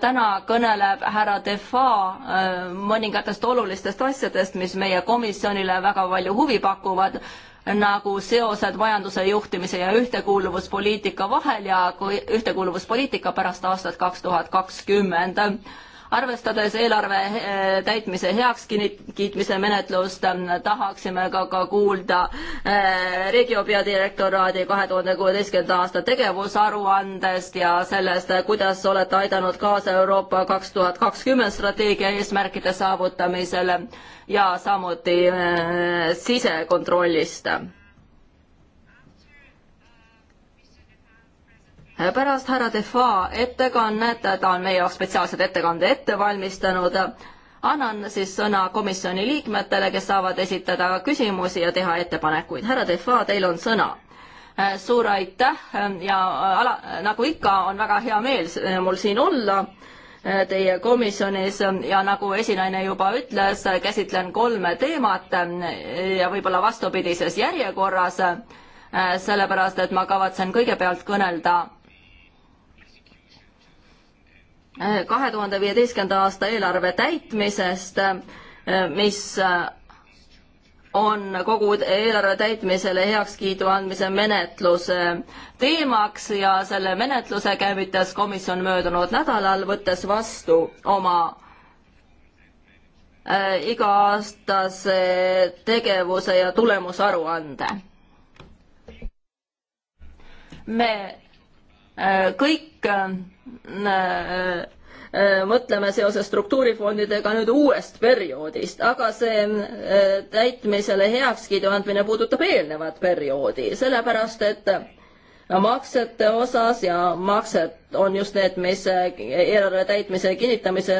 täna kõneleb härra Defa äh, mõningatest olulistest asjadest, mis meie komisjonile väga palju huvi pakuvad, nagu seosed majanduse juhtimise ja ühtekuuluvuspoliitika vahel ja kui ühtekuuluvuspoliitika pärast aastat kaks tuhat kakskümmend arvestades eelarve eh, täitmise heakskiitmise menetlust, ähm, tahaksime ka, ka kuulda äh, Regio peadirektoraadi kahe tuhande kuueteistkümnenda aasta tegevusaruandest ja sellest, äh, kuidas olete aidanud kaasa Euroopa kaks tuhat kakskümmend strateegia eesmärkide saavutamisele ja samuti äh, sisekontrollist pärast härra Defa ettekannet, ta on meie jaoks spetsiaalsed ettekande ette valmistanud, annan siis sõna komisjoni liikmetele, kes saavad esitada küsimusi ja teha ettepanekuid. härra Defa, teil on sõna. suur aitäh ja ala, nagu ikka, on väga hea meel mul siin olla teie komisjonis ja nagu esinaine juba ütles, käsitlen kolme teemat ja võib-olla vastupidises järjekorras, sellepärast et ma kavatsen kõigepealt kõnelda kahe tuhande viieteistkümnenda aasta eelarve täitmisest, eh, mis eh, on kogu eelarve täitmisele heakskiidu andmise menetluse teemaks ja selle menetluse käivitas komisjon möödunud nädalal, võttes vastu oma eh, iga-aastase tegevuse ja tulemusaruande. me kõik Eh, eh, mõtleme seoses struktuurifondidega nüüd uuest perioodist, aga see eh, täitmisele heakskiidu andmine puudutab eelnevat perioodi, sellepärast et maksete osas ja maksed on just need, mis eelarve täitmise kinnitamise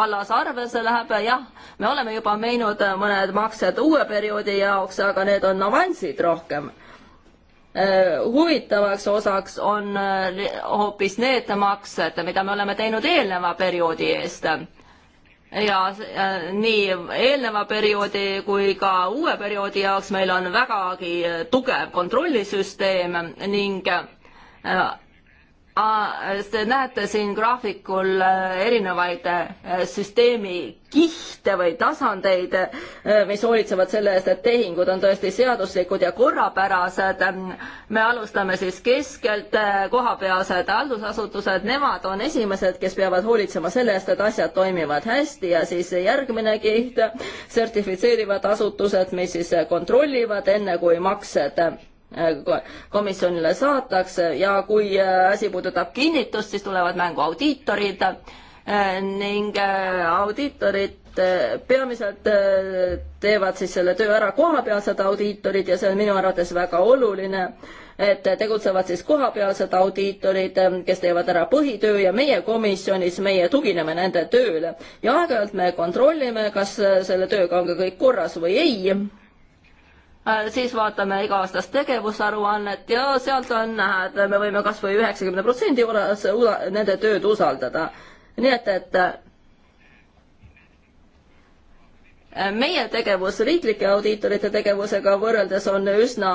vallas arvesse läheb, jah, me oleme juba meinud mõned maksed uue perioodi jaoks, aga need on avansid rohkem Äh, huvitavaks osaks on äh, hoopis need maksed, mida me oleme teinud eelneva perioodi eest. ja äh, nii eelneva perioodi kui ka uue perioodi jaoks meil on vägagi tugev kontrollisüsteem ning Te näete siin graafikul äh, erinevaid äh, süsteemi kihte või tasandeid, äh, mis hoolitsevad selle eest, et tehingud on tõesti seaduslikud ja korrapärased. me alustame siis keskelt, kohapealsed haldusasutused, nemad on esimesed, kes peavad hoolitsema selle eest, et asjad toimivad hästi ja siis järgmine kiht, sertifitseerivad asutused, mis siis kontrollivad enne, kui maksed komisjonile saatakse ja kui äh, asi puudutab kinnitust, siis tulevad mängu audiitorid äh, ning äh, audiitorid peamiselt teevad siis selle töö ära kohapealsed audiitorid ja see on minu arvates väga oluline, et tegutsevad siis kohapealsed audiitorid, kes teevad ära põhitöö ja meie komisjonis, meie tugineme nende tööle ja aeg-ajalt me kontrollime, kas selle tööga on ka kõik korras või ei Äh, siis vaatame iga-aastast tegevusaruannet ja sealt on näha, et me võime kas või üheksakümne protsendi juures nende tööd usaldada. nii et, et äh, meie tegevus riiklike audiitorite tegevusega võrreldes on üsna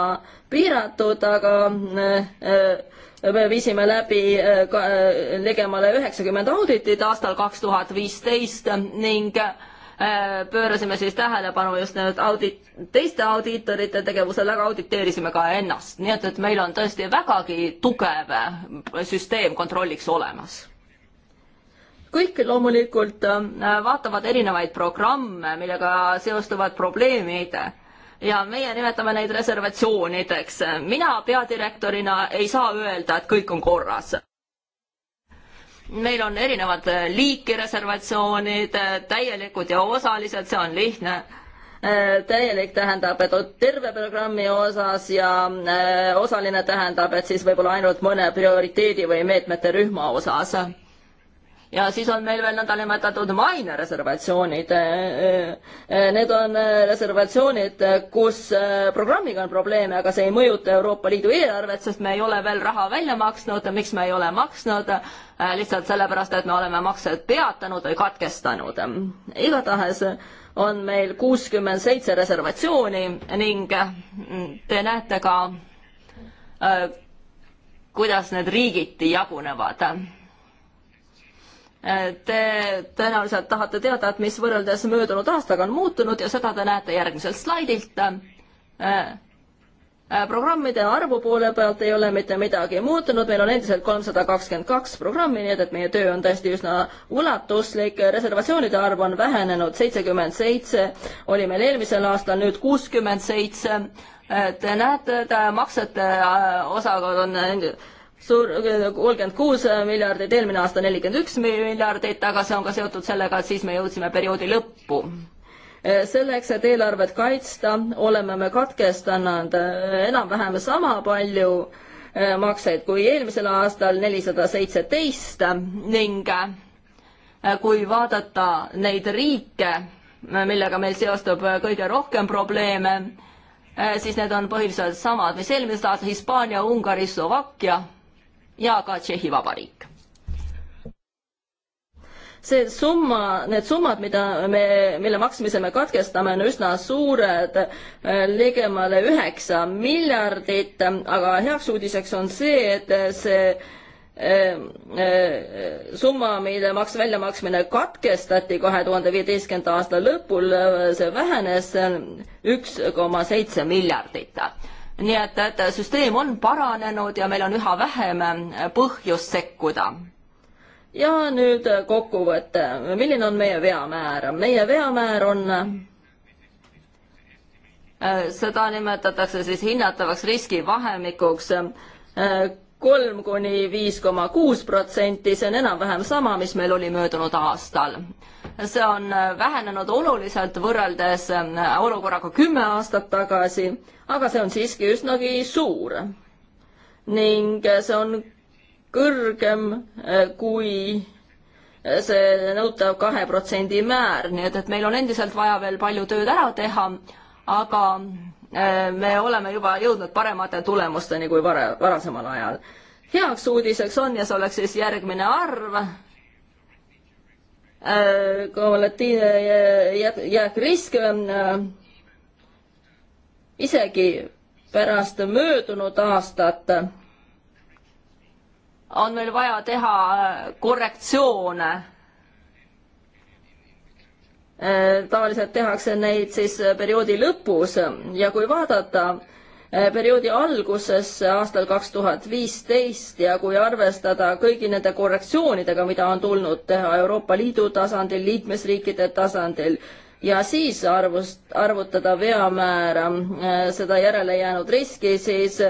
piiratud, aga äh, me viisime läbi ligemale üheksakümmend auditit aastal kaks tuhat viisteist ning äh, Äh, pöörasime siis tähelepanu just nüüd audit, teiste audiitorite tegevusele, aga auditeerisime ka ennast, nii et, et meil on tõesti vägagi tugev äh, süsteem kontrolliks olemas kõik loomulikult äh, vaatavad erinevaid programme, millega seostuvad probleemid ja meie nimetame neid reservatsioonideks. mina peadirektorina ei saa öelda, et kõik on korras meil on erinevad äh, liiki reservatsioonid, äh, täielikud ja osalised, see on lihtne. Äh, täielik tähendab, et terve programmi osas ja osaline tähendab, et siis võib-olla ainult mõne prioriteedi või meetmete rühma osas ja siis on meil veel nõndanimetatud maine reservatsioonid. Äh, äh, äh, need on reservatsioonid, kus programmiga on probleeme, aga see ei mõjuta Euroopa Liidu eelarvet, sest me ei ole veel raha välja maksnud. miks me ei ole maksnud? lihtsalt sellepärast, et me oleme maksed peatanud või katkestanud. igatahes on meil kuuskümmend seitse reservatsiooni ning mm, te näete ka, kuidas need riigiti jagunevad Äh, te tõenäoliselt tahate teada, et mis võrreldes möödunud aastaga on muutunud ja seda te näete järgmiselt slaidilt. Äh, äh, programmide arvu poole pealt ei ole mitte midagi muutunud, meil on endiselt kolmsada kakskümmend kaks programmi, nii et, et meie töö on tõesti üsna ulatuslik, reservatsioonide arv on vähenenud seitsekümmend seitse, oli meil eelmisel aastal nüüd kuuskümmend seitse. Te näete, et maksete osakaal on suur, kolmkümmend kuus miljardit, eelmine aasta nelikümmend üks miljardit, aga see on ka seotud sellega, et siis me jõudsime perioodi lõppu. selleks, et eelarvet kaitsta, oleme me katkestanud enam-vähem sama palju eh, makseid kui eelmisel aastal, nelisada seitseteist ning eh, kui vaadata neid riike, millega meil seostub kõige rohkem probleeme, eh, siis need on põhiliselt samad, mis eelmisest aastast Hispaania, Ungari, Slovakkia ja ka Tšehhi Vabariik. see summa, need summad, mida me, mille maksmise me katkestame, on üsna suured, äh, ligemale üheksa miljardit, aga heaks uudiseks on see, et see äh, äh, summa, mille maks, väljamaksmine katkestati kahe tuhande viieteistkümnenda aasta lõpul, see vähenes üks koma seitse miljardit nii et, et süsteem on paranenud ja meil on üha vähem äh, põhjust sekkuda. ja nüüd kokkuvõte, milline on meie veamäär? meie veamäär on äh, seda nimetatakse siis hinnatavaks riskivahemikuks äh, kolm kuni viis koma kuus protsenti, see on enam-vähem sama, mis meil oli möödunud aastal see on vähenenud oluliselt võrreldes äh, olukorraga kümme aastat tagasi, aga see on siiski üsnagi suur. ning see on kõrgem äh, kui äh, see nõutav kahe protsendi määr, nii et, et meil on endiselt vaja veel palju tööd ära teha, aga me oleme juba jõudnud paremate tulemusteni kui vara, varasemal ajal. heaks uudiseks on ja see oleks siis järgmine arv Äh, jääkrisk äh, isegi pärast möödunud aastat on meil vaja teha äh, korrektsioone. tavaliselt tehakse neid siis perioodi lõpus ja kui vaadata, Eh, perioodi alguses aastal kaks tuhat viisteist ja kui arvestada kõigi nende korrektsioonidega, mida on tulnud teha Euroopa Liidu tasandil, liikmesriikide tasandil, ja siis arvust, arvutada veamäära, eh, seda järele jäänud riski, siis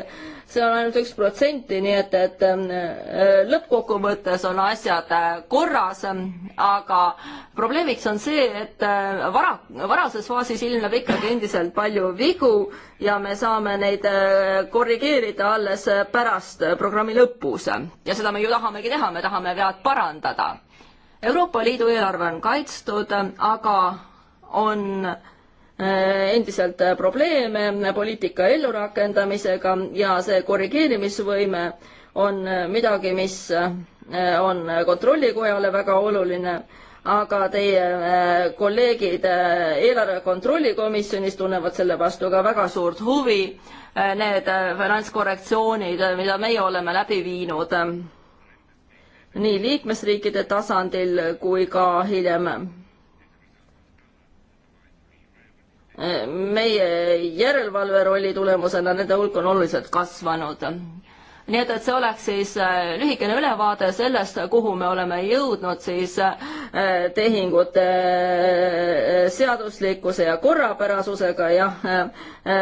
see on ainult üks protsenti, nii et, et ähm, äh, lõppkokkuvõttes on asjad äh, korras, ähm, aga probleemiks on see, et äh, vara, varases faasis ilmneb ikkagi endiselt palju vigu ja me saame neid korrigeerida alles pärast programmi lõpus. ja seda me ju tahamegi teha, me tahame vead parandada. Euroopa Liidu eelarve on kaitstud, aga on äh, Äh, endiselt äh, probleeme äh, poliitika ellurakendamisega ja see korrigeerimisvõime on midagi, mis on kontrollikojale väga oluline, aga teie kolleegid eelarve kontrolli komisjonis tunnevad selle vastu ka väga suurt huvi. Need finantskorrektsioonid, mida meie oleme läbi viinud nii liikmesriikide tasandil kui ka hiljem meie järelevalve rolli tulemusena nende hulk on oluliselt kasvanud. nii et, et see oleks siis äh, lühikene ülevaade sellest, kuhu me oleme jõudnud siis äh, tehingute äh, seaduslikkuse ja korrapärasusega, jah,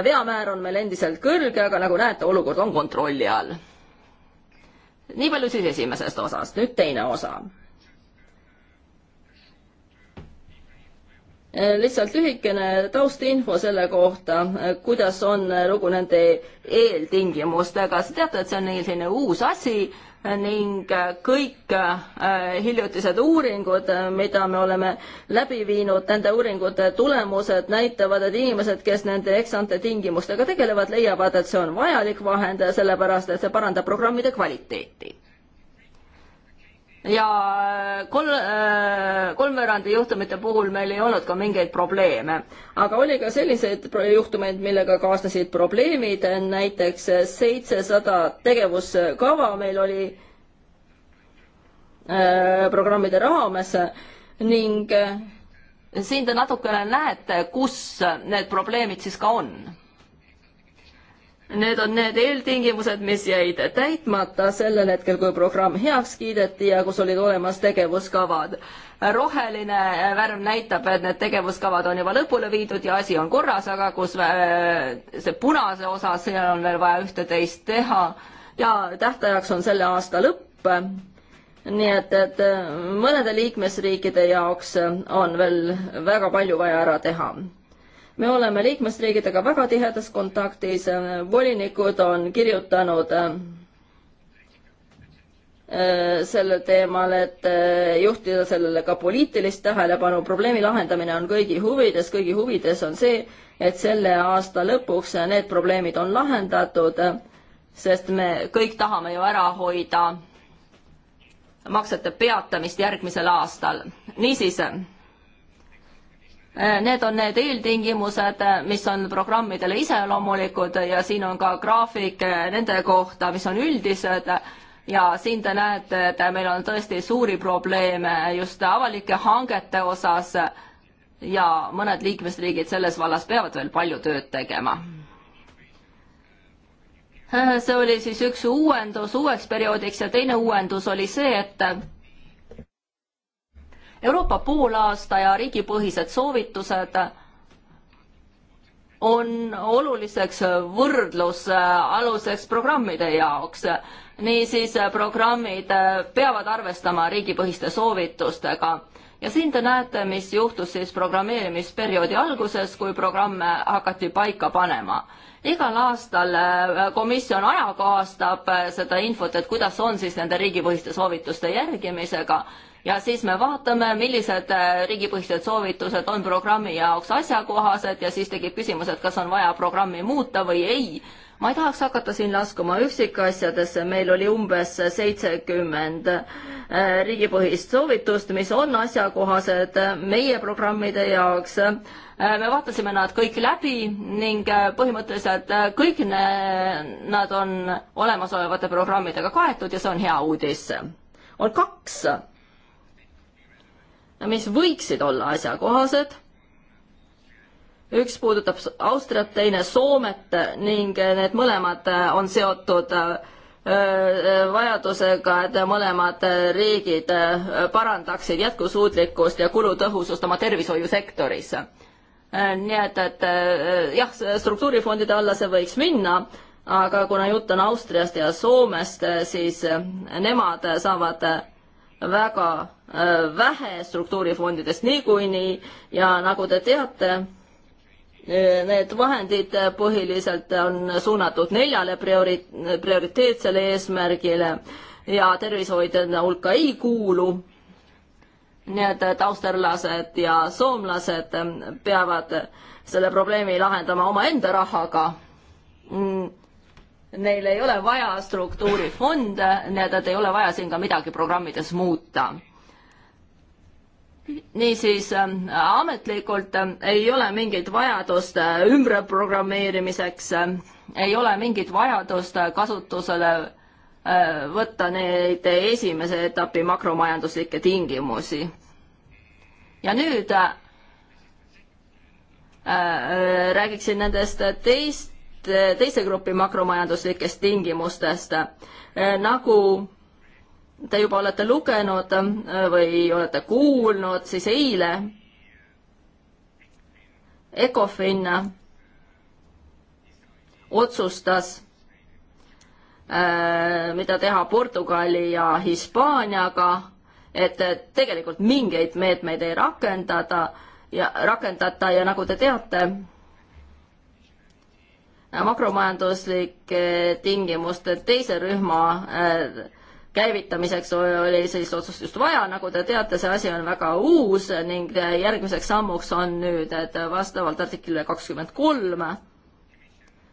veamäär on meil endiselt kõrge, aga nagu näete, olukord on kontrolli all. nii palju siis esimesest osast, nüüd teine osa Eh, lihtsalt lühikene taustinfo selle kohta, eh, kuidas on eh, lugu nende eeltingimustega, sest teate, et see on neil selline uus asi ning kõik hiljutised uuringud, mida me oleme läbi viinud, nende uuringute tulemused näitavad, et inimesed, kes nende eksante tingimustega tegelevad, leiavad, et see on vajalik vahend, sellepärast et see parandab programmide kvaliteeti ja äh, kol-, äh, kolmveerandi juhtumite puhul meil ei olnud ka mingeid probleeme. aga oli ka selliseid juhtumeid, millega kaasnesid probleemid, näiteks seitsesada tegevuskava meil oli äh, programmide raames ning äh, siin te natukene näete, kus need probleemid siis ka on Need on need eeltingimused, mis jäid täitmata sellel hetkel, kui programm heaks kiideti ja kus olid olemas tegevuskavad. roheline värv näitab, et need tegevuskavad on juba lõpule viidud ja asi on korras, aga kus äh, see punase osa, seal on veel vaja ühte-teist teha ja tähtajaks on selle aasta lõpp. nii et, et äh, mõnede liikmesriikide jaoks on veel väga palju vaja ära teha me oleme liikmesriigidega väga tihedas kontaktis, volinikud on kirjutanud äh, äh, sellel teemal, et äh, juhtida sellele ka poliitilist tähelepanu, probleemi lahendamine on kõigi huvides, kõigi huvides on see, et selle aasta lõpuks need probleemid on lahendatud, sest me kõik tahame ju ära hoida maksete peatamist järgmisel aastal. niisiis Äh, need on need eeltingimused, äh, mis on programmidele iseloomulikud ja siin on ka graafik äh, nende kohta, mis on üldised ja siin te näete, et meil on tõesti suuri probleeme just avalike hangete osas ja mõned liikmesriigid selles vallas peavad veel palju tööd tegema see oli siis üks uuendus uueks perioodiks ja teine uuendus oli see, et Euroopa poolaasta ja riigipõhised soovitused on oluliseks võrdlusaluseks programmide jaoks. niisiis programmid peavad arvestama riigipõhiste soovitustega ja siin te näete, mis juhtus siis programmeerimisperioodi alguses, kui programme hakati paika panema. igal aastal komisjon ajakohastab seda infot, et kuidas on siis nende riigipõhiste soovituste järgimisega ja siis me vaatame, millised äh, riigipõhised soovitused on programmi jaoks asjakohased ja siis tekib küsimus, et kas on vaja programmi muuta või ei. ma ei tahaks hakata siin laskuma üksikasjadesse, meil oli umbes seitsekümmend äh, riigipõhist soovitust, mis on asjakohased meie programmide jaoks äh, me vaatasime nad kõik läbi ning põhimõtteliselt kõik ne, nad on olemasolevate programmidega kaetud ja see on hea uudis. on kaks mis võiksid olla asjakohased. üks puudutab Austriat, teine Soomet ning need mõlemad on seotud äh, äh, vajadusega, et mõlemad riigid äh, parandaksid jätkusuutlikkust ja kulutõhusust oma tervishoiusektoris. nii et, et jah, struktuurifondide alla see võiks minna aga kuna jutt on Austriast ja Soomest, siis nemad saavad väga Äh, vähe struktuurifondidest niikuinii ja nagu te teate, äh, need vahendid põhiliselt on suunatud neljale priori-, prioriteetsele eesmärgile ja tervishoid enda hulka ei kuulu. nii et tausterlased ja soomlased peavad selle probleemi lahendama omaenda rahaga. Mm, neil ei ole vaja struktuurifonde, nii et, et ei ole vaja siin ka midagi programmides muuta niisiis ähm, ametlikult ähm, ei ole mingit vajadust äh, ümberprogrammeerimiseks, ähm, ei ole mingit vajadust äh, kasutusele äh, võtta neid esimese etapi makromajanduslikke tingimusi. ja nüüd räägiksin nendest teist, teise grupi makromajanduslikest tingimustest nagu te juba olete lugenud äh, või olete kuulnud, siis eile Ecofin äh, otsustas, äh, mida teha Portugali ja Hispaaniaga, et tegelikult mingeid meetmeid ei rakendada ja rakendata ja nagu te teate, makromajanduslik tingimuste teise rühma äh, käivitamiseks oli sellist otsust just vaja, nagu te teate, see asi on väga uus ning järgmiseks sammuks on nüüd, et vastavalt artiklile kakskümmend kolm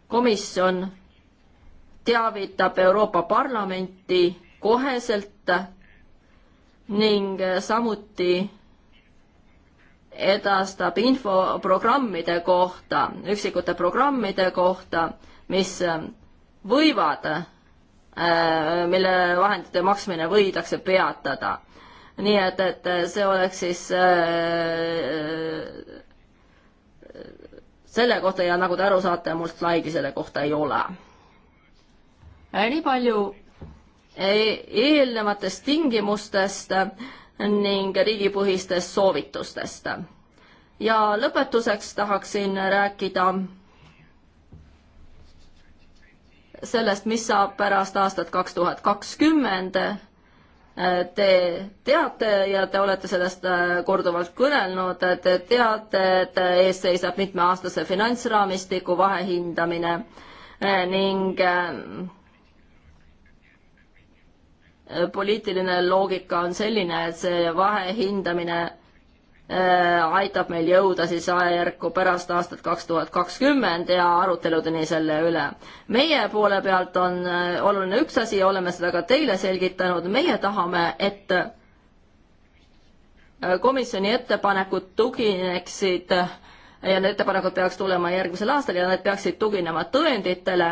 komisjon teavitab Euroopa Parlamenti koheselt ning samuti edastab infoprogrammide kohta, üksikute programmide kohta, mis võivad Äh, mille vahendite maksmine võidakse peatada. nii et, et see oleks siis äh, selle kohta ja nagu te aru saate, mul slaidi selle kohta ei ole. Äh, nii palju eelnevatest tingimustest ning riigipõhistest soovitustest. ja lõpetuseks tahaksin rääkida sellest, mis saab pärast aastat kaks tuhat kakskümmend. Te teate ja te olete sellest äh, korduvalt kõnelnud, te teate, et ees seisab mitmeaastase finantsraamistiku vahehindamine äh, ning äh, poliitiline loogika on selline, et see vahehindamine Äh, aitab meil jõuda siis ajajärku pärast aastat kaks tuhat kakskümmend ja aruteludeni selle üle. meie poole pealt on äh, oluline üks asi, oleme seda ka teile selgitanud, meie tahame, et äh, komisjoni ettepanekud tugineksid ja need ettepanekud peaks tulema järgmisel aastal ja need peaksid tuginema tõenditele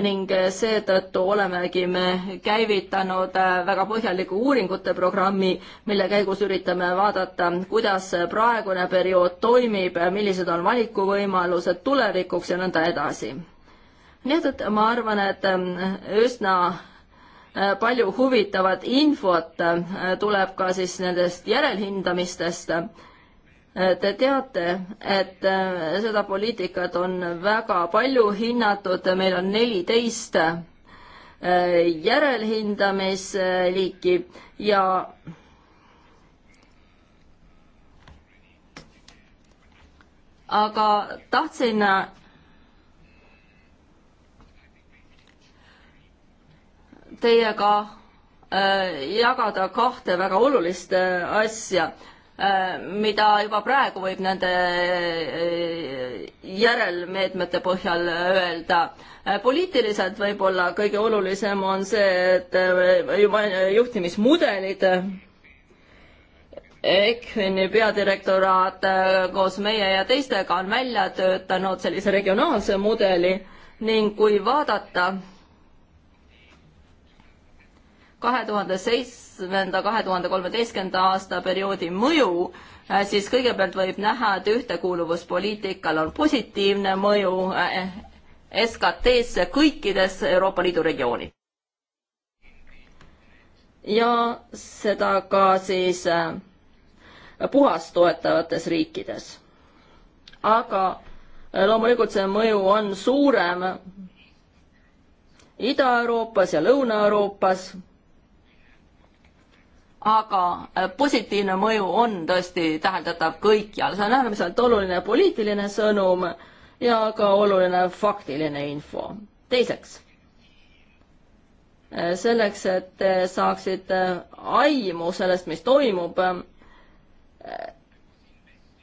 ning eh, seetõttu olemegi me käivitanud eh, väga põhjaliku uuringute programmi, mille käigus üritame vaadata, kuidas praegune periood toimib, millised on valikuvõimalused tulevikuks ja nõnda edasi. nii et, et ma arvan, et eh, üsna palju huvitavat infot tuleb ka siis nendest järelhindamistest Te teate, et äh, seda poliitikat on väga palju hinnatud, meil on neliteist äh, järelhindamisliiki ja aga tahtsin äh, teiega jagada kahte väga olulist asja Äh, mida juba praegu võib nende äh, järelmeetmete põhjal öelda. Äh, poliitiliselt võib-olla kõige olulisem on see, et juba juhtimismudelid EKVN-i peadirektoraat koos meie ja teistega on välja töötanud sellise regionaalse mudeli ning kui vaadata kahe tuhande seitsme seitsmeteistkümnenda, kahe tuhande kolmeteistkümnenda aasta perioodi mõju, äh, siis kõigepealt võib näha, et ühtekuuluvuspoliitikal on positiivne mõju äh, SKT-sse kõikides Euroopa Liidu regioonides. ja seda ka siis äh, puhast toetavates riikides. aga loomulikult see mõju on suurem Ida-Euroopas ja Lõuna-Euroopas aga äh, positiivne mõju on tõesti täheldatav kõikjal, see on äärmiselt oluline poliitiline sõnum ja ka oluline faktiline info. teiseks, äh, selleks, et te saaksite aimu sellest, mis toimub, äh,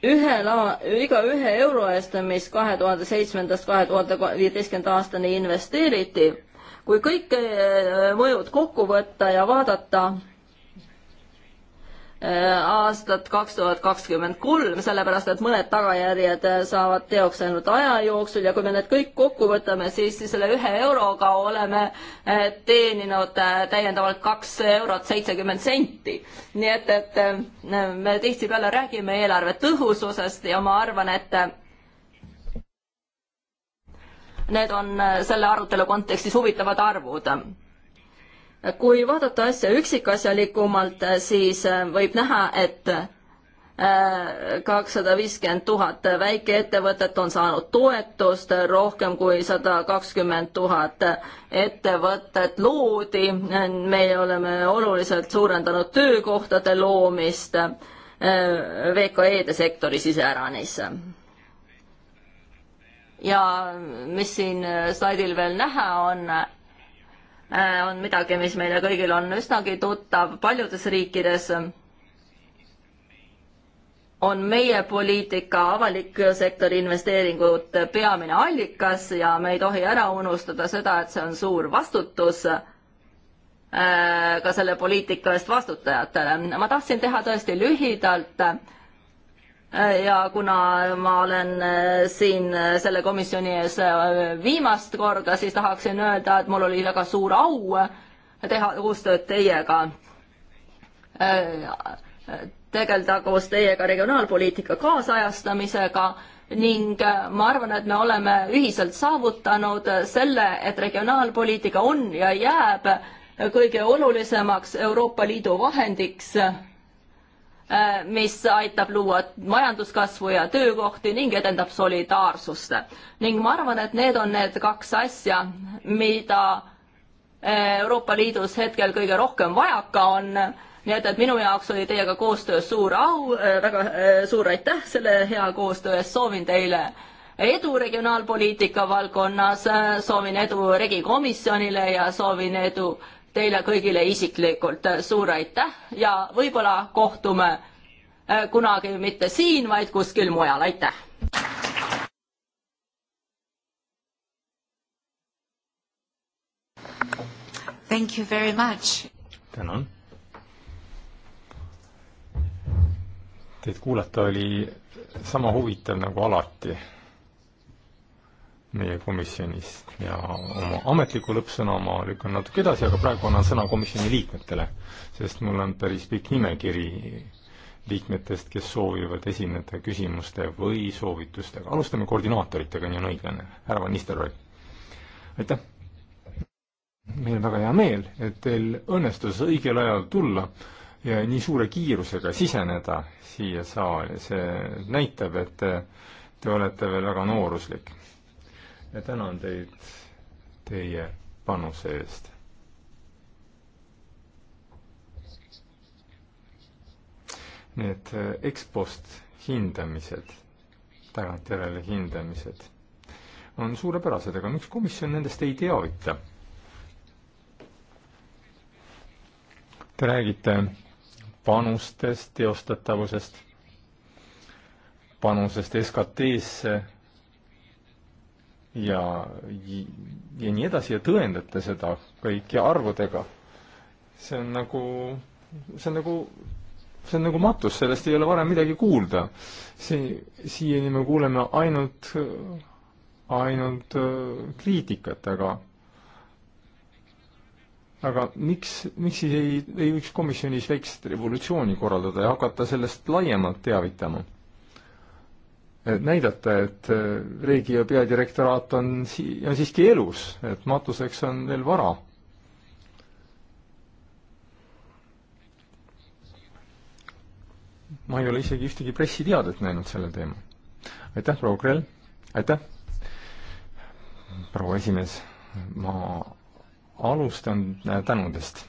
ühe la-, iga ühe euro eest, mis kahe tuhande seitsmendast kahe tuhande viieteistkümnenda aastani investeeriti, kui kõik mõjud kokku võtta ja vaadata, Äh, aastat kaks tuhat kakskümmend kolm, sellepärast et mõned tagajärjed äh, saavad teoks ainult aja jooksul ja kui me need kõik kokku võtame, siis, siis selle ühe euroga oleme äh, teeninud täiendavalt kaks eurot seitsekümmend senti. nii et, et me tihtipeale räägime eelarve tõhususest ja ma arvan, et need on selle arutelu kontekstis huvitavad arvud kui vaadata asja üksikasjalikumalt, siis äh, võib näha, et äh, kakssada viiskümmend tuhat väikeettevõtet on saanud toetust, rohkem kui sada kakskümmend tuhat ettevõtet loodi, me oleme oluliselt suurendanud töökohtade loomist äh, VKE-de sektori siseäranis ja mis siin slaidil veel näha on, Äh, on midagi, mis meile kõigil on üsnagi tuttav, paljudes riikides on meie poliitika avaliku sektori investeeringute peamine allikas ja me ei tohi ära unustada seda, et see on suur vastutus äh, ka selle poliitika eest vastutajatele. ma tahtsin teha tõesti lühidalt ja kuna ma olen äh, siin äh, selle komisjoni ees äh, viimast korda, siis tahaksin öelda, et mul oli väga suur au teha koostööd teiega, tegeleda koos teiega regionaalpoliitika kaasajastamisega ning ma arvan, et me oleme ühiselt saavutanud selle, et regionaalpoliitika on ja jääb kõige olulisemaks Euroopa Liidu vahendiks Äh, mis aitab luua majanduskasvu ja töökohti ning edendab solidaarsust. ning ma arvan, et need on need kaks asja, mida äh, Euroopa Liidus hetkel kõige rohkem vajaka on nii et, et minu jaoks oli teiega koostöös suur au, äh, väga suur aitäh selle hea koostöö eest, soovin teile edu regionaalpoliitika valdkonnas, soovin edu regikomisjonile ja soovin edu teile kõigile isiklikult äh, suur aitäh ja võib-olla kohtume äh, kunagi mitte siin, vaid kuskil mujal, aitäh! Thank you very much! tänan! Teid kuulata oli sama huvitav nagu alati meie komisjonis ja oma ametliku lõppsõna ma lükkan natuke edasi, aga praegu annan sõna komisjoni liikmetele, sest mul on päris pikk nimekiri liikmetest, kes soovivad esineda küsimuste või soovitustega. alustame koordinaatoritega, nii on õiglane. härra Van Nistelrooy. aitäh! meil on väga hea meel, et teil õnnestus õigel ajal tulla ja nii suure kiirusega siseneda siia saali, see näitab, et te olete veel väga nooruslik ja tänan teid teie panuse eest. Need äh, ekspost hindamised, tagantjärele hindamised on suurepärased, aga miks komisjon nendest ei teavita? Te räägite panustest, teostatavusest, panusest SKT-sse ja, ja nii edasi ja tõendate seda kõike arvudega. see on nagu, see on nagu, see on nagu matus, sellest ei ole varem midagi kuulda. see, siiani me kuuleme ainult, ainult äh, kriitikat, aga aga miks, miks siis ei, ei võiks komisjonis väikest revolutsiooni korraldada ja hakata sellest laiemalt teavitama? et äh, näidata, et äh, riigi ja peadirektoraat on si-, on siiski elus, et matuseks on veel vara. ma ei ole isegi ühtegi pressiteadet näinud sellel teemal. aitäh, proua Krell, aitäh! proua esimees, ma alustan äh, tänudest.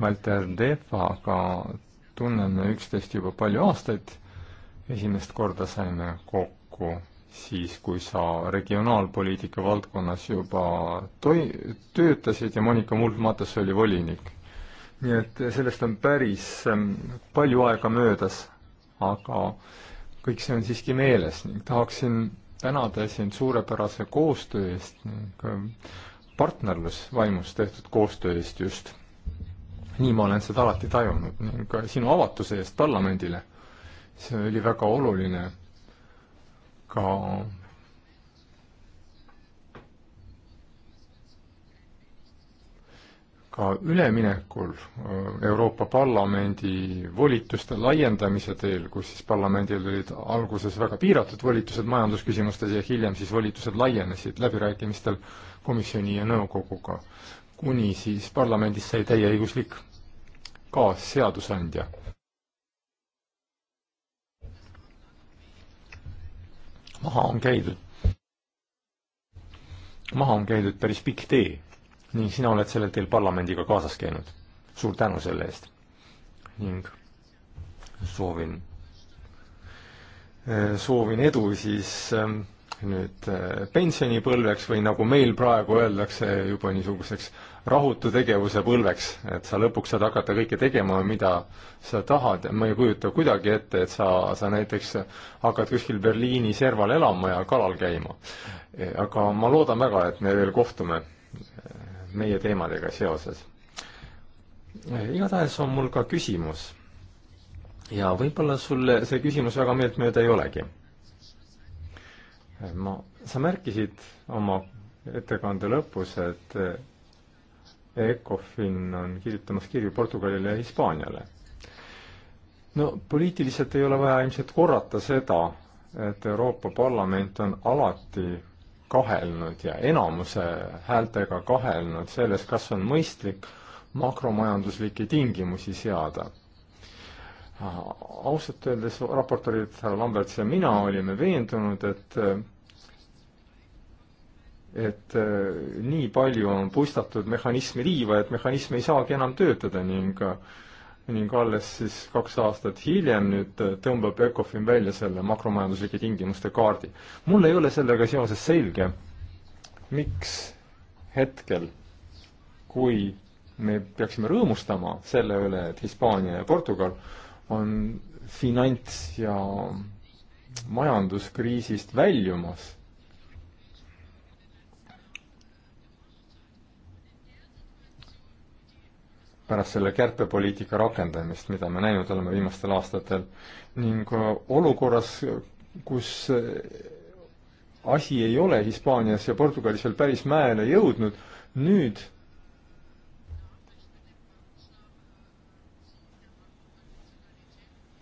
Valter Defaga tunneme üksteist juba palju aastaid esimest korda saime kokku siis, kui sa regionaalpoliitika valdkonnas juba toi-, töötasid ja Monika Mulk-Matas oli volinik. nii et sellest on päris ähm, palju aega möödas, aga kõik see on siiski meeles ning tahaksin tänada sind suurepärase koostöö eest ning ähm, partnerlusvaimus tehtud koostöö eest just. nii ma olen seda alati tajunud ning äh, sinu avatuse eest parlamendile see oli väga oluline ka ka üleminekul äh, Euroopa Parlamendi volituste laiendamise teel, kus siis parlamendil olid alguses väga piiratud volitused majandusküsimustes ja hiljem siis volitused laienesid läbirääkimistel komisjoni ja nõukoguga, kuni siis parlamendist sai täieõiguslik kaasseadusandja maha on käidud, maha on käidud päris pikk tee ning sina oled sellel teel parlamendiga kaasas käinud. suur tänu selle eest ning soovin, äh, soovin edu siis ähm, nüüd äh, pensionipõlveks või nagu meil praegu öeldakse, juba niisuguseks rahutu tegevuse põlveks, et sa lõpuks saad hakata kõike tegema, mida sa tahad, ma ei kujuta kuidagi ette, et sa, sa näiteks hakkad kuskil Berliini serval elama ja kalal käima. aga ma loodan väga, et me veel kohtume meie teemadega seoses. igatahes on mul ka küsimus ja võib-olla sulle see küsimus väga meeltmööda ei olegi. ma, sa märkisid oma ettekande lõpus, et ECOFIN on kirjutamas kirju Portugalile ja Hispaaniale. no poliitiliselt ei ole vaja ilmselt korrata seda, et Euroopa Parlament on alati kahelnud ja enamuse häältega kahelnud selles, kas on mõistlik makromajanduslikke tingimusi seada. ausalt öeldes raportöörid härra Lamberts ja mina olime veendunud, et et äh, nii palju on puistatud mehhanismi liiva, et mehhanism ei saagi enam töötada ning ning alles siis kaks aastat hiljem nüüd äh, tõmbab Ökofin välja selle makromajanduslike tingimuste kaardi. mul ei ole sellega seoses selge, miks hetkel, kui me peaksime rõõmustama selle üle, et Hispaania ja Portugal on finants- ja majanduskriisist väljumas pärast selle kärpepoliitika rakendamist, mida me näinud oleme viimastel aastatel, ning äh, olukorras, kus äh, asi ei ole Hispaanias ja Portugalis veel päris mäele jõudnud, nüüd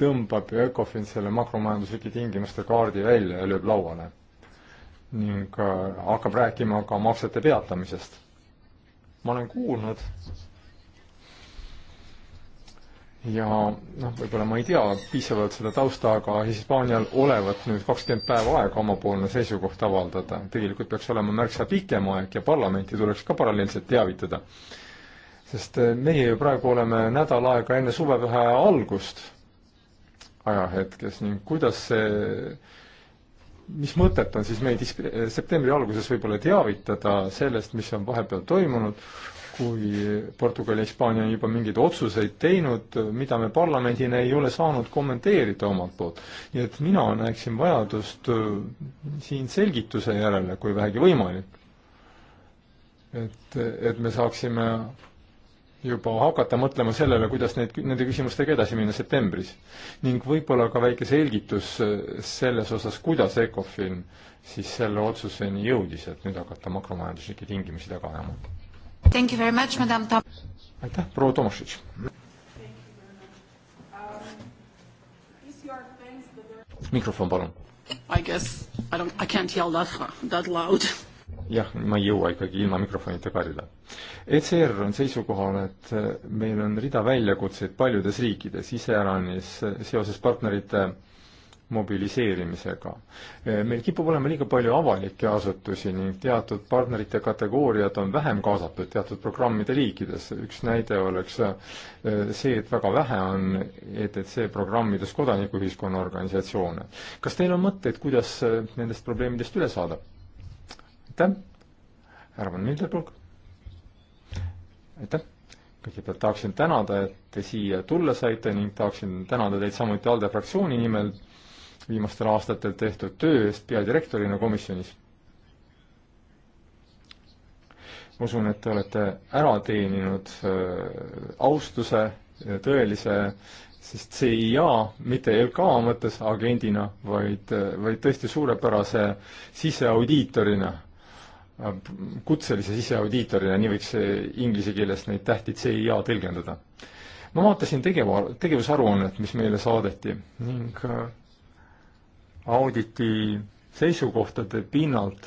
tõmbab ju Ökofin selle makromajanduslike tingimuste kaardi välja ja lööb lauale. ning äh, hakkab rääkima ka maksete peatamisest. ma olen kuulnud ja noh, võib-olla ma ei tea piisavalt seda tausta, aga Hispaanial olevat nüüd kakskümmend päeva aega omapoolne seisukoht avaldada. tegelikult peaks olema märksa pikem aeg ja parlamenti tuleks ka paralleelselt teavitada. sest eh, meie ju praegu oleme nädal aega enne suvevaheaja algust ajahetkes ning kuidas see mis mõtet on siis meid septembri alguses võib-olla teavitada sellest, mis on vahepeal toimunud, kui Portugal ja Hispaania on juba mingeid otsuseid teinud, mida me parlamendina ei ole saanud kommenteerida omalt poolt. nii et mina näeksin vajadust äh, siin selgituse järele, kui vähegi võimalik. et, et me saaksime juba hakata mõtlema sellele, kuidas neid, nende küsimustega edasi minna septembris. ning võib-olla ka väike selgitus äh, selles osas, kuidas Ecofin siis selle otsuseni jõudis, et nüüd hakata makromajanduslikke tingimusi taga ajama aitäh, proua Tomašitš. mikrofon, palun. I guess I don't, I can't yell that, that loud jah, ma ei jõua ikkagi ilma mikrofonita karjuda. ECR on seisukohal, et eh, meil on rida väljakutseid paljudes riikides, iseäranis eh, seoses partnerite mobiliseerimisega. Eh, meil kipub olema liiga palju avalikke asutusi ning teatud partnerite kategooriad on vähem kaasatud teatud programmide liikides. üks näide oleks eh, see, et väga vähe on ETC programmides kodanikuühiskonna organisatsioone. kas teil on mõtteid, kuidas eh, nendest probleemidest üle saada? aitäh, härra Van Milderburg. aitäh kõigepealt tahaksin tänada, et te siia tulla saite ning tahaksin tänada teid samuti ALDE fraktsiooni nimel viimastel aastatel tehtud töö eest peadirektorina komisjonis. ma usun, et te olete ära teeninud äh, austuse, tõelise siis CIA, mitte LK mõttes agendina, vaid, äh, vaid tõesti suurepärase siseaudiitorina, äh, kutselise siseaudiitorina, nii võiks inglise keeles neid tähti CIA tõlgendada. ma vaatasin tegeva, tegevusaruannet, mis meile saadeti ning auditi seisukohtade pinnalt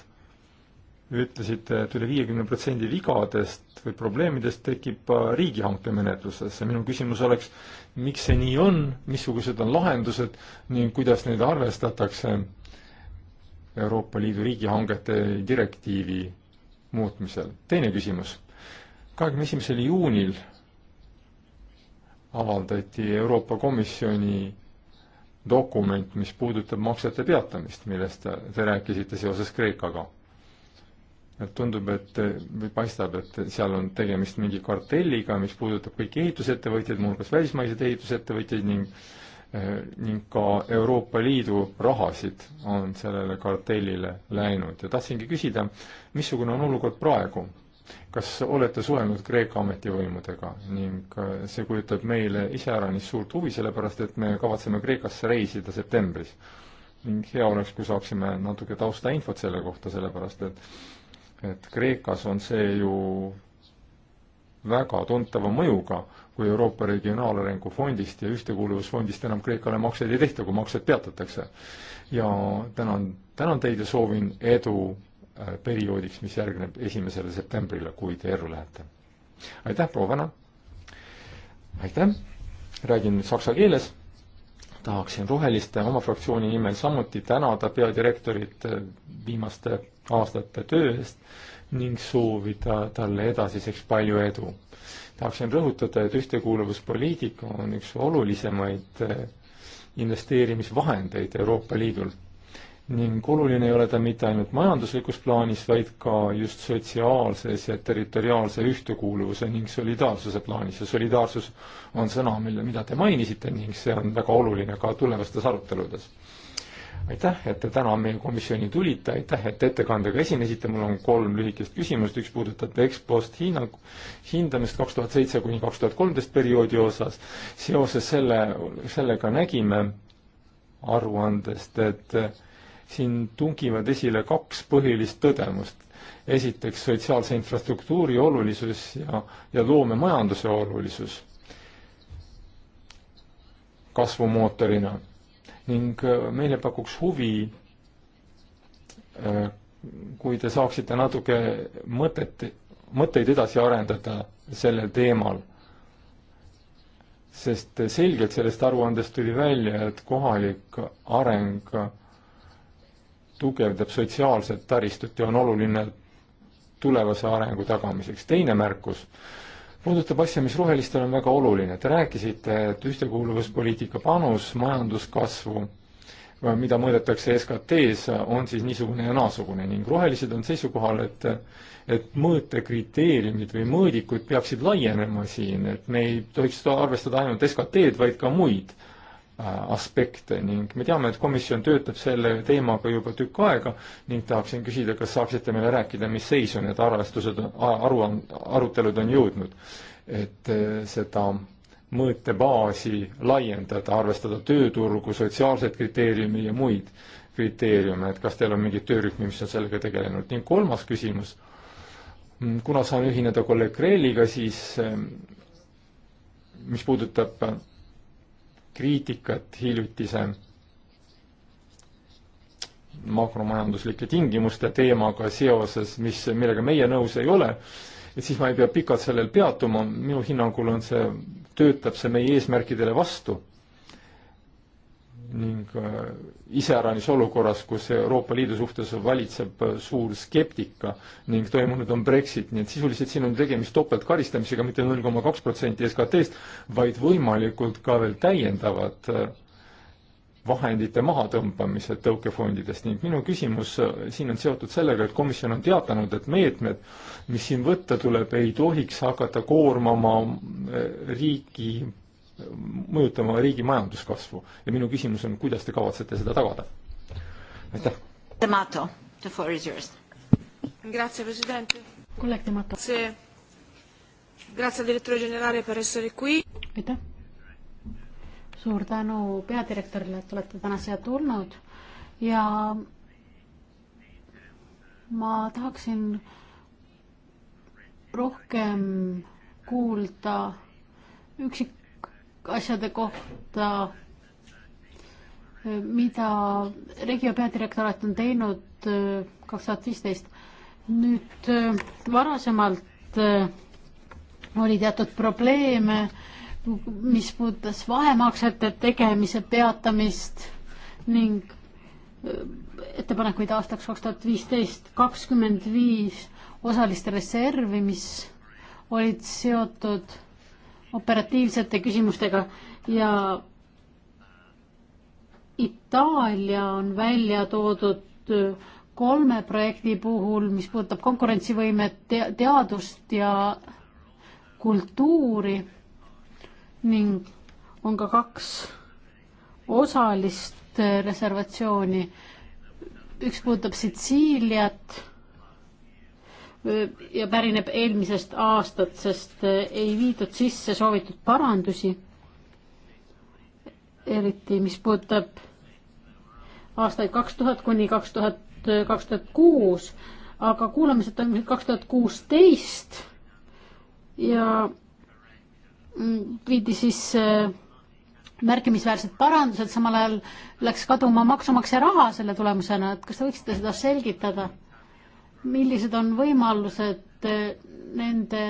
ütlesite et, et üle viiekümne protsendi vigadest või probleemidest tekib äh, riigihanke menetluses ja minu küsimus oleks, miks see nii on, missugused on lahendused ning kuidas neid arvestatakse Euroopa Liidu riigihangete direktiivi muutmisel. teine küsimus. kahekümne esimesel juunil avaldati Euroopa Komisjoni dokument, mis puudutab maksete peatamist, millest te rääkisite seoses Kreekaga. et tundub, et või paistab, et seal on tegemist mingi kartelliga, mis puudutab kõiki ehitusettevõtjaid, muuhulgas välismaiseid ehitusettevõtjaid ning ning ka Euroopa Liidu rahasid on sellele kartellile läinud ja tahtsingi küsida, missugune on olukord praegu kas olete suhelnud Kreeka ametivõimudega ning äh, see kujutab meile iseäranis suurt huvi, sellepärast et me kavatseme Kreekasse reisida septembris. ning hea oleks, kui saaksime natuke taustainfot selle kohta, sellepärast et et Kreekas on see ju väga tuntava mõjuga, kui Euroopa Regionaalarengu Fondist ja Ühtekuuluvusfondist enam Kreekale makseid ei tehta, kui maksed peatatakse. ja tänan, tänan teid ja soovin edu Äh, perioodiks, mis järgneb esimesele septembrile, kui te erru lähete. aitäh, proua Vana! aitäh! räägin nüüd saksa keeles. tahaksin Roheliste oma fraktsiooni nimel samuti tänada peadirektorit äh, viimaste aastate töö eest ning soovida talle edasiseks palju edu. tahaksin rõhutada, et ühtekuuluvuspoliitika on üks olulisemaid äh, investeerimisvahendeid Euroopa Liidult ning oluline ei ole ta mitte ainult majanduslikus plaanis, vaid ka just sotsiaalses ja territoriaalse ühtekuuluvuse ning solidaarsuse plaanis ja solidaarsus on sõna, mille, mida te mainisite ning see on väga oluline ka tulevastes aruteludes. aitäh, et te täna meie komisjoni tulite, aitäh, et ettekandega esinesite, mul on kolm lühikest küsimust, üks puudutab ekspost hinnang, hindamist kaks tuhat seitse kuni kaks tuhat kolmteist perioodi osas, seoses selle, sellega nägime aruandest, et siin tungivad esile kaks põhilist tõdemust. esiteks sotsiaalse infrastruktuuri olulisus ja, ja loomemajanduse olulisus kasvumootorina ning äh, meile pakuks huvi, äh, kui te saaksite natuke mõtet, mõtteid edasi arendada sellel teemal. sest selgelt sellest aruandest tuli välja, et kohalik areng tugevdab sotsiaalset taristut ja on oluline tulevase arengu tagamiseks. teine märkus puudutab asja, mis rohelistele on väga oluline. Te rääkisite, et ühtekuuluvuspoliitika panus majanduskasvu, mida mõõdetakse SKT-s, on siis niisugune ja naasugune ning rohelised on seisukohal, et et mõõtekriteeriumid või mõõdikud peaksid laienema siin, et me ei tohiks arvestada ainult SKT-d, vaid ka muid äh, Äh, aspekte ning me teame, et komisjon töötab selle teemaga juba tükk aega ning tahaksin küsida, kas saaksite meile rääkida, mis seisu need arvestused, aru, arutelud on jõudnud. et äh, seda mõõtebaasi laiendada, arvestada tööturgu, sotsiaalseid kriteeriume ja muid kriteeriume, et kas teil on mingeid töörühmi, mis on sellega tegelenud ning kolmas küsimus, mm, kuna saan ühineda kolleeg Kreeliga, siis äh, mis puudutab kriitikat hiljutise makromajanduslike tingimuste teemaga seoses, mis, millega meie nõus ei ole, et siis ma ei pea pikalt sellel peatuma, minu hinnangul on see, töötab see meie eesmärkidele vastu ning äh, iseäranis olukorras, kus Euroopa Liidu suhtes valitseb äh, suur skeptika ning toimunud on Brexit, nii et sisuliselt siin on tegemist topeltkaristamisega mitte null koma kaks protsenti SKT-st, vaid võimalikult ka veel täiendavad äh, vahendite mahatõmbamised tõukefondidest ning minu küsimus siin on seotud sellega, et komisjon on teatanud, et meetmed, mis siin võtta tuleb, ei tohiks hakata koormama riigi mõjutama riigi majanduskasvu ja minu küsimus on, kuidas te kavatsete seda tagada? aitäh. Demato, the floor is yours. Grazie, president. kolleeg Demato. see, grazie, direktor generale per essere qui. aitäh. suur tänu peadirektorile, et olete täna siia tulnud ja ma tahaksin rohkem kuulda üksik asjade kohta, mida Regio peadirektorat on teinud äh, kaks tuhat viisteist. nüüd äh, varasemalt äh, oli teatud probleeme, mis puudutas vahemaksete tegemise peatamist ning ettepanekuid aastaks kaks tuhat viisteist kakskümmend viis osaliste reservi, mis olid seotud operatiivsete küsimustega ja Itaalia on välja toodud kolme projekti puhul, mis puudutab konkurentsivõimet te, teadust ja kultuuri ning on ka kaks osalist reservatsiooni. üks puudutab Sitsiiliat ja pärineb eelmisest aastat, sest eh, ei viidud sisse soovitud parandusi. eriti, mis puudutab aastaid kaks tuhat kuni kaks tuhat, eh, kaks tuhat kuus, aga kuulamised toimusid kaks tuhat kuusteist ja mm, viidi sisse eh, märkimisväärsed parandused, samal ajal läks kaduma maksumaksja raha selle tulemusena, et kas te võiksite seda selgitada? millised on võimalused eh, nende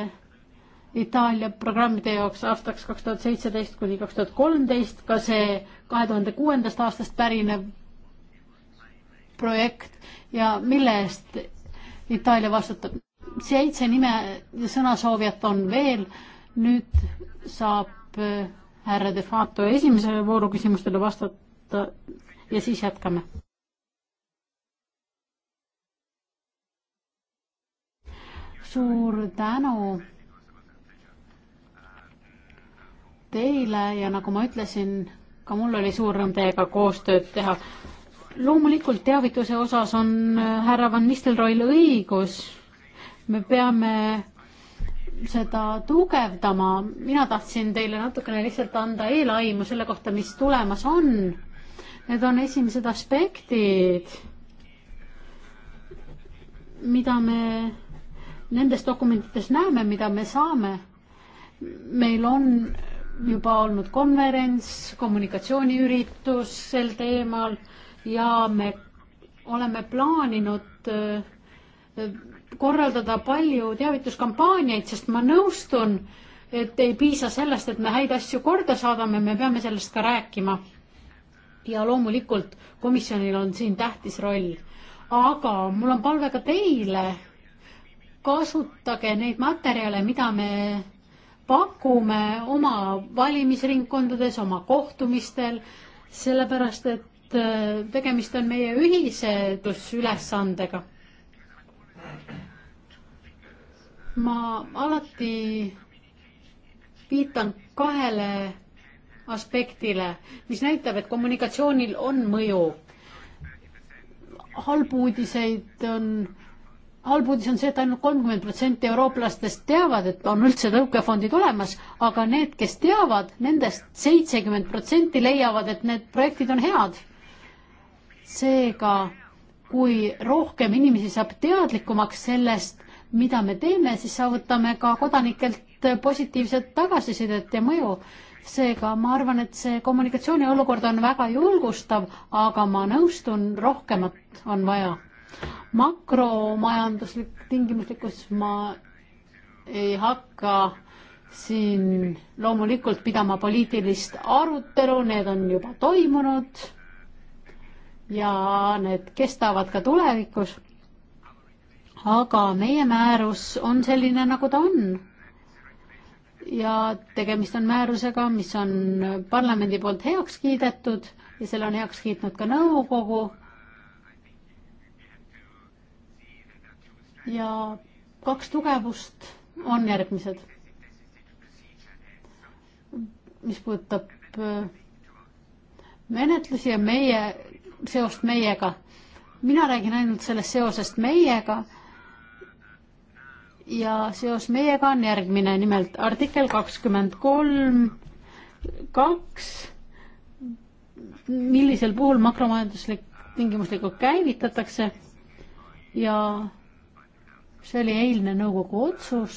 Itaalia programmide jaoks aastaks kaks tuhat seitseteist kuni kaks tuhat kolmteist, ka see kahe tuhande kuuendast aastast pärinev projekt ja mille eest Itaalia vastutab? seitse nime ja sõnasoovijat on veel, nüüd saab eh, härra De Fato esimesele vooru küsimustele vastata ja siis jätkame suur tänu teile ja nagu ma ütlesin, ka mul oli suur rõõm teiega koostööd teha. loomulikult teavituse osas on äh, härra Van Nistelrooil õigus. me peame seda tugevdama, mina tahtsin teile natukene lihtsalt anda eelaimu selle kohta, mis tulemas on. Need on esimesed aspektid, mida me nendes dokumentides näeme, mida me saame. meil on juba olnud konverents, kommunikatsiooniüritus sel teemal ja me oleme plaaninud äh, korraldada palju teavituskampaaniaid, sest ma nõustun, et ei piisa sellest, et me häid asju korda saadame, me peame sellest ka rääkima. ja loomulikult komisjonil on siin tähtis roll, aga mul on palve ka teile kasutage neid materjale, mida me pakume oma valimisringkondades, oma kohtumistel, sellepärast et äh, tegemist on meie ühise ülesandega. ma alati viitan kahele aspektile, mis näitab, et kommunikatsioonil on mõju. halbu uudiseid on halb uudis on see, et ainult kolmkümmend protsenti eurooplastest teavad, et on üldse tõukefondid olemas, aga need, kes teavad nendest, nendest seitsekümmend protsenti leiavad, et need projektid on head. seega, kui rohkem inimesi saab teadlikumaks sellest, mida me teeme, siis saavutame ka kodanikelt positiivset tagasisidet ja mõju. seega ma arvan, et see kommunikatsiooni olukord on väga julgustav, aga ma nõustun, rohkemat on vaja makromajanduslik tingimuslikkus ma ei hakka siin loomulikult pidama poliitilist arutelu, need on juba toimunud ja need kestavad ka tulevikus. aga meie määrus on selline, nagu ta on. ja tegemist on määrusega, mis on parlamendi poolt heaks kiidetud ja selle on heaks kiitnud ka nõukogu ja kaks tugevust on järgmised. mis puudutab äh, menetlusi ja meie, seost meiega. mina räägin ainult sellest seosest meiega. ja seos meiega on järgmine, nimelt artikkel kakskümmend kolm, kaks, millisel puhul makromajanduslik tingimuslikult käivitatakse ja see oli eilne nõukogu otsus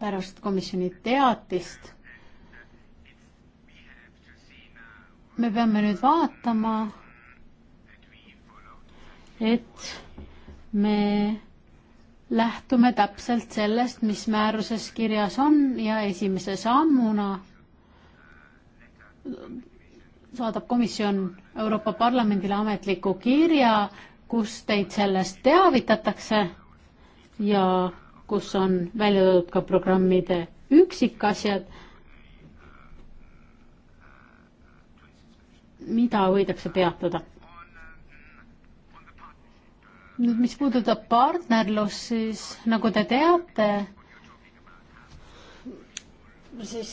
pärast komisjoni teatist. me peame nüüd vaatama, et me lähtume täpselt sellest, mis määruses kirjas on ja esimese sammuna saadab komisjon Euroopa Parlamendile ametliku kirja, kus teid sellest teavitatakse ja kus on välja toodud ka programmide üksikasjad, mida võidakse peatada. nüüd, mis puudutab partnerlust, siis nagu te teate, siis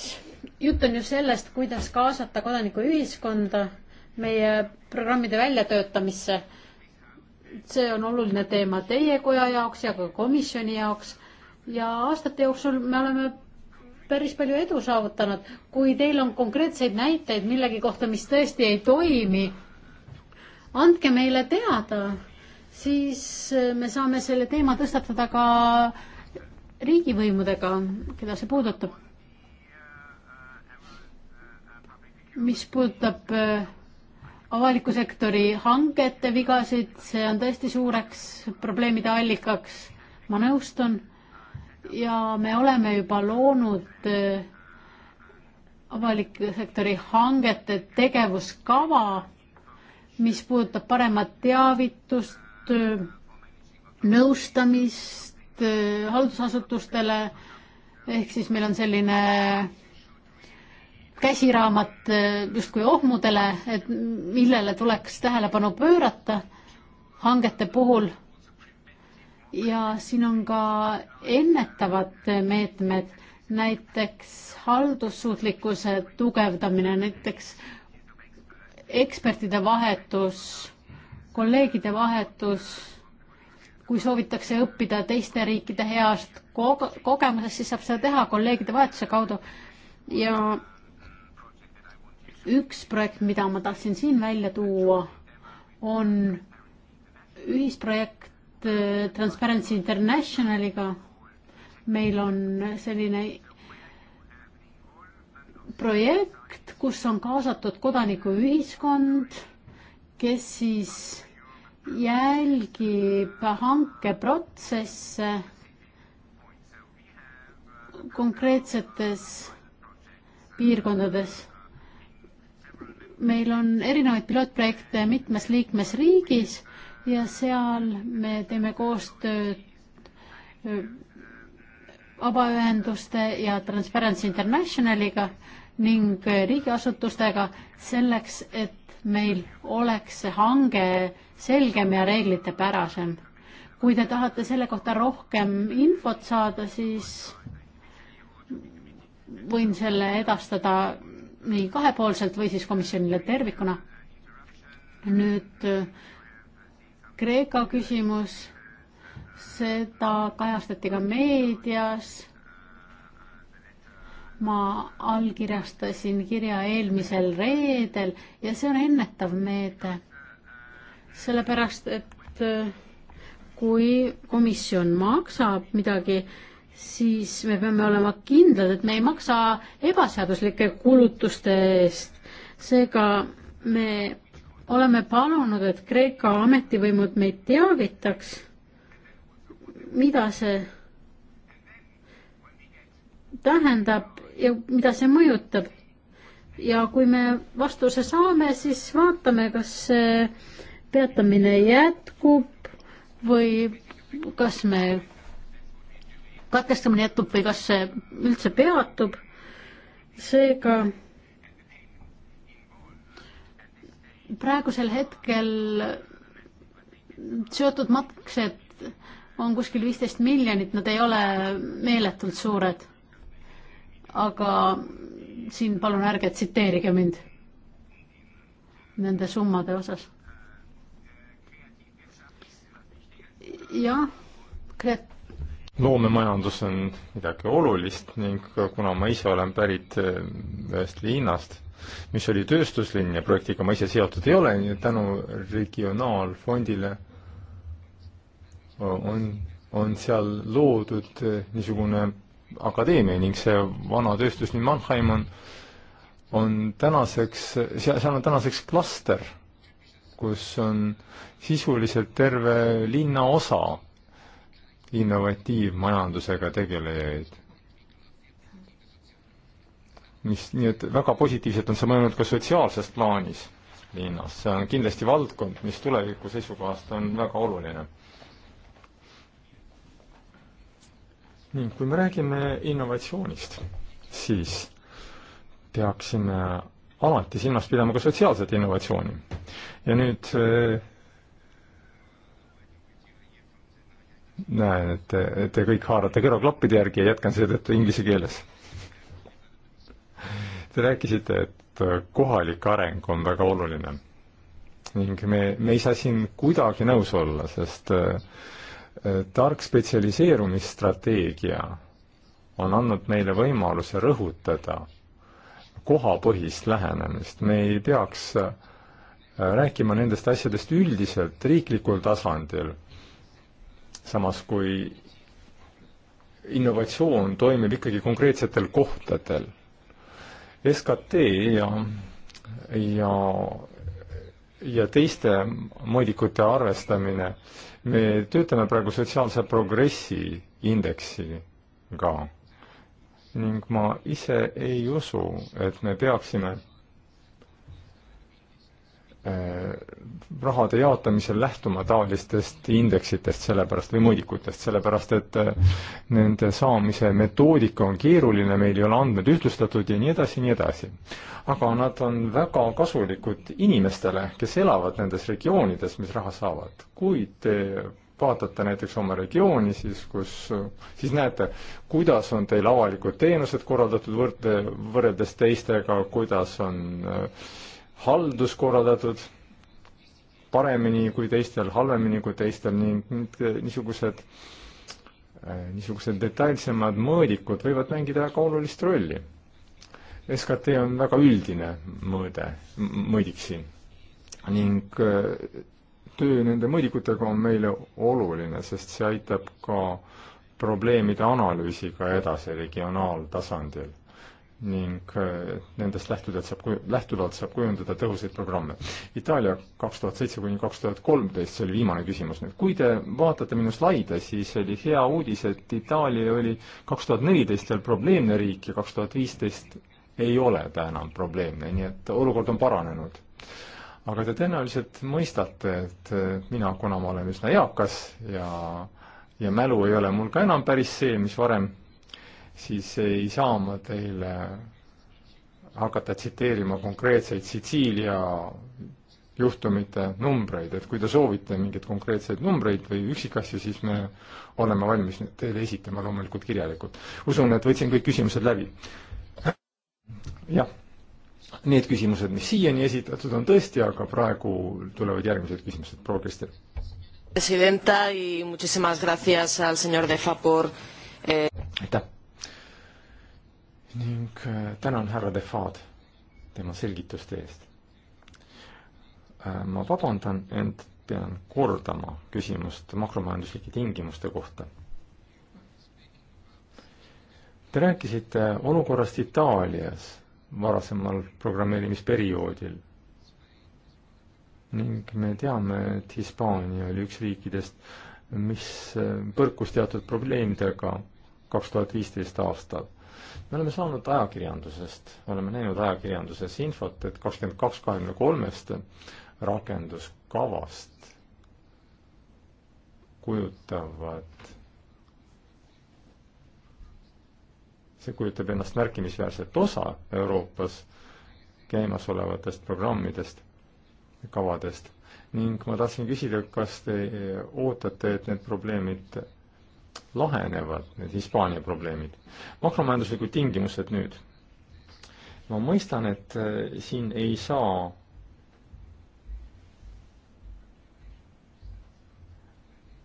jutt on ju sellest, kuidas kaasata kodanikuühiskonda meie programmide väljatöötamisse. see on oluline teema teie koja jaoks ja ka komisjoni jaoks ja aastate jooksul me oleme päris palju edu saavutanud. kui teil on konkreetseid näiteid millegi kohta, mis tõesti ei toimi, andke meile teada, siis me saame selle teema tõstatada ka riigivõimudega, keda see puudutab mis puudutab äh, avaliku sektori hangete vigasid, see on tõesti suureks probleemide allikaks, ma nõustun. ja me oleme juba loonud äh, avaliku sektori hangete tegevuskava, mis puudutab paremat teavitust, äh, nõustamist haldusasutustele, ehk siis meil on selline käsiraamat äh, justkui ohmudele, et millele tuleks tähelepanu pöörata hangete puhul. ja siin on ka ennetavad meetmed, näiteks haldussuutlikkuse tugevdamine, näiteks ekspertide vahetus, kolleegide vahetus, kui soovitakse õppida teiste riikide heast kogemusest, siis saab seda teha kolleegide vahetuse kaudu ja üks projekt, mida ma tahtsin siin välja tuua, on ühisprojekt äh, Transparency Internationaliga. meil on selline projekt, kus on kaasatud kodanikuühiskond, kes siis jälgib hankeprotsesse konkreetsetes piirkondades meil on erinevaid pilootprojekte mitmes liikmesriigis ja seal me teeme koostööd äh, vabaühenduste ja Transparency Internationaliga ning riigiasutustega selleks, et meil oleks see hange selgem ja reeglitepärasem. kui te tahate selle kohta rohkem infot saada, siis võin selle edastada nii kahepoolselt või siis komisjonile tervikuna. nüüd äh, Kreeka küsimus, seda kajastati ka meedias. ma allkirjastasin kirja eelmisel reedel ja see on ennetav meede, sellepärast et äh, kui komisjon maksab midagi, siis me peame olema kindlad, et me ei maksa ebaseaduslike kulutuste eest. seega me oleme palunud, et Kreeka ametivõimud meid teavitaks, mida see tähendab ja mida see mõjutab. ja kui me vastuse saame, siis vaatame, kas see peatamine jätkub või kas me katkestamine jätkub või kas see üldse peatub. seega praegusel hetkel seotud maksed on kuskil viisteist miljonit, nad ei ole meeletult suured. aga siin palun ärge tsiteerige mind nende summade osas. jah, kreat-, loomemajandus on midagi olulist ning kuna ma ise olen pärit eh, ühest linnast, mis oli tööstuslinn ja projektiga ma ise seotud ei ole, nii et tänu regionaalfondile eh, on, on seal loodud eh, niisugune akadeemia ning see vana tööstuslinn Mannheim on, on tänaseks, seal, seal on tänaseks klaster, kus on sisuliselt terve linnaosa innovatiivmajandusega tegelejaid. mis, nii et väga positiivselt on see mõjunud ka sotsiaalses plaanis linnas, see on kindlasti valdkond, mis tuleviku seisukohast on väga oluline. ning kui me räägime innovatsioonist, siis peaksime alati silmas pidama ka sotsiaalset innovatsiooni. ja nüüd äh, näen, et te, te kõik haarate kõrvaklappide järgi ja jätkan seetõttu inglise keeles. Te rääkisite, et kohalik areng on väga oluline ning me, me ei saa siin kuidagi nõus olla, sest äh, tark spetsialiseerumisstrateegia on andnud meile võimaluse rõhutada kohapõhist lähenemist, me ei peaks äh, rääkima nendest asjadest üldiselt riiklikul tasandil samas kui innovatsioon toimib ikkagi konkreetsetel kohtadel. SKT ja, ja, ja teiste mõõdikute arvestamine, me töötame praegu sotsiaalse progressi indeksiga ning ma ise ei usu, et me peaksime Äh, rahade jaotamisel lähtuma taolistest indeksitest sellepärast või mõõdikutest, sellepärast et äh, nende saamise metoodika on keeruline, meil ei ole andmed ühtlustatud ja nii edasi ja nii edasi. aga nad on väga kasulikud inimestele, kes elavad nendes regioonides, mis raha saavad, kuid te vaatate näiteks oma regiooni, siis kus, siis näete, kuidas on teil avalikud teenused korraldatud võrd-, võrreldes teistega, kuidas on äh, haldus korraldatud paremini kui teistel, halvemini kui teistel ning eh, niisugused, eh, niisugused detailsemad mõõdikud võivad mängida väga olulist rolli. SKT on väga üldine mõõde, mõõdik siin ning eh, töö nende mõõdikutega on meile oluline, sest see aitab ka probleemide analüüsiga edasi regionaaltasandil ning äh, nendest lähtuvalt saab, lähtuvalt saab kujundada tõhusaid programme. Itaalia kaks tuhat seitse kuni kaks tuhat kolmteist, see oli viimane küsimus nüüd. kui te vaatate minu slaide, siis oli hea uudis, et Itaalia oli kaks tuhat neliteist veel probleemne riik ja kaks tuhat viisteist ei ole ta enam probleemne, nii et olukord on paranenud. aga te tõenäoliselt mõistate, et äh, mina, kuna ma olen üsna eakas ja ja mälu ei ole mul ka enam päris see, mis varem siis ei saa ma teile hakata tsiteerima konkreetseid Sitsiilia juhtumite numbreid, et kui te soovite mingeid konkreetseid numbreid või üksikasju, siis me oleme valmis need teile esitama loomulikult kirjalikult. usun, et võtsin kõik küsimused läbi. jah, need küsimused, mis siiani esitatud on tõesti, aga praegu tulevad järgmised küsimused, proua Kristel. presidenta y muchísimas gracias al señor Defa por eh... aitäh ning äh, tänan härra Defaad tema selgituste eest. Äh, ma vabandan, ent pean kordama küsimust makromajanduslike tingimuste kohta. Te rääkisite olukorrast Itaalias varasemal programmeerimisperioodil ning me teame, et Hispaania oli üks riikidest, mis äh, põrkus teatud probleemidega kaks tuhat viisteist aastal me oleme saanud ajakirjandusest, oleme näinud ajakirjanduses infot, et kakskümmend kaks kahekümne kolmest rakenduskavast kujutavad, see kujutab ennast märkimisväärset osa Euroopas käimasolevatest programmidest, kavadest ning ma tahtsin küsida, kas te eh, ootate, et need probleemid lahenevad need Hispaania probleemid. makromajanduslikud tingimused nüüd. ma mõistan, et äh, siin ei saa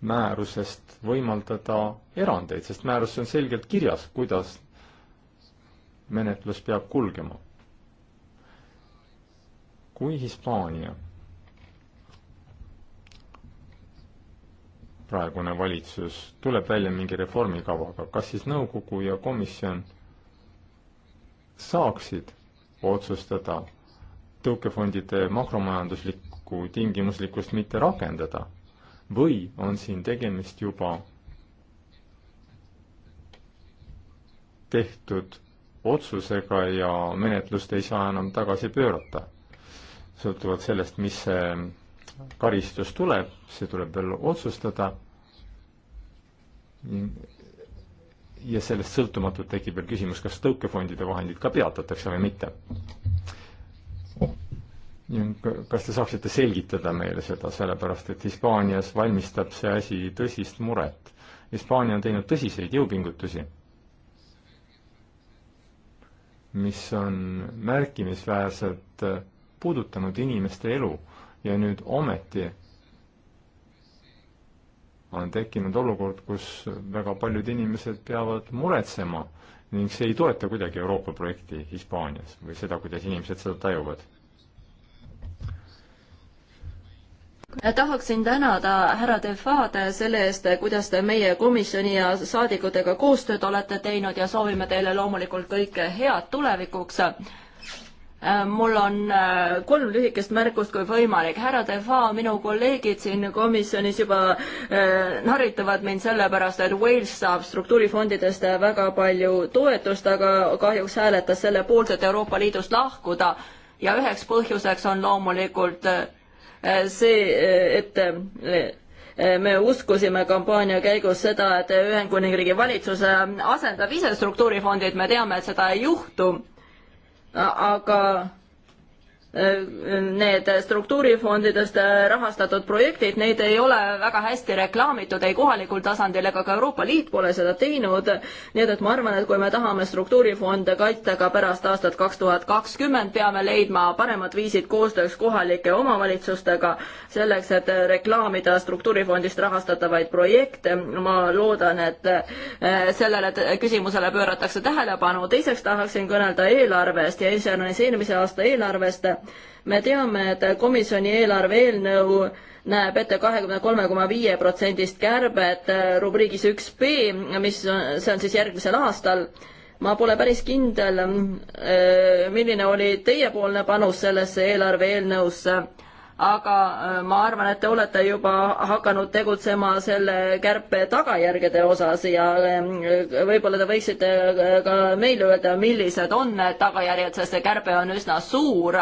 määrusest võimaldada erandeid, sest määrus on selgelt kirjas, kuidas menetlus peab kulgema. kui Hispaania praegune valitsus tuleb välja mingi reformikavaga, kas siis nõukogu ja komisjon saaksid otsustada tõukefondide makromajanduslikku tingimuslikkust mitte rakendada või on siin tegemist juba tehtud otsusega ja menetlust ei saa enam tagasi pöörata, sõltuvalt sellest, mis see karistus tuleb, see tuleb veel otsustada ja sellest sõltumatult tekib veel küsimus, kas tõukefondide vahendid ka peatatakse või mitte. kas te saaksite selgitada meile seda, sellepärast et Hispaanias valmistab see asi tõsist muret. Hispaania on teinud tõsiseid jõupingutusi, mis on märkimisväärselt puudutanud inimeste elu ja nüüd ometi on tekkinud olukord, kus väga paljud inimesed peavad muretsema ning see ei toeta kuidagi Euroopa projekti Hispaanias või seda, kuidas inimesed seda tajuvad. tahaksin tänada härra Defad selle eest, kuidas te meie komisjoni ja saadikutega koostööd olete teinud ja soovime teile loomulikult kõike head tulevikuks Äh, mul on äh, kolm lühikest märkust, kui võimalik. härra Defa, minu kolleegid siin komisjonis juba äh, narritavad mind selle pärast, et Wales saab struktuurifondidest väga palju toetust, aga kahjuks hääletas selle poolt, et Euroopa Liidust lahkuda ja üheks põhjuseks on loomulikult see, et me uskusime kampaania käigus seda, et Ühendkuningriigi valitsus asendab ise struktuurifondid, me teame, et seda ei juhtu aga need struktuurifondidest rahastatud projektid, neid ei ole väga hästi reklaamitud ei kohalikul tasandil ega ka Euroopa Liit pole seda teinud. nii et, et ma arvan, et kui me tahame struktuurifonde kaitsta ka pärast aastat kaks tuhat kakskümmend, peame leidma paremad viisid koostööks kohalike omavalitsustega selleks, et reklaamida struktuurifondist rahastatavaid projekte. ma loodan, et eh, sellele küsimusele pööratakse tähelepanu. teiseks tahaksin kõnelda eelarvest ja iseäraniseerimise aasta eelarvest me teame, et komisjoni eelarve eelnõu näeb ette kahekümne kolme koma viie protsendist kärbet rubriigis üks B, mis, see on siis järgmisel aastal. ma pole päris kindel, äh, milline oli teiepoolne panus sellesse eelarve eelnõusse, aga äh, ma arvan, et te olete juba hakanud tegutsema selle kärpe tagajärgede osas ja äh, võib-olla te võiksite ka meile öelda, millised on need tagajärjed, sest see kärbe on üsna suur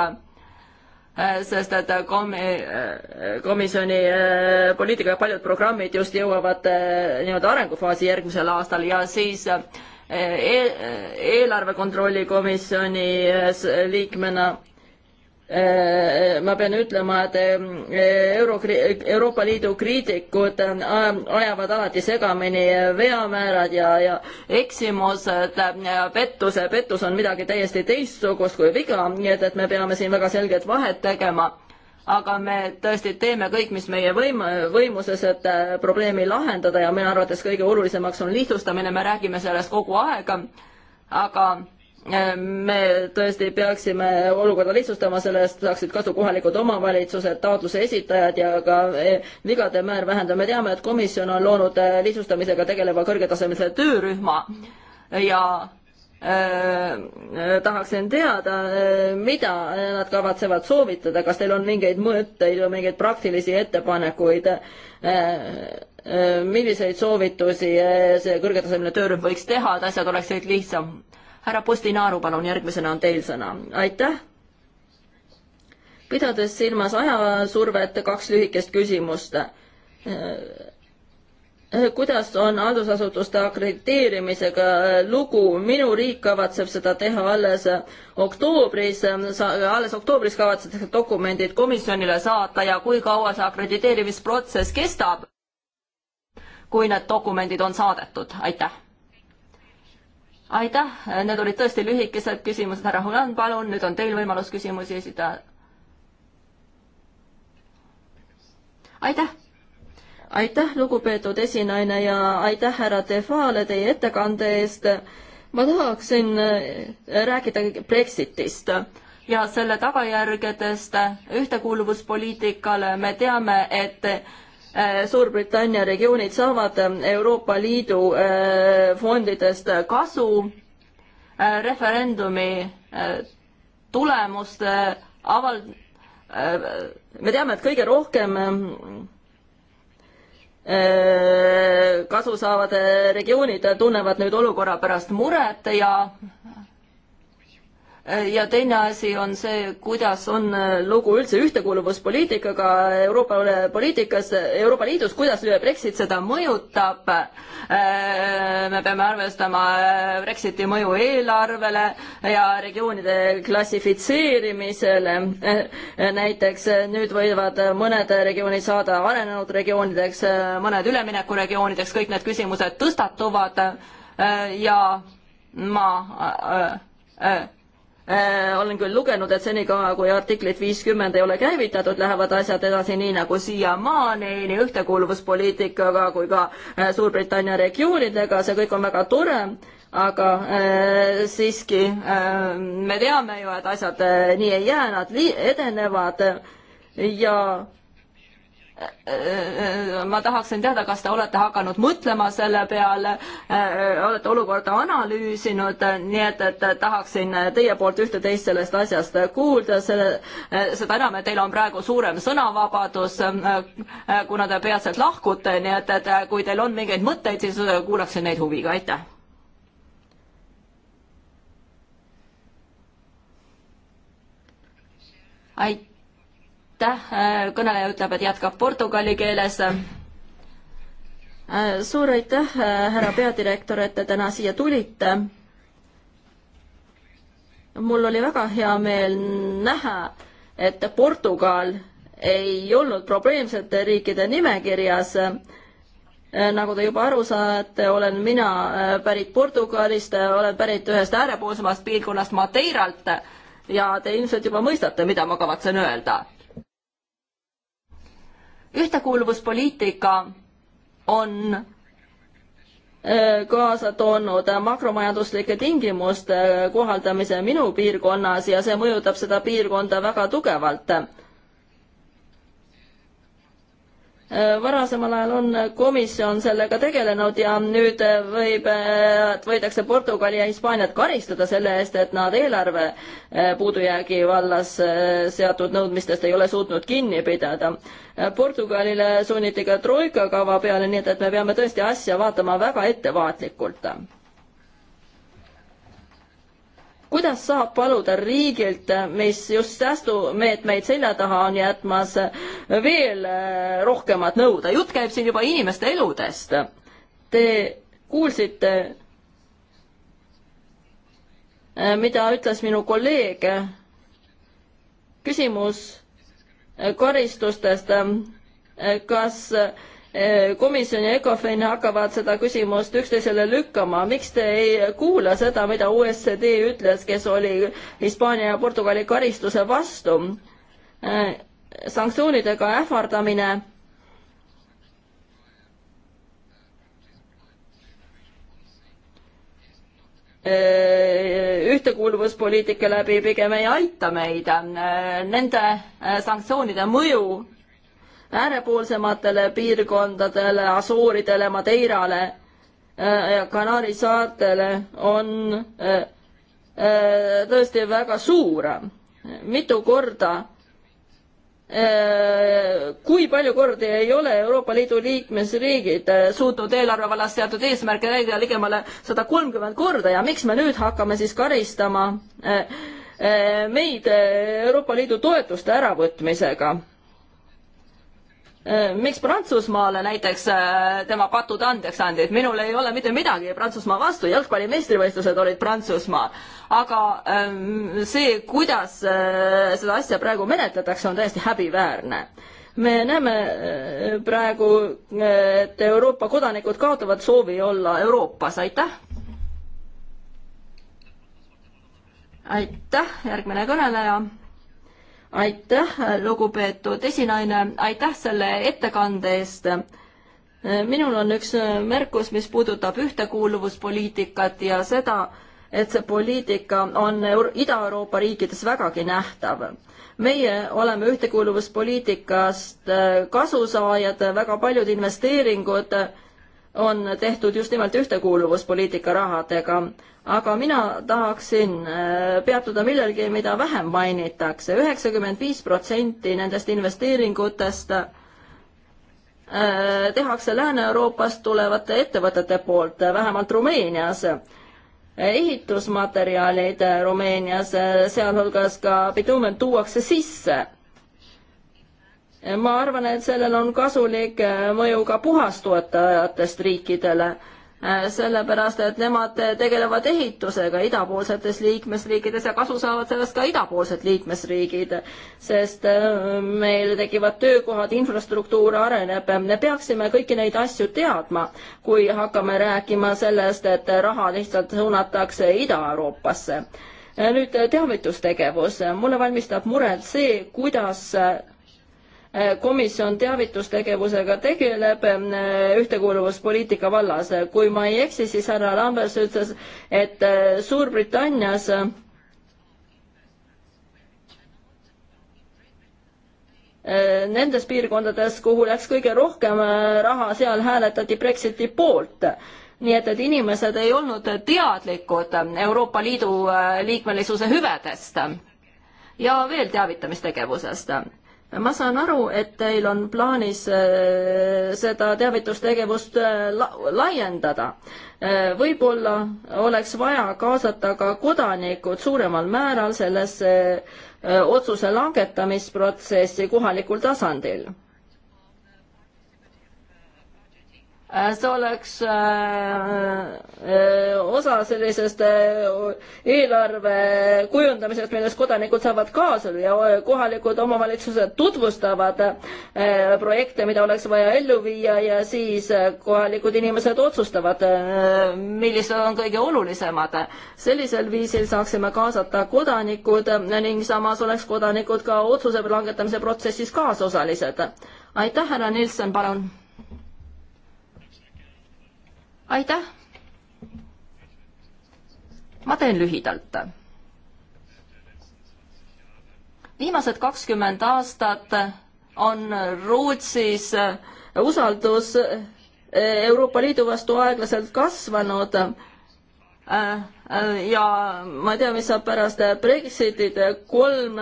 Äh, sest et äh, komi-, äh, komisjoni poliitika ja paljud programmid just jõuavad nii-öelda arengufaasi järgmisel aastal ja siis e eelarve kontrolli komisjoni liikmena Äh, ma pean ütlema, et äh, Euro, Euroopa Liidu kriitikud äh, ajavad alati segamini veamäärad ja, ja eksimused, pettuse, pettus on midagi täiesti teistsugust kui viga, nii et, et me peame siin väga selget vahet tegema aga me tõesti teeme kõik, mis meie võim-, võimuses, et probleemi lahendada ja minu arvates kõige olulisemaks on lihtsustamine, me räägime sellest kogu aeg, aga Ehm, me tõesti peaksime olukorda lihtsustama, sellest saaksid kasu kohalikud omavalitsused, taotluse esitajad ja ka eh, vigade määr vähendab. me teame, et komisjon on loonud eh, lihtsustamisega tegeleva kõrgetasemelise töörühma ja äh, tahaksin teada, mida nad kavatsevad soovitada, kas teil on mingeid mõtteid või mingeid praktilisi ettepanekuid äh,? Äh, milliseid soovitusi see kõrgetasemeline töörühm võiks teha, et asjad oleksid lihtsam, härra Postinaru, palun, järgmisena on teil sõna. aitäh! pidades silmas ajasurvet, kaks lühikest küsimust. Äh, kuidas on haldusasutuste akrediteerimisega lugu, minu riik kavatseb seda teha alles oktoobris, alles oktoobris kavatsetakse dokumendid komisjonile saata ja kui kaua see akrediteerimisprotsess kestab, kui need dokumendid on saadetud, aitäh aitäh, need olid tõesti lühikesed küsimused, härra Hulan, palun, nüüd on teil võimalus küsimusi esitada. aitäh, aitäh, lugupeetud esinaine ja aitäh, härra Tefale, teie ettekande eest. ma tahaksin äh, rääkida Brexitist ja selle tagajärgedest ühtekuuluvuspoliitikale. me teame, et Äh, Suurbritannia regioonid saavad äh, Euroopa Liidu äh, fondidest kasu referendumi tulemuste aval-, me teame, et kõige rohkem kasu saavad regioonid tunnevad nüüd olukorra pärast muret ja ja teine asi on see, kuidas on lugu üldse ühtekuuluvuspoliitikaga Euroopa poliitikas, Euroopa Liidus, kuidas Brexit seda mõjutab. Äh, me peame arvestama äh, Brexiti mõju eelarvele ja regioonide klassifitseerimisele. Äh, näiteks nüüd võivad mõned regioonid saada arenenud regioonideks, mõned üleminekuregioonideks, kõik need küsimused tõstatuvad ja ma äh, äh, Äh, olen küll lugenud, et senikaua, kui artiklit viiskümmend ei ole käivitatud, lähevad asjad edasi nii nagu siiamaani, nii ühtekuuluvuspoliitikaga kui ka äh, Suurbritannia regioonidega, see kõik on väga tore, aga äh, siiski äh, me teame ju, et asjad äh, nii ei jää, nad edenevad ja ma tahaksin teada, kas te olete hakanud mõtlema selle peale, olete olukorda analüüsinud, nii et, et tahaksin teie poolt ühte-teist sellest asjast kuulda, selle, seda enam, et teil on praegu suurem sõnavabadus, kuna te peatselt lahkute, nii et, et kui teil on mingeid mõtteid, siis kuulaksin neid huviga, aitäh. aitäh aitäh, kõneleja ütleb, et jätkab portugali keeles. suur aitäh, härra peadirektor, et te täna siia tulite. mul oli väga hea meel näha, et Portugal ei olnud probleemsete riikide nimekirjas nagu te juba aru saate, olen mina pärit Portugalist, olen pärit ühest äärepoolsemast piirkonnast Madeiralt ja te ilmselt juba mõistate, mida ma kavatsen öelda ühtekuuluvuspoliitika on äh, kaasa toonud makromajanduslike tingimuste kohaldamise minu piirkonnas ja see mõjutab seda piirkonda väga tugevalt Äh, varasemal ajal on komisjon sellega tegelenud ja nüüd äh, võib, äh, võidakse Portugali ja Hispaaniat karistada selle eest, et nad eelarve puudujäägi vallas seatud nõudmistest ei ole suutnud kinni pidada. Portugalile sunniti ka troika kava peale, nii et, et me peame tõesti asja vaatama väga ettevaatlikult kuidas saab paluda riigilt, mis just säästumeetmeid selja taha on jätmas, veel äh, rohkemat nõuda, jutt käib siin juba inimeste eludest. Te kuulsite, äh, mida ütles minu kolleeg, küsimus äh, karistustest, kas äh, Eh, komisjon ja Ecofin hakkavad seda küsimust üksteisele lükkama, miks te ei kuula seda, mida OSCD ütles, kes oli Hispaania ja Portugali karistuse vastu? Eh, sanktsioonidega ähvardamine eh, ühtekuuluvuspoliitika läbi pigem ei aita meid. Nende sanktsioonide mõju äärepoolsematele piirkondadele, Asooridele, Madeirale äh, ja Kanaari saartele on äh, äh, tõesti väga suur. mitu korda, kui palju kordi ei ole Euroopa Liidu liikmesriigid suutnud eelarve vallas teatud eesmärke täida ligemale sada kolmkümmend korda ja miks me nüüd hakkame siis karistama meid Euroopa Liidu toetuste äravõtmisega Äh, miks Prantsusmaale näiteks äh, tema patud andeks andi, et minul ei ole mitte midagi Prantsusmaa vastu, jalgpalli meistrivõistlused olid Prantsusmaal. aga ähm, see, kuidas äh, seda asja praegu menetletakse, on täiesti häbiväärne me näeme praegu, et Euroopa kodanikud kaotavad soovi olla Euroopas, aitäh. aitäh, järgmine kõneleja aitäh, lugupeetud esinaine, aitäh selle ettekande eest. minul on üks märkus, mis puudutab ühtekuuluvuspoliitikat ja seda, et see poliitika on Ida-Euroopa riikides vägagi nähtav. meie oleme ühtekuuluvuspoliitikast kasusaajad, väga paljud investeeringud äh, on tehtud just nimelt ühtekuuluvuspoliitika rahadega, aga mina tahaksin äh, peatuda millelgi, mida vähem mainitakse. üheksakümmend viis protsenti nendest investeeringutest äh, tehakse Lääne-Euroopast tulevate ettevõtete poolt, vähemalt Rumeenias ehitusmaterjalid Rumeenias, äh, sealhulgas ka bituumen tuuakse sisse ma arvan, et sellel on kasulik äh, mõju ka puhastoetajatest riikidele, äh, sellepärast et nemad tegelevad ehitusega idapoolsetes liikmesriikides ja kasu saavad sellest ka idapoolsed liikmesriigid, sest äh, meil tekivad töökohad, infrastruktuur areneb, me peaksime kõiki neid asju teadma, kui hakkame rääkima sellest, et raha lihtsalt suunatakse Ida-Euroopasse. nüüd teavitustegevus, mulle valmistab muret see, kuidas Eh, komisjon teavitustegevusega tegeleb eh, ühtekuuluvuspoliitika vallas. kui ma ei eksi, siis härra Lambers ütles, et eh, Suurbritannias nendes piirkondades, kuhu läks kõige rohkem raha, seal hääletati Brexiti poolt nii et, et inimesed ei olnud teadlikud Euroopa Liidu liikmelisuse hüvedest ja veel teavitamistegevusest ma saan aru, et teil on plaanis äh, seda teavitustegevust äh, la laiendada. Äh, võib-olla oleks vaja kaasata ka kodanikud suuremal määral sellesse otsuse langetamisprotsessi kohalikul tasandil Äh, see oleks äh, äh, osa sellisest eelarve kujundamisest, milles kodanikud saavad kaasa lüüa, kohalikud omavalitsused tutvustavad projekte, mida oleks vaja ellu viia ja siis kohalikud inimesed otsustavad, millised on kõige olulisemad. sellisel viisil saaksime kaasata kodanikud ning samas oleks kodanikud ka otsuse langetamise protsessis kaasosalised. aitäh, härra Nilsson, palun aitäh. ma teen lühidalt. viimased kakskümmend aastat on Rootsis usaldus Euroopa Liidu vastu aeglaselt kasvanud ja ma ei tea, mis saab pärast Brexitit, kolm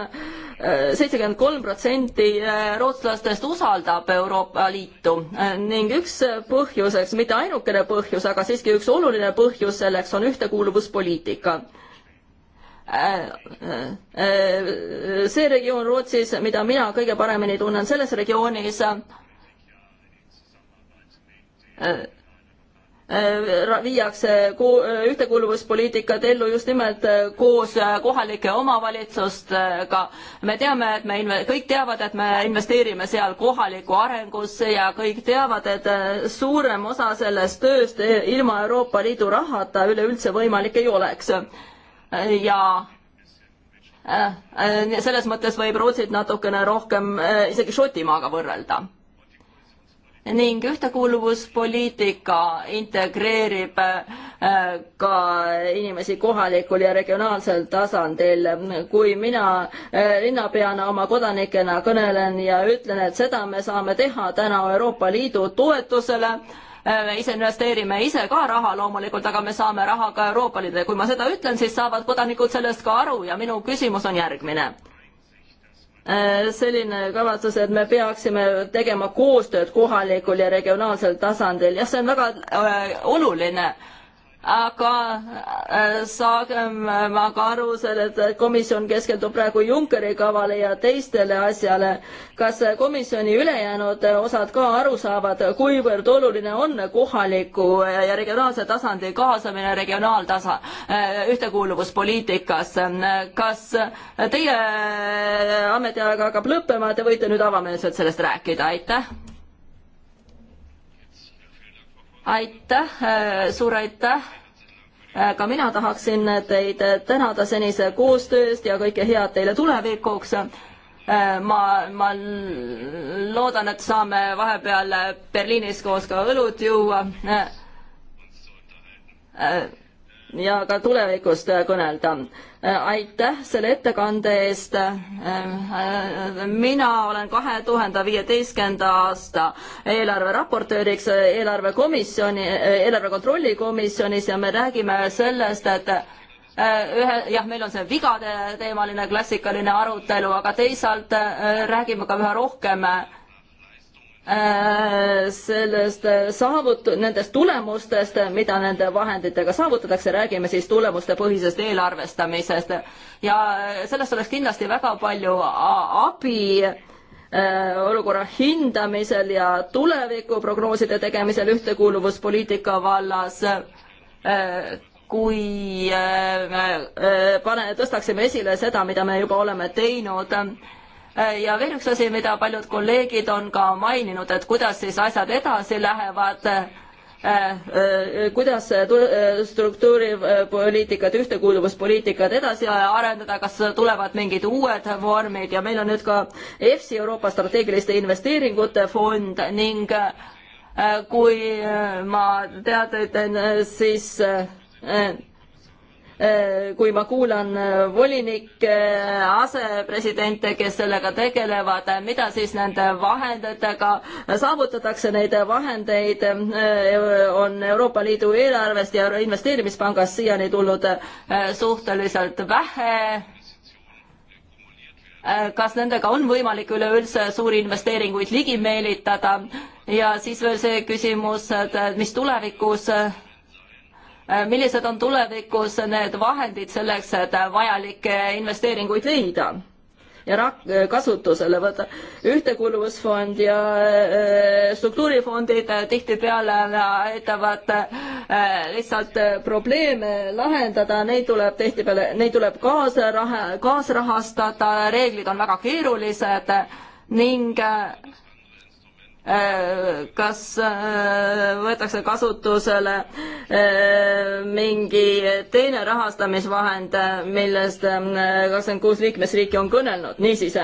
seitsekümmend kolm protsenti äh, rootslastest usaldab Euroopa Liitu äh, ning üks põhjuseks, mitte ainukene põhjus, aga siiski üks oluline põhjus selleks on ühtekuuluvuspoliitika. Äh, see regioon Rootsis, mida mina kõige paremini tunnen, selles regioonis Äh, viiakse äh, ühtekuuluvuspoliitikat ellu just nimelt äh, koos kohalike omavalitsustega. me teame, et me, kõik teavad, et me investeerime seal kohalikku arengusse ja kõik teavad, et suurem osa sellest tööst ilma Euroopa Liidu rahata üleüldse võimalik ei oleks. ja selles mõttes võib Rootsit natukene rohkem isegi Šotimaaga võrrelda ning ühtekuuluvuspoliitika integreerib äh, ka inimesi kohalikul ja regionaalsel tasandil. kui mina äh, linnapeana oma kodanikena kõnelen ja ütlen, et seda me saame teha täna Euroopa Liidu toetusele, äh, me ise investeerime ise ka raha loomulikult, aga me saame raha ka Euroopa Liidule. kui ma seda ütlen, siis saavad kodanikud sellest ka aru ja minu küsimus on järgmine Äh, selline kavatsus, et me peaksime tegema koostööd kohalikul ja regionaalsel tasandil, jah, see on väga äh, oluline aga äh, saagem aga aru sellest, et komisjon keskendub praegu Junckeri kavale ja teistele asjale. kas komisjoni ülejäänud osad ka aru saavad, kuivõrd oluline on kohaliku ja regionaalse tasandi kaasamine regionaaltasa, äh, ühtekuuluvuspoliitikas? kas teie ametiaeg hakkab lõppema, te võite nüüd avameelselt sellest rääkida, aitäh aitäh, äh, suur aitäh. Äh, ka mina tahaksin teid tänada senise koostöö eest ja kõike head teile tulevikuks. Äh, ma, ma loodan, et saame vahepeal Berliinis koos ka õlut juua ja ka tulevikust äh, kõnelda. Äh, aitäh selle ettekande eest. Äh, mina olen kahe tuhande viieteistkümnenda aasta eelarve raportööriks eelarvekomisjoni, eelarve kontrolli komisjonis ja me räägime sellest, et ühe, jah, meil on see vigade teemaline klassikaline arutelu, aga teisalt räägime ka üha rohkem äh, Äh, sellest äh, saavut-, nendest tulemustest, mida nende vahenditega saavutatakse, räägime siis tulemustepõhisest eelarvestamisest. ja äh, sellest oleks kindlasti väga palju abi olukorra hindamisel ja tulevikuprognooside tegemisel ühtekuuluvuspoliitika vallas, kui me pane, tõstaksime esile seda, mida me juba oleme teinud Äh, ja veel üks asi, mida paljud kolleegid on ka maininud, et kuidas siis asjad edasi lähevad äh, äh, kuidas struktuuripoliitikat, ühtekuuluvuspoliitikat edasi arendada, kas tulevad mingid uued vormid ja meil on nüüd ka EFSI, Euroopa strateegiliste investeeringute fond ning kui ma teada ütlen, siis Äh, kui ma kuulan äh, volinikke, äh, asepresidente, kes sellega tegelevad, mida siis nende vahenditega saavutatakse, neid vahendeid on Euroopa Liidu eelarvest ja investeerimispangast siiani tulnud suhteliselt vähe. kas nendega on võimalik üleüldse suuri investeeringuid ligi meelitada ja siis veel see küsimus, et mis tulevikus Äh, millised on tulevikus need vahendid selleks, et äh, vajalikke investeeringuid leida ja rak-, äh, kasutusele võtta. ühtekuuluvusfond ja struktuurifondid tihtipeale aitavad lihtsalt probleeme lahendada, neid tuleb tihtipeale, neid tuleb kaasraha, kaasrahastada, reeglid on väga keerulised ning Äh, kas äh, võetakse kasutusele äh, mingi teine rahastamisvahend, millest kakskümmend kuus liikmesriiki on kõnelnud, niisiis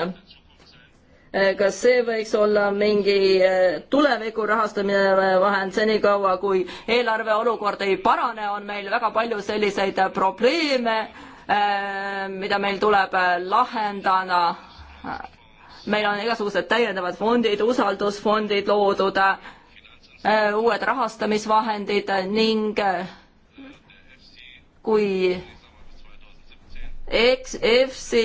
kas see võiks olla mingi tuleviku rahastamine vahend senikaua, kui eelarve olukord ei parane, on meil väga palju selliseid probleeme, mida meil tuleb lahendada meil on igasugused täiendavad fondid, usaldusfondid loodud, äh, uued rahastamisvahendid ning äh, kui eks EFSI,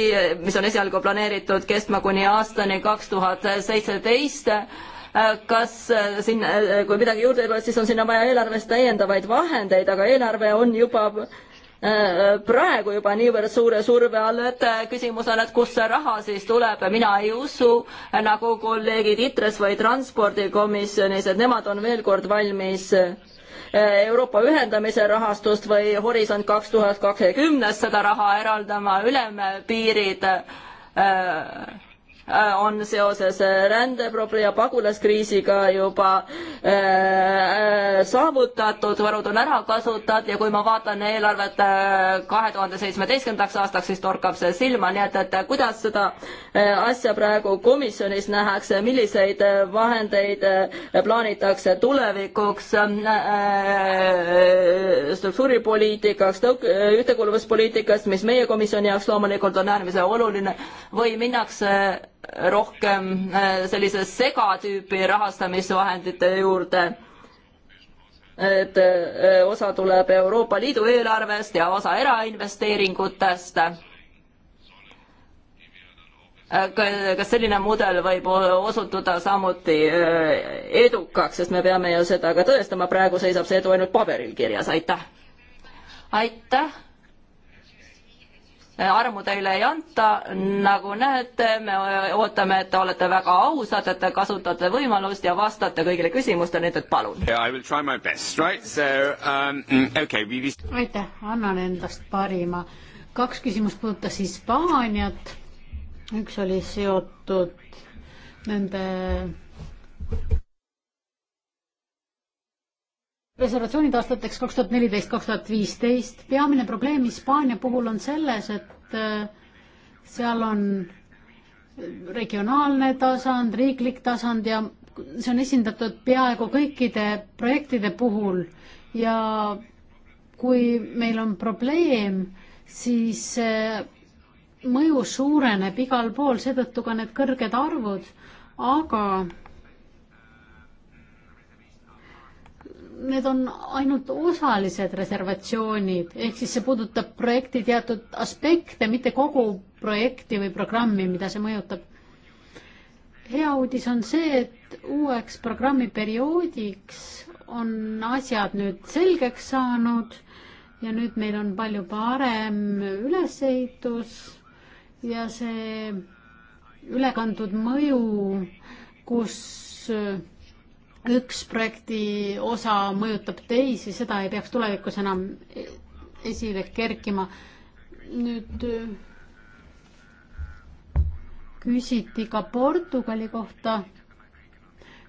mis on esialgu planeeritud kestma kuni aastani kaks tuhat seitseteist, äh, kas siin, kui midagi juurde tuleb, siis on sinna vaja eelarvest täiendavaid vahendeid, aga eelarve on juba Äh, äh, praegu juba niivõrd suure surve all, et äh, küsimus on, et kust see raha siis tuleb, mina ei usu, nagu kolleegid ITRES või Transpordikomisjonis, et nemad on veel kord valmis Euroopa ühendamise rahastust või Horisont kaks tuhat kakskümmend seda raha eraldama, ülempiirid äh, Äh, on seoses äh, rändeprobleemi ja pagulaskriisiga juba äh, saavutatud, varud on ära kasutatud ja kui ma vaatan eelarvet kahe tuhande seitsmeteistkümnendaks aastaks, siis torkab see silma, nii et, et kuidas seda asja praegu komisjonis nähakse, milliseid vahendeid plaanitakse tulevikuks struktuuripoliitikaks, ühtekuuluvuspoliitikast, mis meie komisjoni jaoks loomulikult on äärmiselt oluline, või minnakse rohkem äh, sellise segatüüpi rahastamisvahendite juurde, et äh, osa tuleb Euroopa Liidu eelarvest ja osa erainvesteeringutest äh, kas selline mudel võib osutuda samuti edukaks, sest me peame ju seda ka tõestama, praegu seisab see edu ainult paberil kirjas, aitäh. aitäh armu teile ei anta, nagu näete, me ootame, et te olete väga ausad, et te kasutate võimalust ja vastate kõigile küsimustele, nii et palun yeah,. Right? So, um, okay, we... aitäh, annan endast parima. kaks küsimust puudutas Hispaaniat, üks oli seotud nende reservatsioonid aastateks kaks tuhat neliteist, kaks tuhat viisteist. peamine probleem Hispaania puhul on selles, et äh, seal on regionaalne tasand, riiklik tasand ja see on esindatud peaaegu kõikide projektide puhul ja kui meil on probleem, siis äh, mõju suureneb igal pool, seetõttu ka need kõrged arvud, aga need on ainult osalised reservatsioonid, ehk siis see puudutab projekti teatud aspekte, mitte kogu projekti või programmi, mida see mõjutab. hea uudis on see, et uueks programmiperioodiks on asjad nüüd selgeks saanud ja nüüd meil on palju parem ülesehitus ja see ülekantud mõju, kus üks projekti osa mõjutab teisi, seda ei peaks tulevikus enam esile kerkima. nüüd äh, küsiti ka Portugali kohta,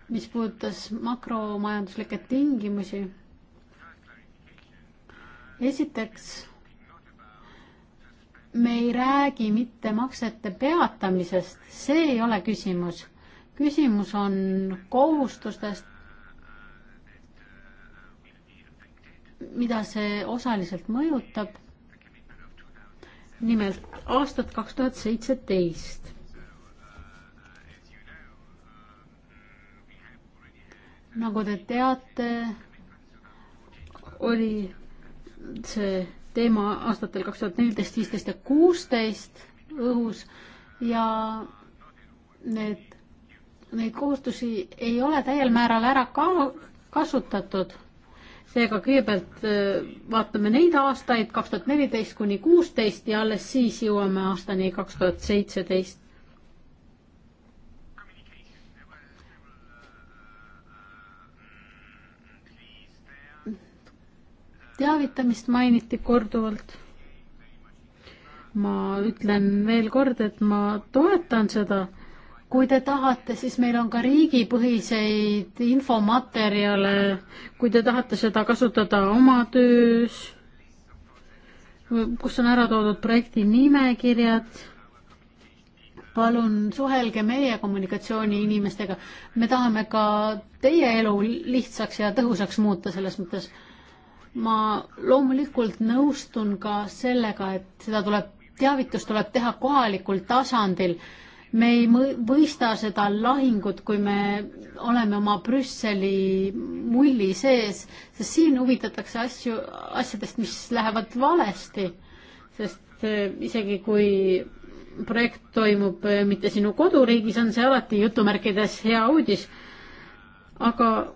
mis puudutas makromajanduslikke tingimusi. esiteks, me ei räägi mitte maksete peatamisest, see ei ole küsimus küsimus on kohustustest, mida see osaliselt mõjutab. nimelt aastat kaks tuhat seitseteist. nagu te teate, oli see teema aastatel kaks tuhat neliteist, viisteist ja kuusteist õhus ja need neid kohustusi ei ole täiel määral ära ka-, kasutatud. seega kõigepealt äh, vaatame neid aastaid, kaks tuhat neliteist kuni kuusteist ja alles siis jõuame aastani kaks tuhat seitseteist. teavitamist mainiti korduvalt ma ütlen veel kord, et ma toetan seda, kui te tahate, siis meil on ka riigipõhiseid infomaterjale, kui te tahate seda kasutada oma töös, kus on ära toodud projekti nimekirjad, palun suhelge meie kommunikatsiooniinimestega. me tahame ka teie elu lihtsaks ja tõhusaks muuta selles mõttes. ma loomulikult nõustun ka sellega, et seda tuleb, teavitust tuleb teha kohalikul tasandil me ei mõista seda lahingut, kui me oleme oma Brüsseli mulli sees, sest siin huvitatakse asju, asjadest, mis lähevad valesti. sest äh, isegi kui projekt toimub äh, mitte sinu koduriigis, on see alati jutumärkides hea uudis. aga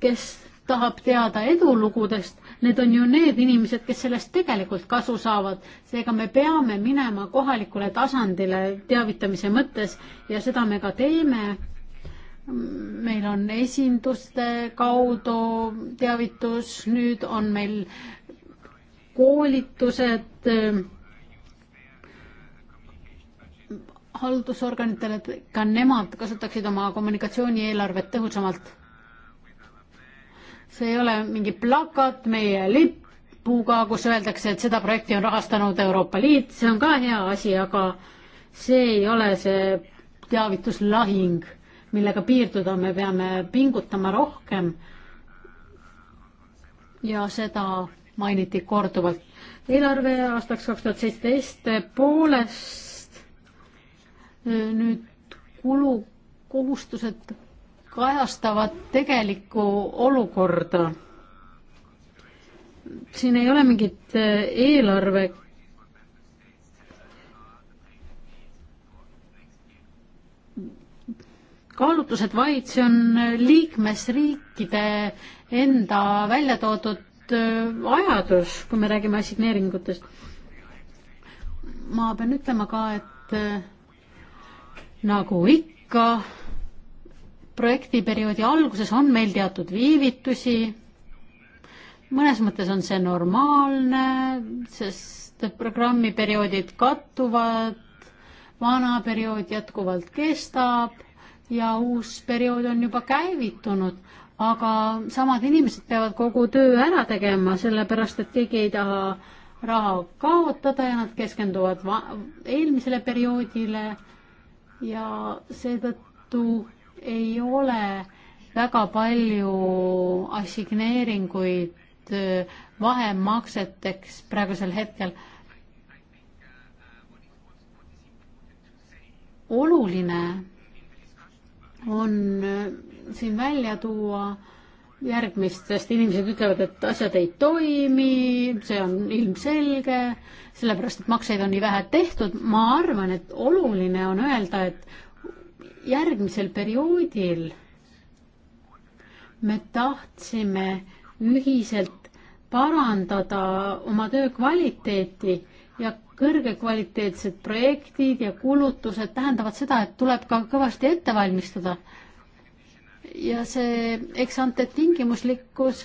kes tahab teada edulugudest, need on ju need inimesed, kes sellest tegelikult kasu saavad. seega me peame minema kohalikule tasandile teavitamise mõttes ja seda me ka teeme. meil on esinduste kaudu teavitus, nüüd on meil koolitused haldusorganitele, et ka nemad kasutaksid oma kommunikatsioonieelarvet tõhusamalt see ei ole mingi plakat meie lipuga, kus öeldakse, et seda projekti on rahastanud Euroopa Liit, see on ka hea asi, aga see ei ole see teavituslahing, millega piirduda, me peame pingutama rohkem. ja seda mainiti korduvalt. eelarve aastaks kaks tuhat seitseteist tõepoolest nüüd kulukohustused kajastavad tegelikku olukorda. siin ei ole mingit eh, eelarve kaalutlused, vaid see on eh, liikmesriikide enda välja toodud vajadus, eh, kui me räägime assigneeringutest. ma pean ütlema ka, et nagu ikka, projektiperioodi alguses on meil teatud viivitusi, mõnes mõttes on see normaalne, sest programmi perioodid kattuvad, vana periood jätkuvalt kestab ja uus periood on juba käivitunud, aga samad inimesed peavad kogu töö ära tegema, sellepärast et keegi ei taha raha kaotada ja nad keskenduvad eelmisele perioodile ja seetõttu ei ole väga palju assigneeringuid äh, vahemakseteks praegusel hetkel. oluline on äh, siin välja tuua järgmist, sest inimesed ütlevad, et asjad ei toimi, see on ilmselge, sellepärast et makseid on nii vähe tehtud. ma arvan, et oluline on öelda, et järgmisel perioodil me tahtsime ühiselt parandada oma töö kvaliteeti ja kõrgekvaliteetsed projektid ja kulutused tähendavad seda, et tuleb ka kõvasti ette valmistada. ja see eksante tingimuslikkus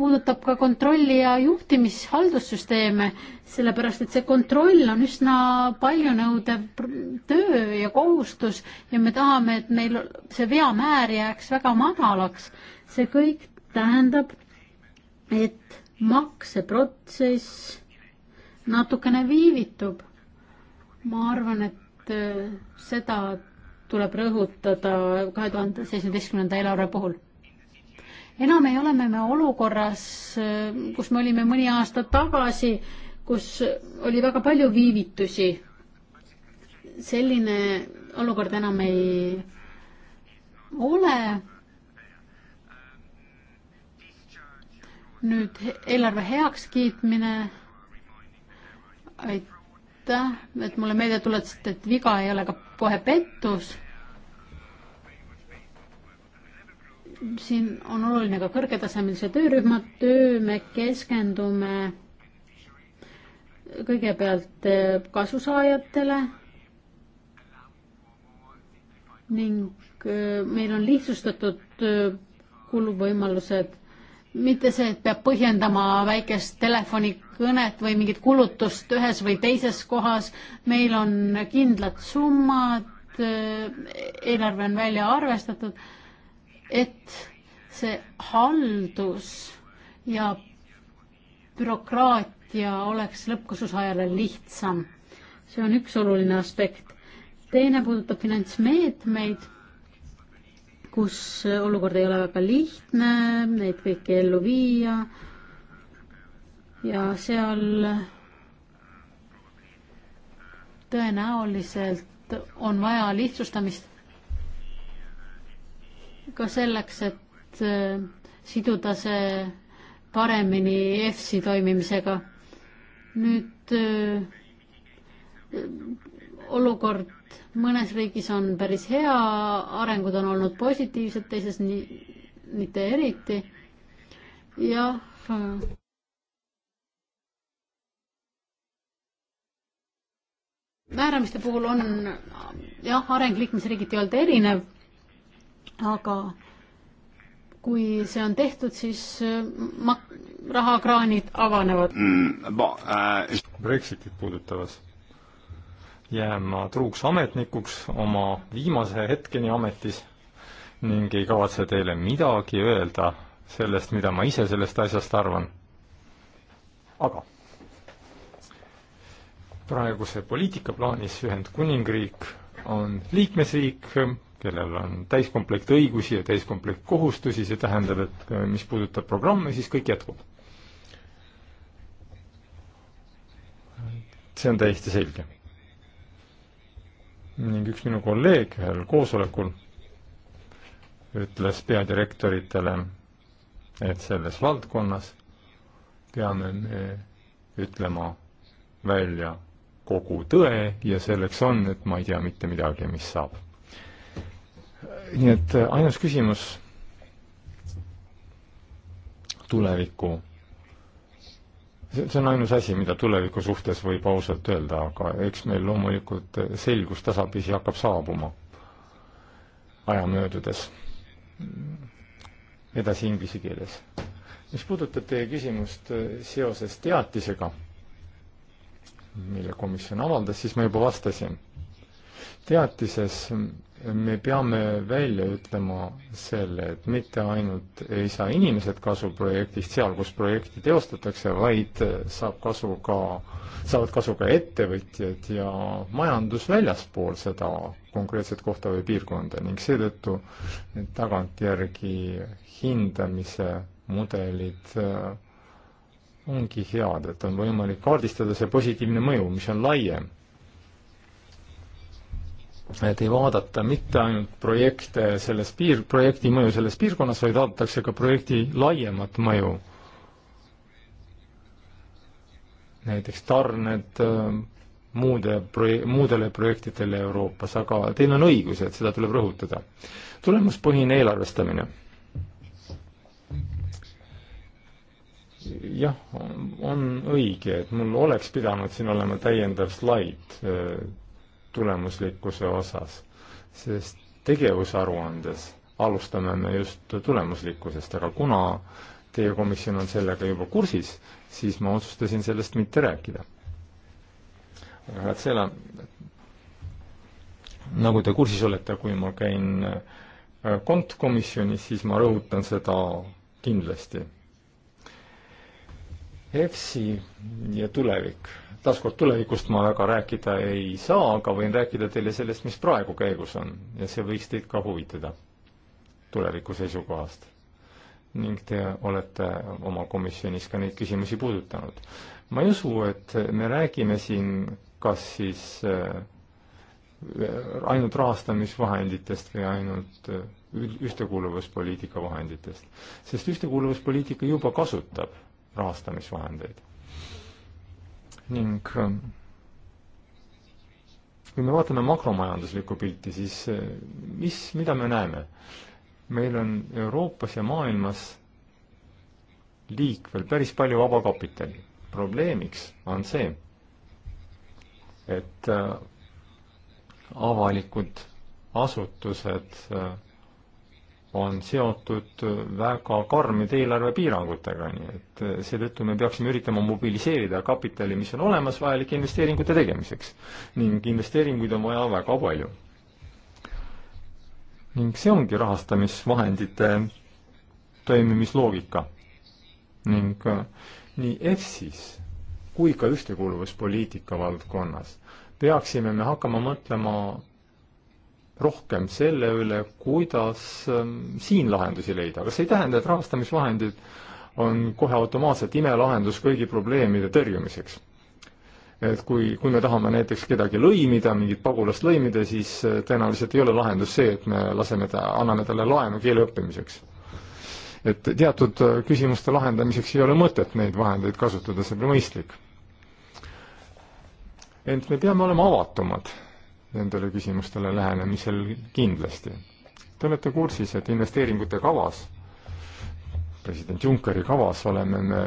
puudutab ka kontrolli ja juhtimishaldussüsteeme, sellepärast et see kontroll on üsna paljunõudev töö ja kohustus ja me tahame, et meil see veamäär jääks väga madalaks. see kõik tähendab, et makseprotsess natukene viivitub. ma arvan, et äh, seda tuleb rõhutada kahe tuhande seitsmeteistkümnenda eelarve puhul enam ei ole me olukorras, kus me olime mõni aasta tagasi, kus oli väga palju viivitusi. selline olukord enam ei ole. nüüd eelarve heakskiitmine. aitäh, et mulle meelde tuletasite, et viga ei ole ka kohe pettus siin on oluline ka kõrgetasemelise töörühma töö, me keskendume kõigepealt eh, kasusaajatele ning eh, meil on lihtsustatud eh, kuluvõimalused, mitte see, et peab põhjendama väikest telefonikõnet või mingit kulutust ühes või teises kohas, meil on kindlad summad, eelarve on välja arvestatud et see haldus ja bürokraatia oleks lõppkasutusajale lihtsam. see on üks oluline aspekt. teine puudutab finantsmeetmeid, kus olukord ei ole väga lihtne, neid kõiki ellu viia ja seal tõenäoliselt on vaja lihtsustamist ka selleks, et äh, siduda see paremini EFSi toimimisega. nüüd äh, olukord mõnes riigis on päris hea, arengud on olnud positiivsed, teises nii, mitte eriti. jah. Äh, määramiste puhul on jah, areng liikmesriigiti olnud erinev aga kui see on tehtud, siis mm, mak-, rahakraanid avanevad mm,. E, Brexitit puudutavas jään ma truuks ametnikuks oma viimase hetkeni ametis ning ei kavatse teile midagi öelda sellest, mida ma ise sellest asjast arvan. aga praeguse poliitika plaanis Ühendkuningriik on liikmesriik, kellel on täiskomplekt õigusi ja täiskomplekt kohustusi, see tähendab, et äh, mis puudutab programme, siis kõik jätkub. see on täiesti selge. ning üks minu kolleeg ühel koosolekul ütles peadirektoritele, et selles valdkonnas peame me ütlema välja kogu tõe ja selleks on, et ma ei tea mitte midagi, mis saab nii et äh, ainus küsimus tuleviku, see on ainus asi, mida tuleviku suhtes võib ausalt öelda, aga eks meil loomulikult äh, selgus tasapisi hakkab saabuma aja möödudes. edasi inglise keeles. mis puudutab teie küsimust äh, seoses teatisega, mille komisjon avaldas, siis ma juba vastasin. teatises me peame välja ütlema selle, et mitte ainult ei saa inimesed kasu projektist seal, kus projekti teostatakse, vaid saab kasu ka, saavad kasu ka ettevõtjad ja majandus väljaspool seda konkreetset kohta või piirkonda ning seetõttu need tagantjärgi hindamise mudelid äh, ongi head, et on võimalik kaardistada see positiivne mõju, mis on laiem et ei vaadata mitte ainult projekte selles piir, projekti mõju selles piirkonnas, vaid vaadatakse ka projekti laiemat mõju. näiteks tarned äh, muude proje-, muudele projektidele Euroopas, aga teil on õigus, et seda tuleb rõhutada. tulemuspõhine eelarvestamine. jah, on õige, et mul oleks pidanud siin olema täiendav slaid äh, tulemuslikkuse osas, sest tegevusaruandes alustame me just tulemuslikkusest, aga kuna teie komisjon on sellega juba kursis, siis ma otsustasin sellest mitte rääkida. härra Tsela, nagu te kursis olete, kui ma käin äh, kontkomisjonis, siis ma rõhutan seda kindlasti. EFSI ja tulevik taaskord tulevikust ma väga rääkida ei saa, aga võin rääkida teile sellest, mis praegu käigus on ja see võiks teid ka huvitada tuleviku seisukohast. ning te olete oma komisjonis ka neid küsimusi puudutanud. ma ei usu, et me räägime siin kas siis äh, ainult rahastamisvahenditest või ainult äh, ühtekuuluvuspoliitika vahenditest, sest ühtekuuluvuspoliitika juba kasutab rahastamisvahendeid ning ähm, kui me vaatame makromajanduslikku pilti, siis äh, mis, mida me näeme? meil on Euroopas ja maailmas liikvel päris palju vabakapitali. probleemiks on see, et äh, avalikud asutused äh, on seotud väga karmide eelarvepiirangutega, nii et seetõttu me peaksime üritama mobiliseerida kapitali, mis on olemas vajalike investeeringute tegemiseks. ning investeeringuid on vaja väga palju. ning see ongi rahastamisvahendite toimimisloogika. ning äh, nii EFSis kui ka ühtekuuluvuspoliitika valdkonnas peaksime me hakkama mõtlema rohkem selle üle, kuidas ähm, siin lahendusi leida, aga see ei tähenda, et rahastamisvahendid on kohe automaatselt imelahendus kõigi probleemide tõrjumiseks. et kui, kui me tahame näiteks kedagi lõimida, mingit pagulast lõimida, siis äh, tõenäoliselt ei ole lahendus see, et me laseme ta, anname talle laenu keele õppimiseks. et teatud äh, küsimuste lahendamiseks ei ole mõtet neid vahendeid kasutada, see pole mõistlik. ent me peame olema avatumad nendele küsimustele lähenemisel kindlasti. Te olete kursis, et investeeringute kavas, president Junckeri kavas oleme me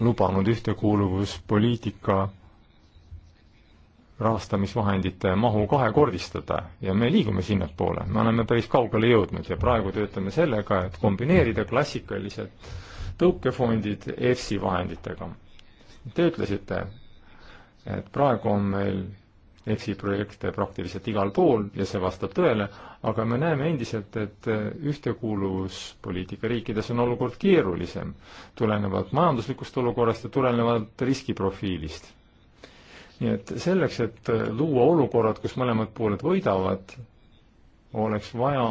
lubanud ühtekuuluvuspoliitika rahastamisvahendite mahu kahekordistada ja me liigume sinnapoole, me oleme päris kaugele jõudnud ja praegu töötame sellega, et kombineerida klassikalised tõukefondid EFSI vahenditega. Te ütlesite, et praegu on meil EFSI projekte praktiliselt igal pool ja see vastab tõele, aga me näeme endiselt, et ühtekuuluvuspoliitika riikides on olukord keerulisem, tulenevalt majanduslikust olukorrast ja tulenevalt riskiprofiilist. nii et selleks, et luua olukorrad, kus mõlemad pooled võidavad, oleks vaja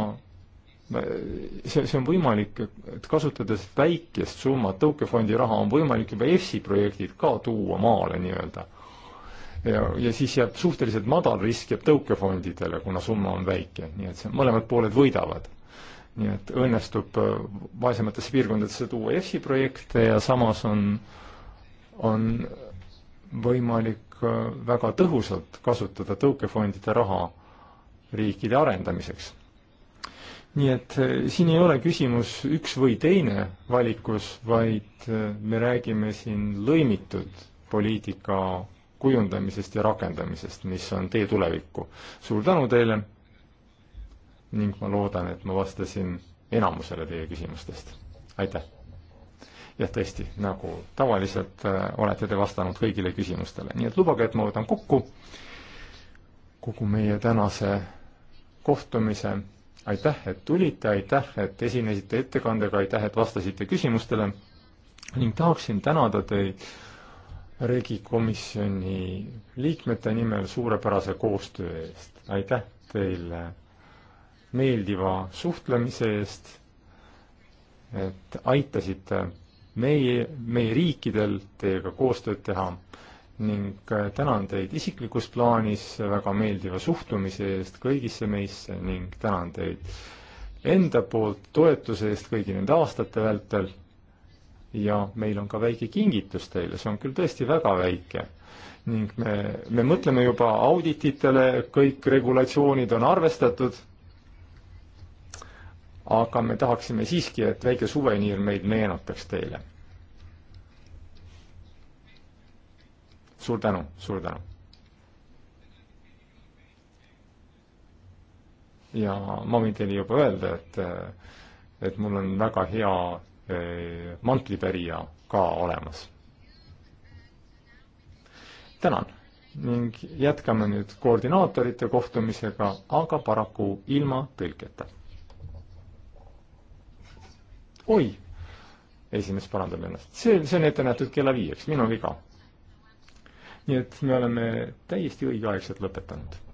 see, see on võimalik, et kasutades väikest summat, tõukefondi raha on võimalik juba EFSI projektid ka tuua maale nii-öelda ja, ja siis jääb suhteliselt madal risk jääb tõukefondidele, kuna summa on väike, nii et see, mõlemad pooled võidavad. nii et õnnestub äh, vaesematesse piirkondadesse tuua EFSI projekte ja samas on, on võimalik äh, väga tõhusalt kasutada tõukefondide raha riikide arendamiseks. nii et äh, siin ei ole küsimus üks või teine valikus, vaid me räägime siin lõimitud poliitika kujundamisest ja rakendamisest, mis on tee tulevikku. suur tänu teile ning ma loodan, et ma vastasin enamusele teie küsimustest. aitäh! jah, tõesti, nagu tavaliselt äh, olete te vastanud kõigile küsimustele, nii et lubage, et ma võtan kokku kogu meie tänase kohtumise. aitäh, et tulite, aitäh, et esinesite ettekandega, aitäh, et vastasite küsimustele ning tahaksin tänada teid regikomisjoni liikmete nimel suurepärase koostöö eest. aitäh teile meeldiva suhtlemise eest, et aitasite meie, meie riikidel teiega koostööd teha ning tänan teid isiklikus plaanis väga meeldiva suhtumise eest kõigisse meisse ning tänan teid enda poolt toetuse eest kõigi nende aastate vältel ja meil on ka väike kingitus teile, see on küll tõesti väga väike. ning me, me mõtleme juba audititele, kõik regulatsioonid on arvestatud, aga me tahaksime siiski, et väike suveniir meid meenutaks teile. suur tänu, suur tänu. ja ma võin teile juba öelda, et, et mul on väga hea Äh, mantlipärija ka olemas. tänan ning jätkame nüüd koordinaatorite kohtumisega, aga paraku ilma tõlketa. oi, esimees parandab ennast, see, see on ette nähtud kella viieks, minu viga. nii et me oleme täiesti õigeaegselt lõpetanud